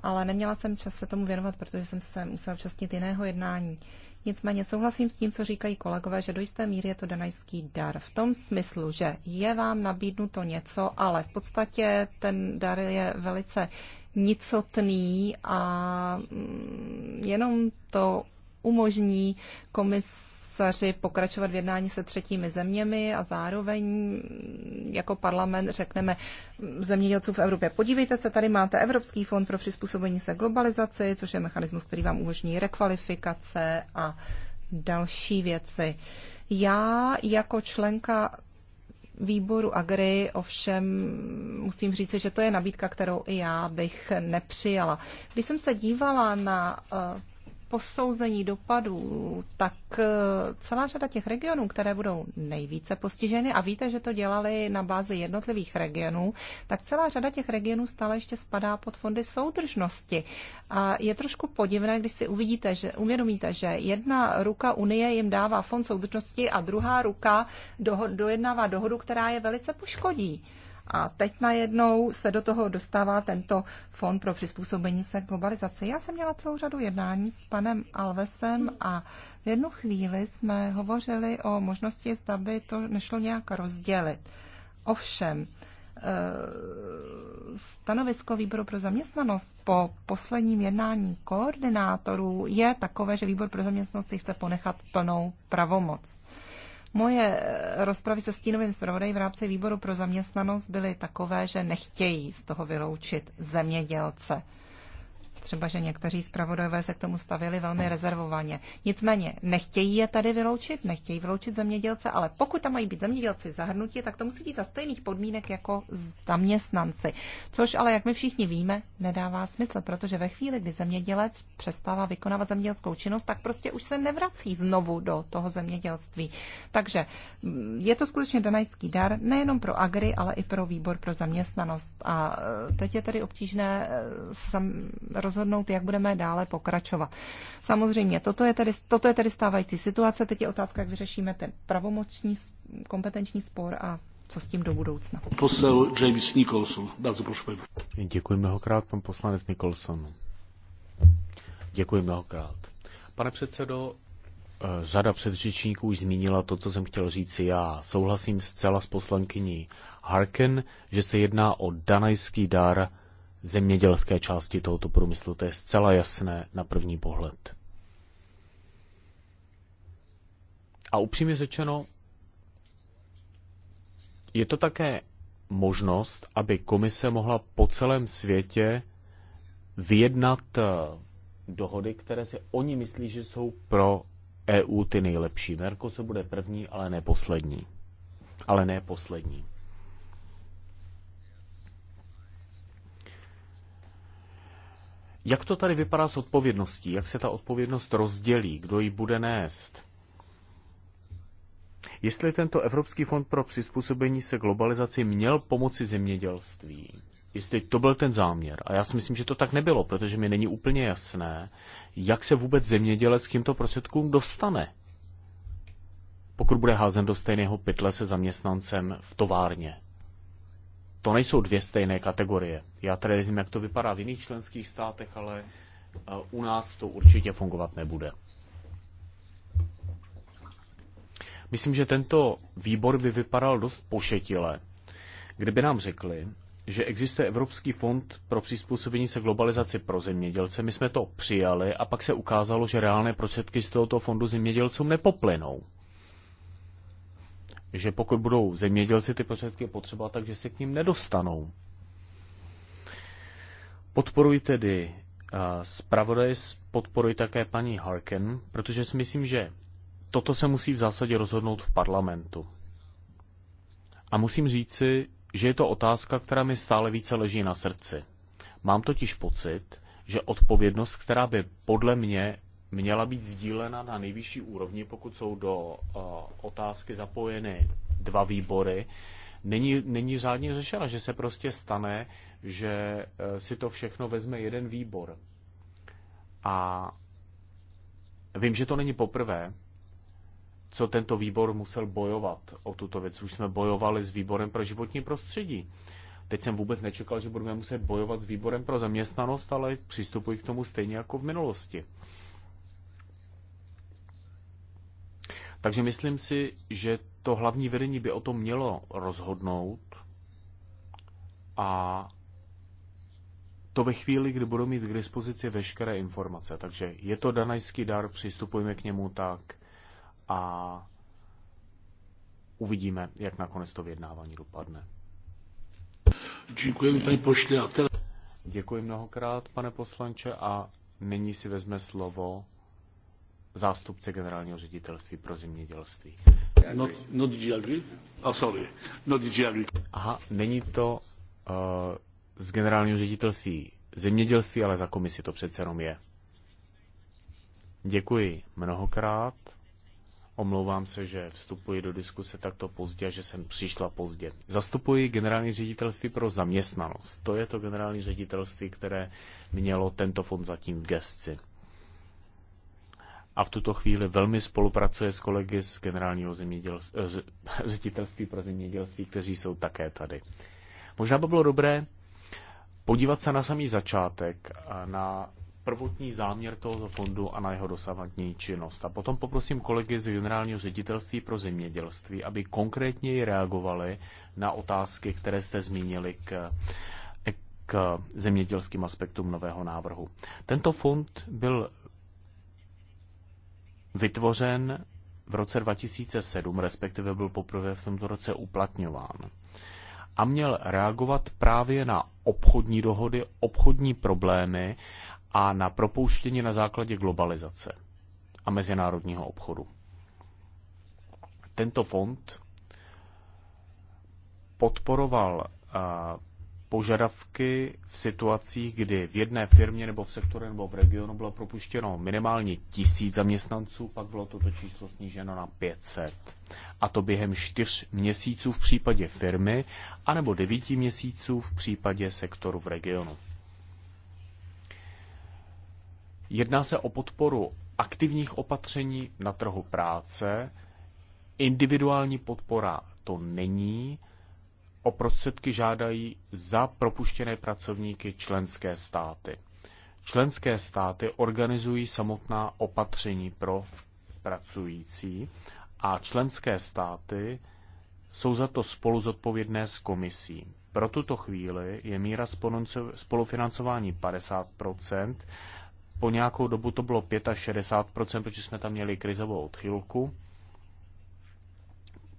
Ale neměla jsem čas se tomu věnovat, protože jsem se musela účastnit jiného jednání. Nicméně souhlasím s tím, co říkají kolegové, že do jisté míry je to danajský dar. V tom smyslu, že je vám nabídnuto něco, ale v podstatě ten dar je velice nicotný a mm, jenom to umožní komisaři pokračovat v jednání se třetími zeměmi a zároveň jako parlament řekneme zemědělcům v Evropě, podívejte se, tady máte Evropský fond pro přizpůsobení se globalizaci, což je mechanismus, který vám umožní rekvalifikace a další věci. Já jako členka výboru Agri ovšem musím říct, že to je nabídka, kterou i já bych nepřijala. Když jsem se dívala na eh, posouzení dopadů, tak eh, celá řada těch regionů, které budou nejvíce postiženy, a víte, že to dělali na bázi jednotlivých regionů, tak celá řada těch regionů stále ještě spadá pod fondy soudržnosti. A je trošku podivné, když si uvidíte, že uvědomíte, že jedna ruka Unie jim dává fond soudržnosti a druhá ruka doho- dojednává dohodu, která je velice poškodí. A teď najednou se do toho dostává tento fond pro přizpůsobení se globalizaci. Já jsem měla celou řadu jednání s panem Alvesem a v jednu chvíli jsme hovořili o možnosti, zda by to nešlo nějak rozdělit. Ovšem, eh, stanovisko výboru pro zaměstnanost po posledním jednání koordinátorů je takové, že výbor pro zaměstnanost si chce ponechat plnou pravomoc. Moje eh, rozpravy se stínovým zpravodajem v rámci výboru pro zaměstnanost byly takové, že nechtějí z toho vyloučit zemědělce. Třeba, že někteří zpravodajové se k tomu stavili velmi rezervovaně. Nicméně nechtějí je tady vyloučit, nechtějí vyloučit zemědělce, ale pokud tam mají být zemědělci zahrnutí, tak to musí být za stejných podmínek jako zaměstnanci. Což ale, jak my všichni víme, nedává smysl, protože ve chvíli, kdy zemědělec přestává vykonávat zemědělskou činnost, tak prostě už se nevrací znovu do toho zemědělství. Takže mm, je to skutečně danajský dar nejenom pro agri, ale i pro výbor pro zaměstnanost. A e, teď je tedy obtížné e, sam rozhodnout, jak budeme dále pokračovat. Samozřejmě, toto je tedy, toto je tedy stávající situace. Teď je otázka, jak vyřešíme ten pravomocní kompetenční spor a co s tím do budoucna. Posel James Nicholson. Bardzo proszę. Děkuji mnohokrát, pan poslanec Nicholson. Děkuji mnohokrát. Pane předsedo, eh, řada předřečníků už zmínila to, co jsem chtěl říci já. Souhlasím zcela s poslankyní Harkin, že se jedná o danajský dar zemědělské části tohoto průmyslu. To je zcela jasné na první pohled. A upřímně řečeno, je to také možnost, aby komise mohla po celém světě vyjednat eh, dohody, které si oni myslí, že jsou pro EU ty nejlepší. Mercosur bude první, ale ne poslední. Ale ne poslední. Jak to tady vypadá s odpovědností? Jak se ta odpovědnost rozdělí? Kdo ji bude nést? Jestli tento Evropský fond pro přizpůsobení se globalizaci měl pomoci zemědělství, jestli to byl ten záměr. A já si myslím, že to tak nebylo, protože mi není úplně jasné, jak se vůbec zemědělec k těmto prostředkům dostane, pokud bude házen do stejného pytle se zaměstnancem v továrně to nejsou dvě stejné kategorie. Já tady nevím, jak to vypadá v jiných členských státech, ale eh, u nás to určitě fungovat nebude. Myslím, že tento výbor by vypadal dost pošetile, kdyby nám řekli, že existuje Evropský fond pro přizpůsobení se globalizaci pro zemědělce. My jsme to přijali a pak se ukázalo, že reálné prostředky z tohoto fondu zemědělcům nepoplynou že pokud budou zemědělci ty prostředky potřeba, takže se k ním nedostanou. Podporuji tedy eh, zpravodaj, podporuji také paní Harkin, protože si myslím, že toto se musí v zásadě rozhodnout v parlamentu. A musím říci, že je to otázka, která mi stále více leží na srdci. Mám totiž pocit, že odpovědnost, která by podle mě měla být sdílena na nejvyšší úrovni, pokud jsou do eh, otázky zapojeny dva výbory, není, není řádně řešena, že se prostě stane, že eh, si to všechno vezme jeden výbor. A vím, že to není poprvé, co tento výbor musel bojovat o tuto věc. Už jsme bojovali s výborem pro životní prostředí. Teď jsem vůbec nečekal, že budeme muset bojovat s výborem pro zaměstnanost, ale přistupuji k tomu stejně jako v minulosti. Takže myslím si, že to hlavní vedení by o tom mělo rozhodnout a to ve chvíli, kdy budou mít k dispozici veškeré informace. Takže je to danajský dar, přistupujeme k němu tak a uvidíme, jak nakonec to vyjednávání dopadne. Děkuji, paní pošli. Děkuji mnohokrát, pane poslanče, a nyní si vezme slovo zástupce generálního ředitelství pro zemědělství. Not, not oh, sorry. Not Aha, není to uh, z generálního ředitelství zemědělství, ale za komisi to přece jenom je. Děkuji mnohokrát. Omlouvám se, že vstupuji do diskuse takto pozdě že jsem přišla pozdě. Zastupuji generální ředitelství pro zaměstnanost. To je to generální ředitelství, které mělo tento fond zatím v gesci a v tuto chvíli velmi spolupracuje s kolegy z generálního eh, [LAUGHS] ředitelství pro zemědělství, kteří jsou také tady. Možná by bylo dobré podívat se na samý začátek, eh, na prvotní záměr tohoto fondu a na jeho dosavadní činnost. A potom poprosím kolegy z Generálního ředitelství pro zemědělství, aby konkrétně reagovali na otázky, které jste zmínili k, eh, k zemědělským aspektům nového návrhu. Tento fond byl vytvořen v roce 2007, respektive byl poprvé v tomto roce uplatňován. A měl reagovat právě na obchodní dohody, obchodní problémy a na propouštění na základě globalizace a mezinárodního obchodu. Tento fond podporoval požadavky v situacích, kdy v jedné firmě nebo v sektoru nebo v regionu bylo propuštěno minimálně tisíc zaměstnanců, pak bylo toto číslo sníženo na 500. A to během čtyř měsíců v případě firmy, anebo devíti měsíců v případě sektoru v regionu. Jedná se o podporu aktivních opatření na trhu práce. Individuální podpora to není, o prostředky žádají za propuštěné pracovníky členské státy. Členské státy organizují samotná opatření pro pracující a členské státy jsou za to spolu zodpovědné s komisí. Pro tuto chvíli je míra spolufinancování 50 po nějakou dobu to bylo 65 protože jsme tam měli krizovou odchylku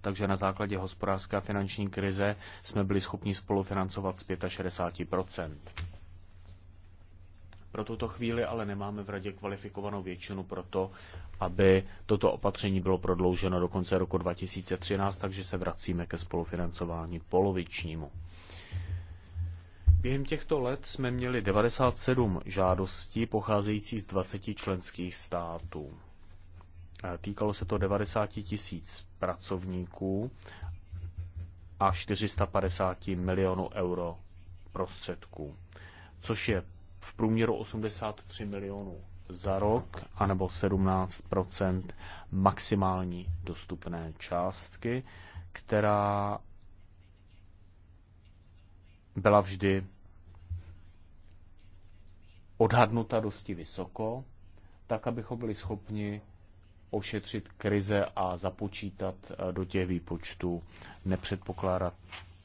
takže na základě hospodářské a finanční krize jsme byli schopni spolufinancovat z 65 Pro tuto chvíli ale nemáme v radě kvalifikovanou většinu pro to, aby toto opatření bylo prodlouženo do konce roku 2013, takže se vracíme ke spolufinancování polovičnímu. Během těchto let jsme měli 97 žádostí pocházejících z 20 členských států. Týkalo se to 90 tisíc pracovníků a 450 milionů euro prostředků, což je v průměru 83 milionů za rok, anebo 17 maximální dostupné částky, která byla vždy odhadnuta dosti vysoko, tak abychom byli schopni ošetřit krize a započítat eh, do těch výpočtů nepředpokládat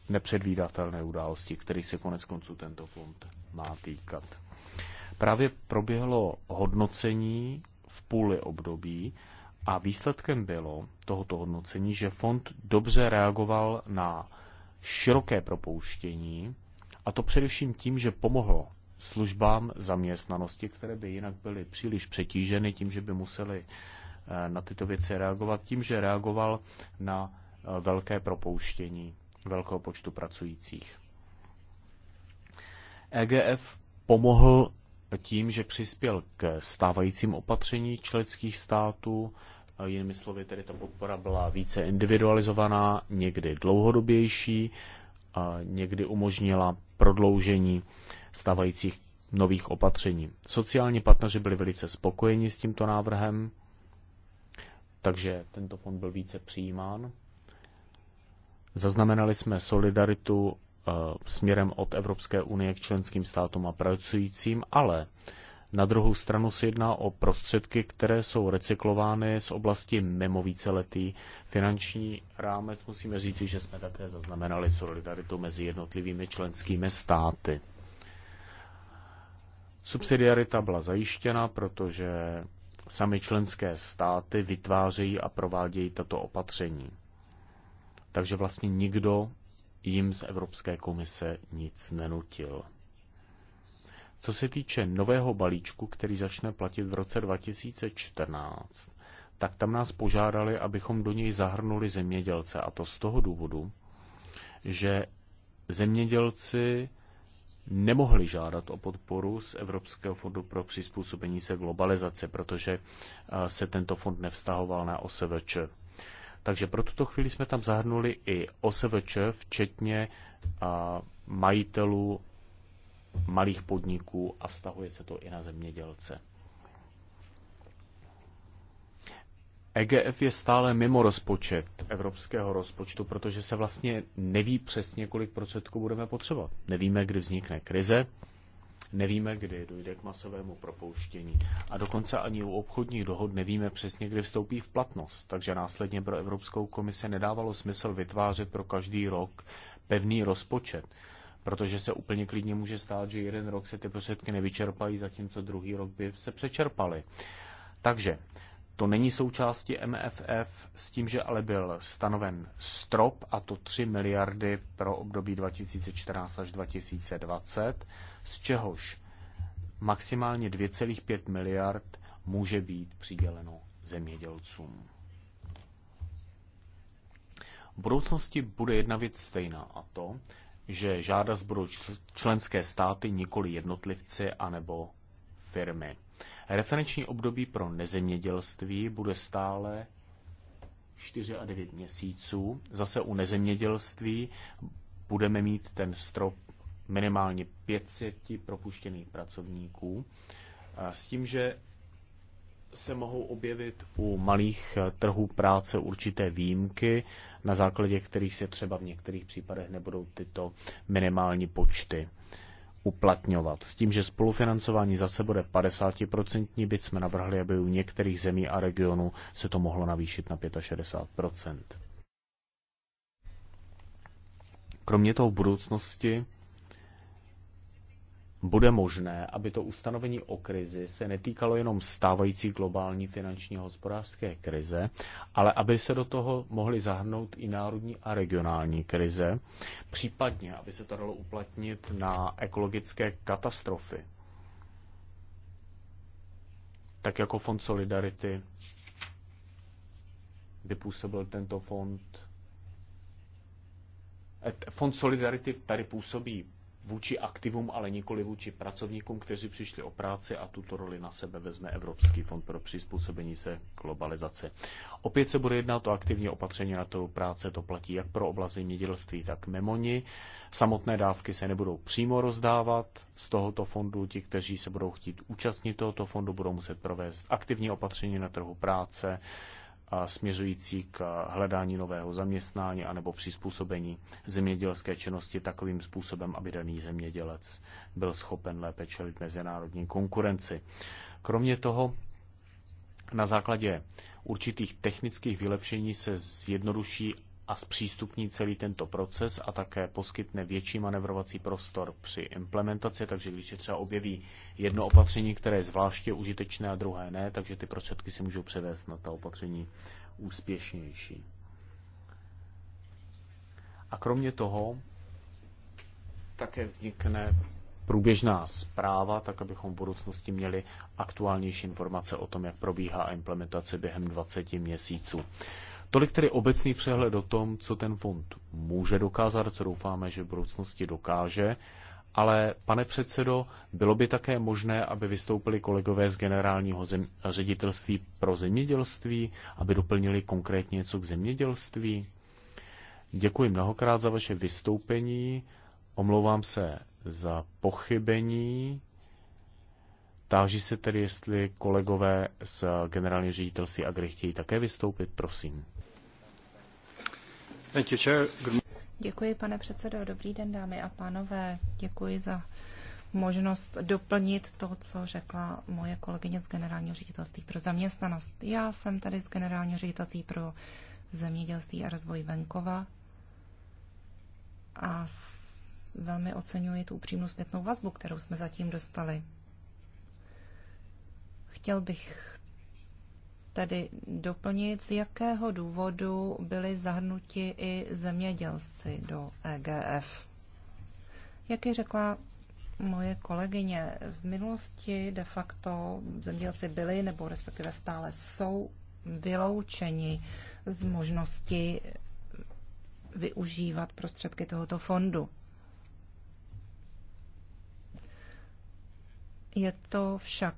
nepředvídatelné události, které se konec konců tento fond má týkat. Právě proběhlo hodnocení v půli období a výsledkem bylo tohoto hodnocení, že fond dobře reagoval na široké propouštění, a to především tím, že pomohlo službám zaměstnanosti, které by jinak byly příliš přetíženy tím, že by museli Eh, na tyto věci reagovat tím, že reagoval na eh, velké propouštění velkého počtu pracujících. EGF pomohl tím, že přispěl k stávajícím opatření členských států, eh, jinými slovy tedy ta podpora byla více individualizovaná, někdy dlouhodobější, někdy umožnila prodloužení stávajících nových opatření. Sociální partneři byli velice spokojeni s tímto návrhem takže tento fond byl více přijímán. Zaznamenali jsme solidaritu eh, směrem od Evropské unie k členským státům a pracujícím, ale na druhou stranu se jedná o prostředky, které jsou recyklovány z oblasti mimo víceletý finanční rámec. Musíme říct, že jsme také zaznamenali solidaritu mezi jednotlivými členskými státy. Subsidiarita byla zajištěna, protože Sami členské státy vytvářejí a provádějí tato opatření. Takže vlastně nikdo jim z Evropské komise nic nenutil. Co se týče nového balíčku, který začne platit v roce 2014, tak tam nás požádali, abychom do něj zahrnuli zemědělce. A to z toho důvodu, že zemědělci nemohli žádat o podporu z Evropského fondu pro přizpůsobení se globalizaci, protože eh, se tento fond nevztahoval na OSVČ. Takže pro tuto chvíli jsme tam zahrnuli i OSVČ, včetně eh, majitelů malých podniků a vztahuje se to i na zemědělce. EGF je stále mimo rozpočet evropského rozpočtu, protože se vlastně neví přesně, kolik prostředků budeme potřebovat. Nevíme, kdy vznikne krize, nevíme, kdy dojde k masovému propouštění a dokonce ani u obchodních dohod nevíme přesně, kdy vstoupí v platnost. Takže následně pro Evropskou komise nedávalo smysl vytvářet pro každý rok pevný rozpočet, protože se úplně klidně může stát, že jeden rok se ty prostředky nevyčerpají, zatímco druhý rok by se přečerpaly. Takže to není součástí MFF s tím, že ale byl stanoven strop a to 3 miliardy pro období 2014 až 2020, z čehož maximálně 2,5 miliard může být přiděleno zemědělcům. V budoucnosti bude jedna věc stejná a to, že žádost budou členské státy, nikoli jednotlivci anebo firmy. Referenční období pro nezemědělství bude stále 4 a 9 měsíců. Zase u nezemědělství budeme mít ten strop minimálně 500 propuštěných pracovníků. S tím, že se mohou objevit u malých eh, trhů práce určité výjimky, na základě kterých se třeba v některých případech nebudou tyto minimální počty uplatňovat. S tím, že spolufinancování zase bude 50%, byť jsme navrhli, aby u některých zemí a regionů se to mohlo navýšit na 65%. Kromě toho v budoucnosti bude možné, aby to ustanovení o krizi se netýkalo jenom stávající globální finanční hospodářské krize, ale aby se do toho mohly zahrnout i národní a regionální krize, případně aby se to dalo uplatnit na ekologické katastrofy, tak jako Fond Solidarity, by působil tento fond. E, fond Solidarity tady působí vůči aktivům, ale nikoli vůči pracovníkům, kteří přišli o práci a tuto roli na sebe vezme Evropský fond pro přizpůsobení se globalizace. Opět se bude jednat o aktivní opatření na trhu práce, to platí jak pro oblasti mědělství, tak memoni. Samotné dávky se nebudou přímo rozdávat z tohoto fondu. Ti, kteří se budou chtít účastnit tohoto fondu, budou muset provést aktivní opatření na trhu práce, a směřující k hledání nového zaměstnání anebo přizpůsobení zemědělské činnosti takovým způsobem, aby daný zemědělec byl schopen lépe čelit mezinárodní konkurenci. Kromě toho, na základě určitých technických vylepšení se zjednoduší a zpřístupní celý tento proces a také poskytne větší manevrovací prostor při implementaci, takže když se třeba objeví jedno opatření, které je zvláště užitečné a druhé ne, takže ty prostředky si můžou převést na ta opatření úspěšnější. A kromě toho také vznikne průběžná zpráva, tak abychom v budoucnosti měli aktuálnější informace o tom, jak probíhá implementace během 20 měsíců. Tolik tedy obecný přehled o tom, co ten fond může dokázat, co doufáme, že v budoucnosti dokáže. Ale, pane předsedo, bylo by také možné, aby vystoupili kolegové z generálního zem- ředitelství pro zemědělství, aby doplnili konkrétně něco k zemědělství? Děkuji mnohokrát za vaše vystoupení. Omlouvám se za pochybení. Táží se tedy, jestli kolegové z generálního ředitelství Agri chtějí také vystoupit, prosím. Děkuji, pane předsedo. Dobrý den, dámy a pánové. Děkuji za možnost doplnit to, co řekla moje kolegyně z Generálního ředitelství pro zaměstnanost. Já jsem tady z Generálního ředitelství pro zemědělství a rozvoj venkova a velmi oceňuji tu upřímnou zpětnou vazbu, kterou jsme zatím dostali. Chtěl bych tedy doplnit, z jakého důvodu byly zahrnuti i zemědělci do EGF. Jak ji řekla moje kolegyně, v minulosti de facto zemědělci byli, nebo respektive stále jsou vyloučeni z možnosti využívat prostředky tohoto fondu. Je to však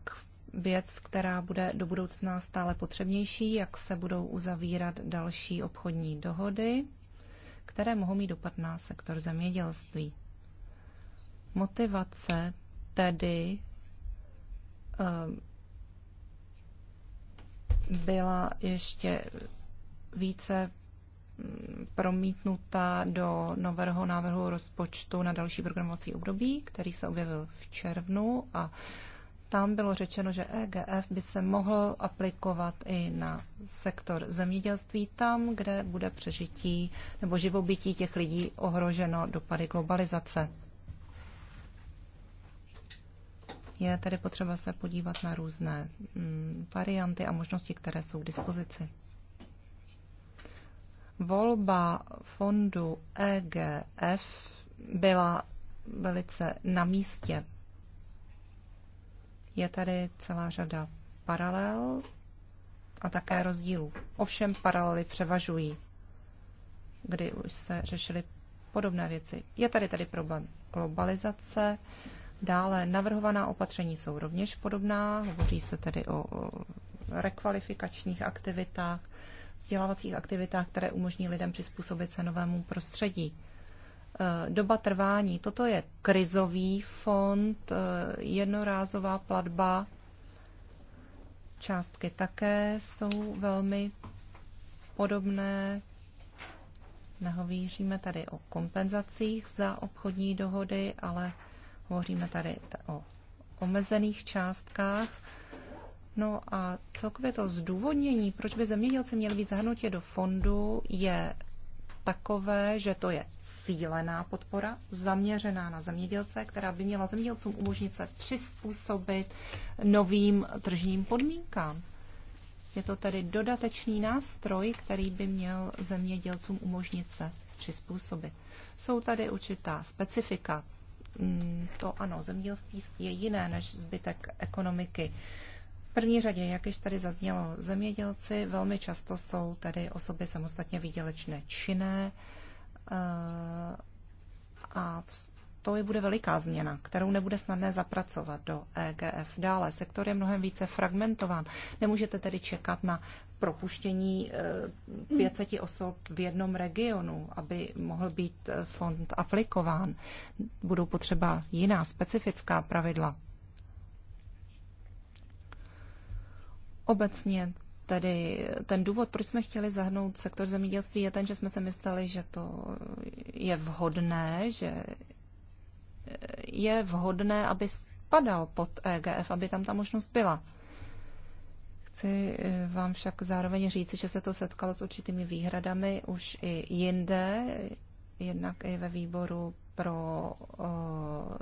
věc, která bude do budoucna stále potřebnější, jak se budou uzavírat další obchodní dohody, které mohou mít dopad na sektor zemědělství. Motivace tedy eh, byla ještě více mm, promítnuta do nového návrhu rozpočtu na další programovací období, který se objevil v červnu a uh, tam bylo řečeno, že EGF by se mohl aplikovat i na sektor zemědělství, tam, kde bude přežití nebo živobytí těch lidí ohroženo dopady globalizace. Je tedy potřeba se podívat na různé mm, varianty a možnosti, které jsou k dispozici. Volba fondu EGF byla velice na místě je tady celá řada paralel a také rozdílů. Ovšem paralely převažují, kdy už se řešily podobné věci. Je tady tady problém globalizace, dále navrhovaná opatření jsou rovněž podobná, hovoří se tedy o, o rekvalifikačních aktivitách, vzdělávacích aktivitách, které umožní lidem přizpůsobit se novému prostředí. Eh, doba trvání. Toto je krizový fond, eh, jednorázová platba. Částky také jsou velmi podobné. Nehovíříme tady o kompenzacích za obchodní dohody, ale hovoříme tady o omezených částkách. No a celkově to zdůvodnění, proč by zemědělci měli být zahrnutě do fondu, je takové, že to je cílená podpora, zaměřená na zemědělce, která by měla zemědělcům umožnit se přizpůsobit novým tržním podmínkám. Je to tedy dodatečný nástroj, který by měl zemědělcům umožnit se přizpůsobit. Jsou tady určitá specifika. Mm, to ano, zemědělství je jiné než zbytek ekonomiky první řadě, jak již tady zaznělo, zemědělci velmi často jsou tedy osoby samostatně výdělečné činné eh, a to je bude veliká změna, kterou nebude snadné zapracovat do EGF. Dále sektor je mnohem více fragmentován. Nemůžete tedy čekat na propuštění 500 eh, osob v jednom regionu, aby mohl být eh, fond aplikován. Budou potřeba jiná specifická pravidla Obecně tedy ten důvod, proč jsme chtěli zahrnout sektor zemědělství, je ten, že jsme se mysleli, že to je vhodné, že je vhodné, aby spadal pod EGF, aby tam ta možnost byla. Chci eh, vám však zároveň říci, že se to setkalo s určitými výhradami už i jinde, jednak i ve výboru pro o, eh,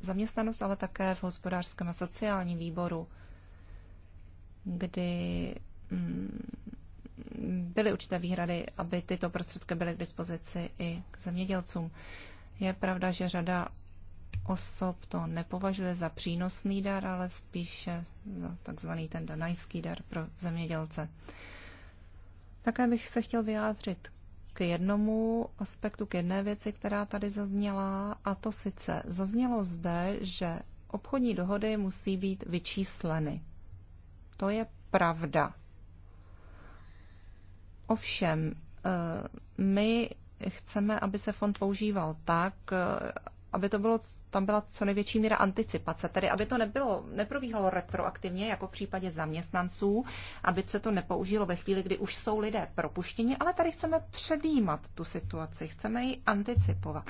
zaměstnanost, ale také v hospodářském a sociálním výboru kdy mm, byly určité výhrady, aby tyto prostředky byly k dispozici i k zemědělcům. Je pravda, že řada osob to nepovažuje za přínosný dar, ale spíše za takzvaný ten danajský dar pro zemědělce. Také bych se chtěl vyjádřit k jednomu aspektu, k jedné věci, která tady zazněla, a to sice zaznělo zde, že obchodní dohody musí být vyčísleny. To je pravda. Ovšem, eh, my chceme, aby se fond používal tak, eh, aby to bylo, tam byla co největší míra anticipace, tedy aby to nebylo, neprobíhalo retroaktivně, jako v případě zaměstnanců, aby se to nepoužilo ve chvíli, kdy už jsou lidé propuštěni, ale tady chceme předjímat tu situaci, chceme ji anticipovat.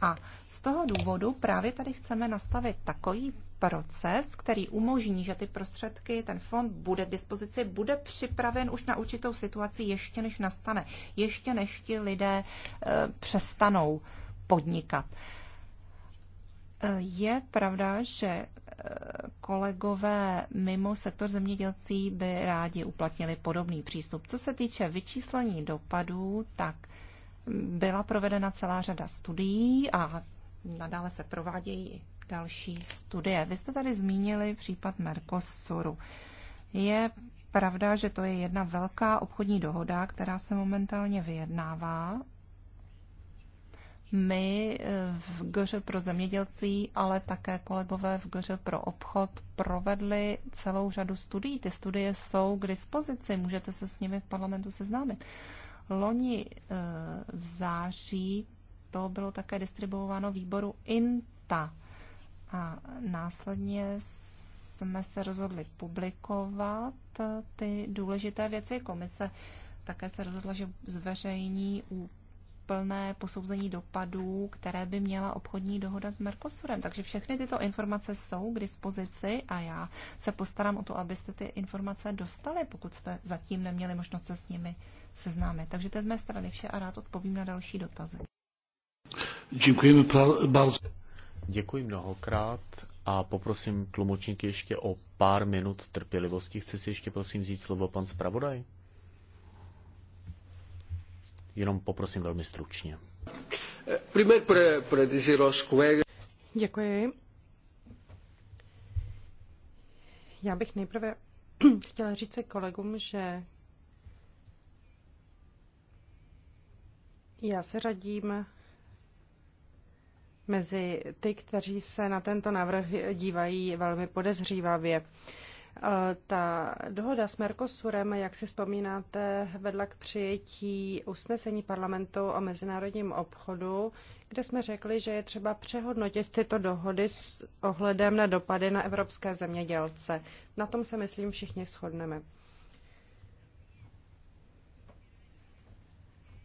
A z toho důvodu právě tady chceme nastavit takový proces, který umožní, že ty prostředky, ten fond bude k dispozici, bude připraven už na určitou situaci, ještě než nastane, ještě než ti lidé e, přestanou podnikat. E, je pravda, že e, kolegové mimo sektor zemědělcí by rádi uplatnili podobný přístup. Co se týče vyčíslení dopadů, tak byla provedena celá řada studií a nadále se provádějí další studie. Vy jste tady zmínili případ Mercosuru. Je pravda, že to je jedna velká obchodní dohoda, která se momentálně vyjednává. My eh, v GŘ pro zemědělcí, ale také kolegové v GŘ pro obchod provedli celou řadu studií. Ty studie jsou k dispozici, můžete se s nimi v parlamentu seznámit. Loni eh, v září to bylo také distribuováno výboru INTA. A následně jsme se rozhodli publikovat ty důležité věci. Komise také se rozhodla, že zveřejní úplné posouzení dopadů, které by měla obchodní dohoda s Mercosurem. Takže všechny tyto informace jsou k dispozici a já se postarám o to, abyste ty informace dostali, pokud jste zatím neměli možnost se s nimi seznámit. Takže to je z mé strany vše a rád odpovím na další dotazy. Děkujeme bardzo. Děkuji mnohokrát a poprosím tlumočníky ještě o pár minut trpělivosti. Chci si ještě prosím vzít slovo pan zpravodaj? Jenom poprosím velmi stručně. Děkuji. Já bych nejprve [CLEARS THROAT] chtěla říct se kolegům, že já se řadím mezi ty, kteří se na tento návrh dívají velmi podezřívavě. E, ta dohoda s Mercosurem, jak si vzpomínáte, vedla k přijetí usnesení parlamentu o mezinárodním obchodu, kde jsme řekli, že je třeba přehodnotit tyto dohody s ohledem na dopady na evropské zemědělce. Na tom se, myslím, všichni shodneme.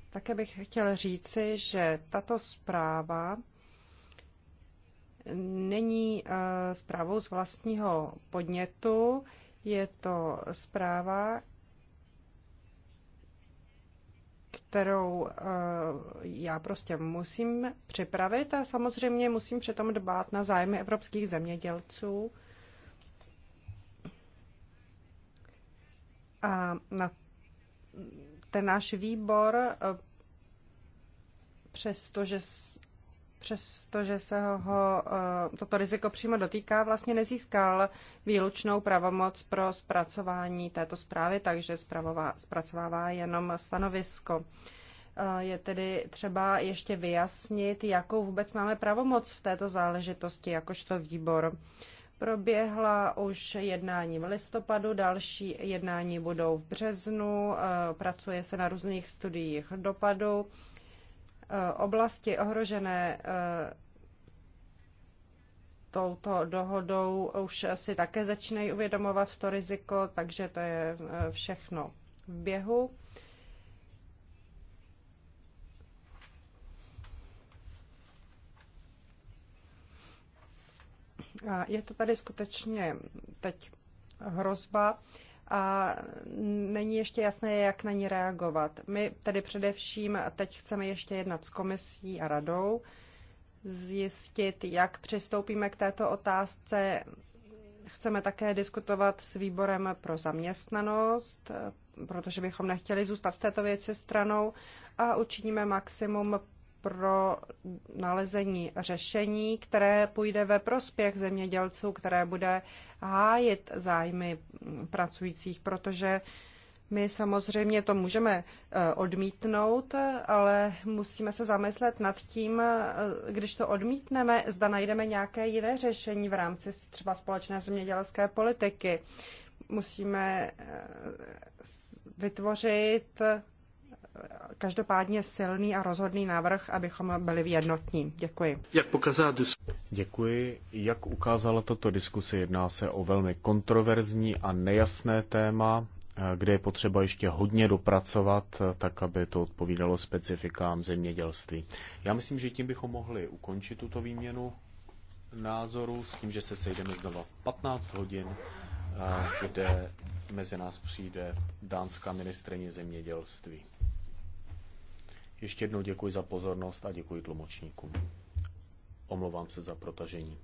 Také bych chtěl říci, že tato zpráva není eh, zprávou z vlastního podnětu, je to zpráva, kterou eh, já prostě musím připravit a samozřejmě musím přitom dbát na zájmy evropských zemědělců a na ten náš výbor, eh, přestože přestože se ho eh, toto riziko přímo dotýká, vlastně nezískal výlučnou pravomoc pro zpracování této zprávy, takže zpracovává jenom stanovisko. Eh, je tedy třeba ještě vyjasnit, jakou vůbec máme pravomoc v této záležitosti, jakožto výbor. Proběhla už jednání v listopadu, další jednání budou v březnu, eh, pracuje se na různých studiích dopadu Eh, oblasti ohrožené eh, touto dohodou už si také začínají uvědomovat to riziko, takže to je eh, všechno v běhu. A je to tady skutečně teď hrozba, a není ještě jasné, jak na ní reagovat. My tedy především teď chceme ještě jednat s komisí a radou, zjistit, jak přistoupíme k této otázce. Chceme také diskutovat s výborem pro zaměstnanost, protože bychom nechtěli zůstat v této věci stranou a učiníme maximum pro nalezení řešení, které půjde ve prospěch zemědělců, které bude hájit zájmy pracujících, protože my samozřejmě to můžeme eh, odmítnout, ale musíme se zamyslet nad tím, eh, když to odmítneme, zda najdeme nějaké jiné řešení v rámci třeba společné zemědělské politiky. Musíme eh, vytvořit každopádně silný a rozhodný návrh, abychom byli v jednotní. Děkuji. Jak pokazala Děkuji. Jak ukázala tato diskuse, jedná se o velmi kontroverzní a nejasné téma, eh, kde je potřeba ještě hodně dopracovat, eh, tak aby to odpovídalo specifikám zemědělství. Já myslím, že tím bychom mohli ukončit tuto výměnu názoru s tím, že se sejdeme znova v 15 hodin, eh, kde mezi nás přijde dánská ministrině zemědělství. Ještě jednou děkuji za pozornost a děkuji tlumočníkům. Omlouvám se za protažení.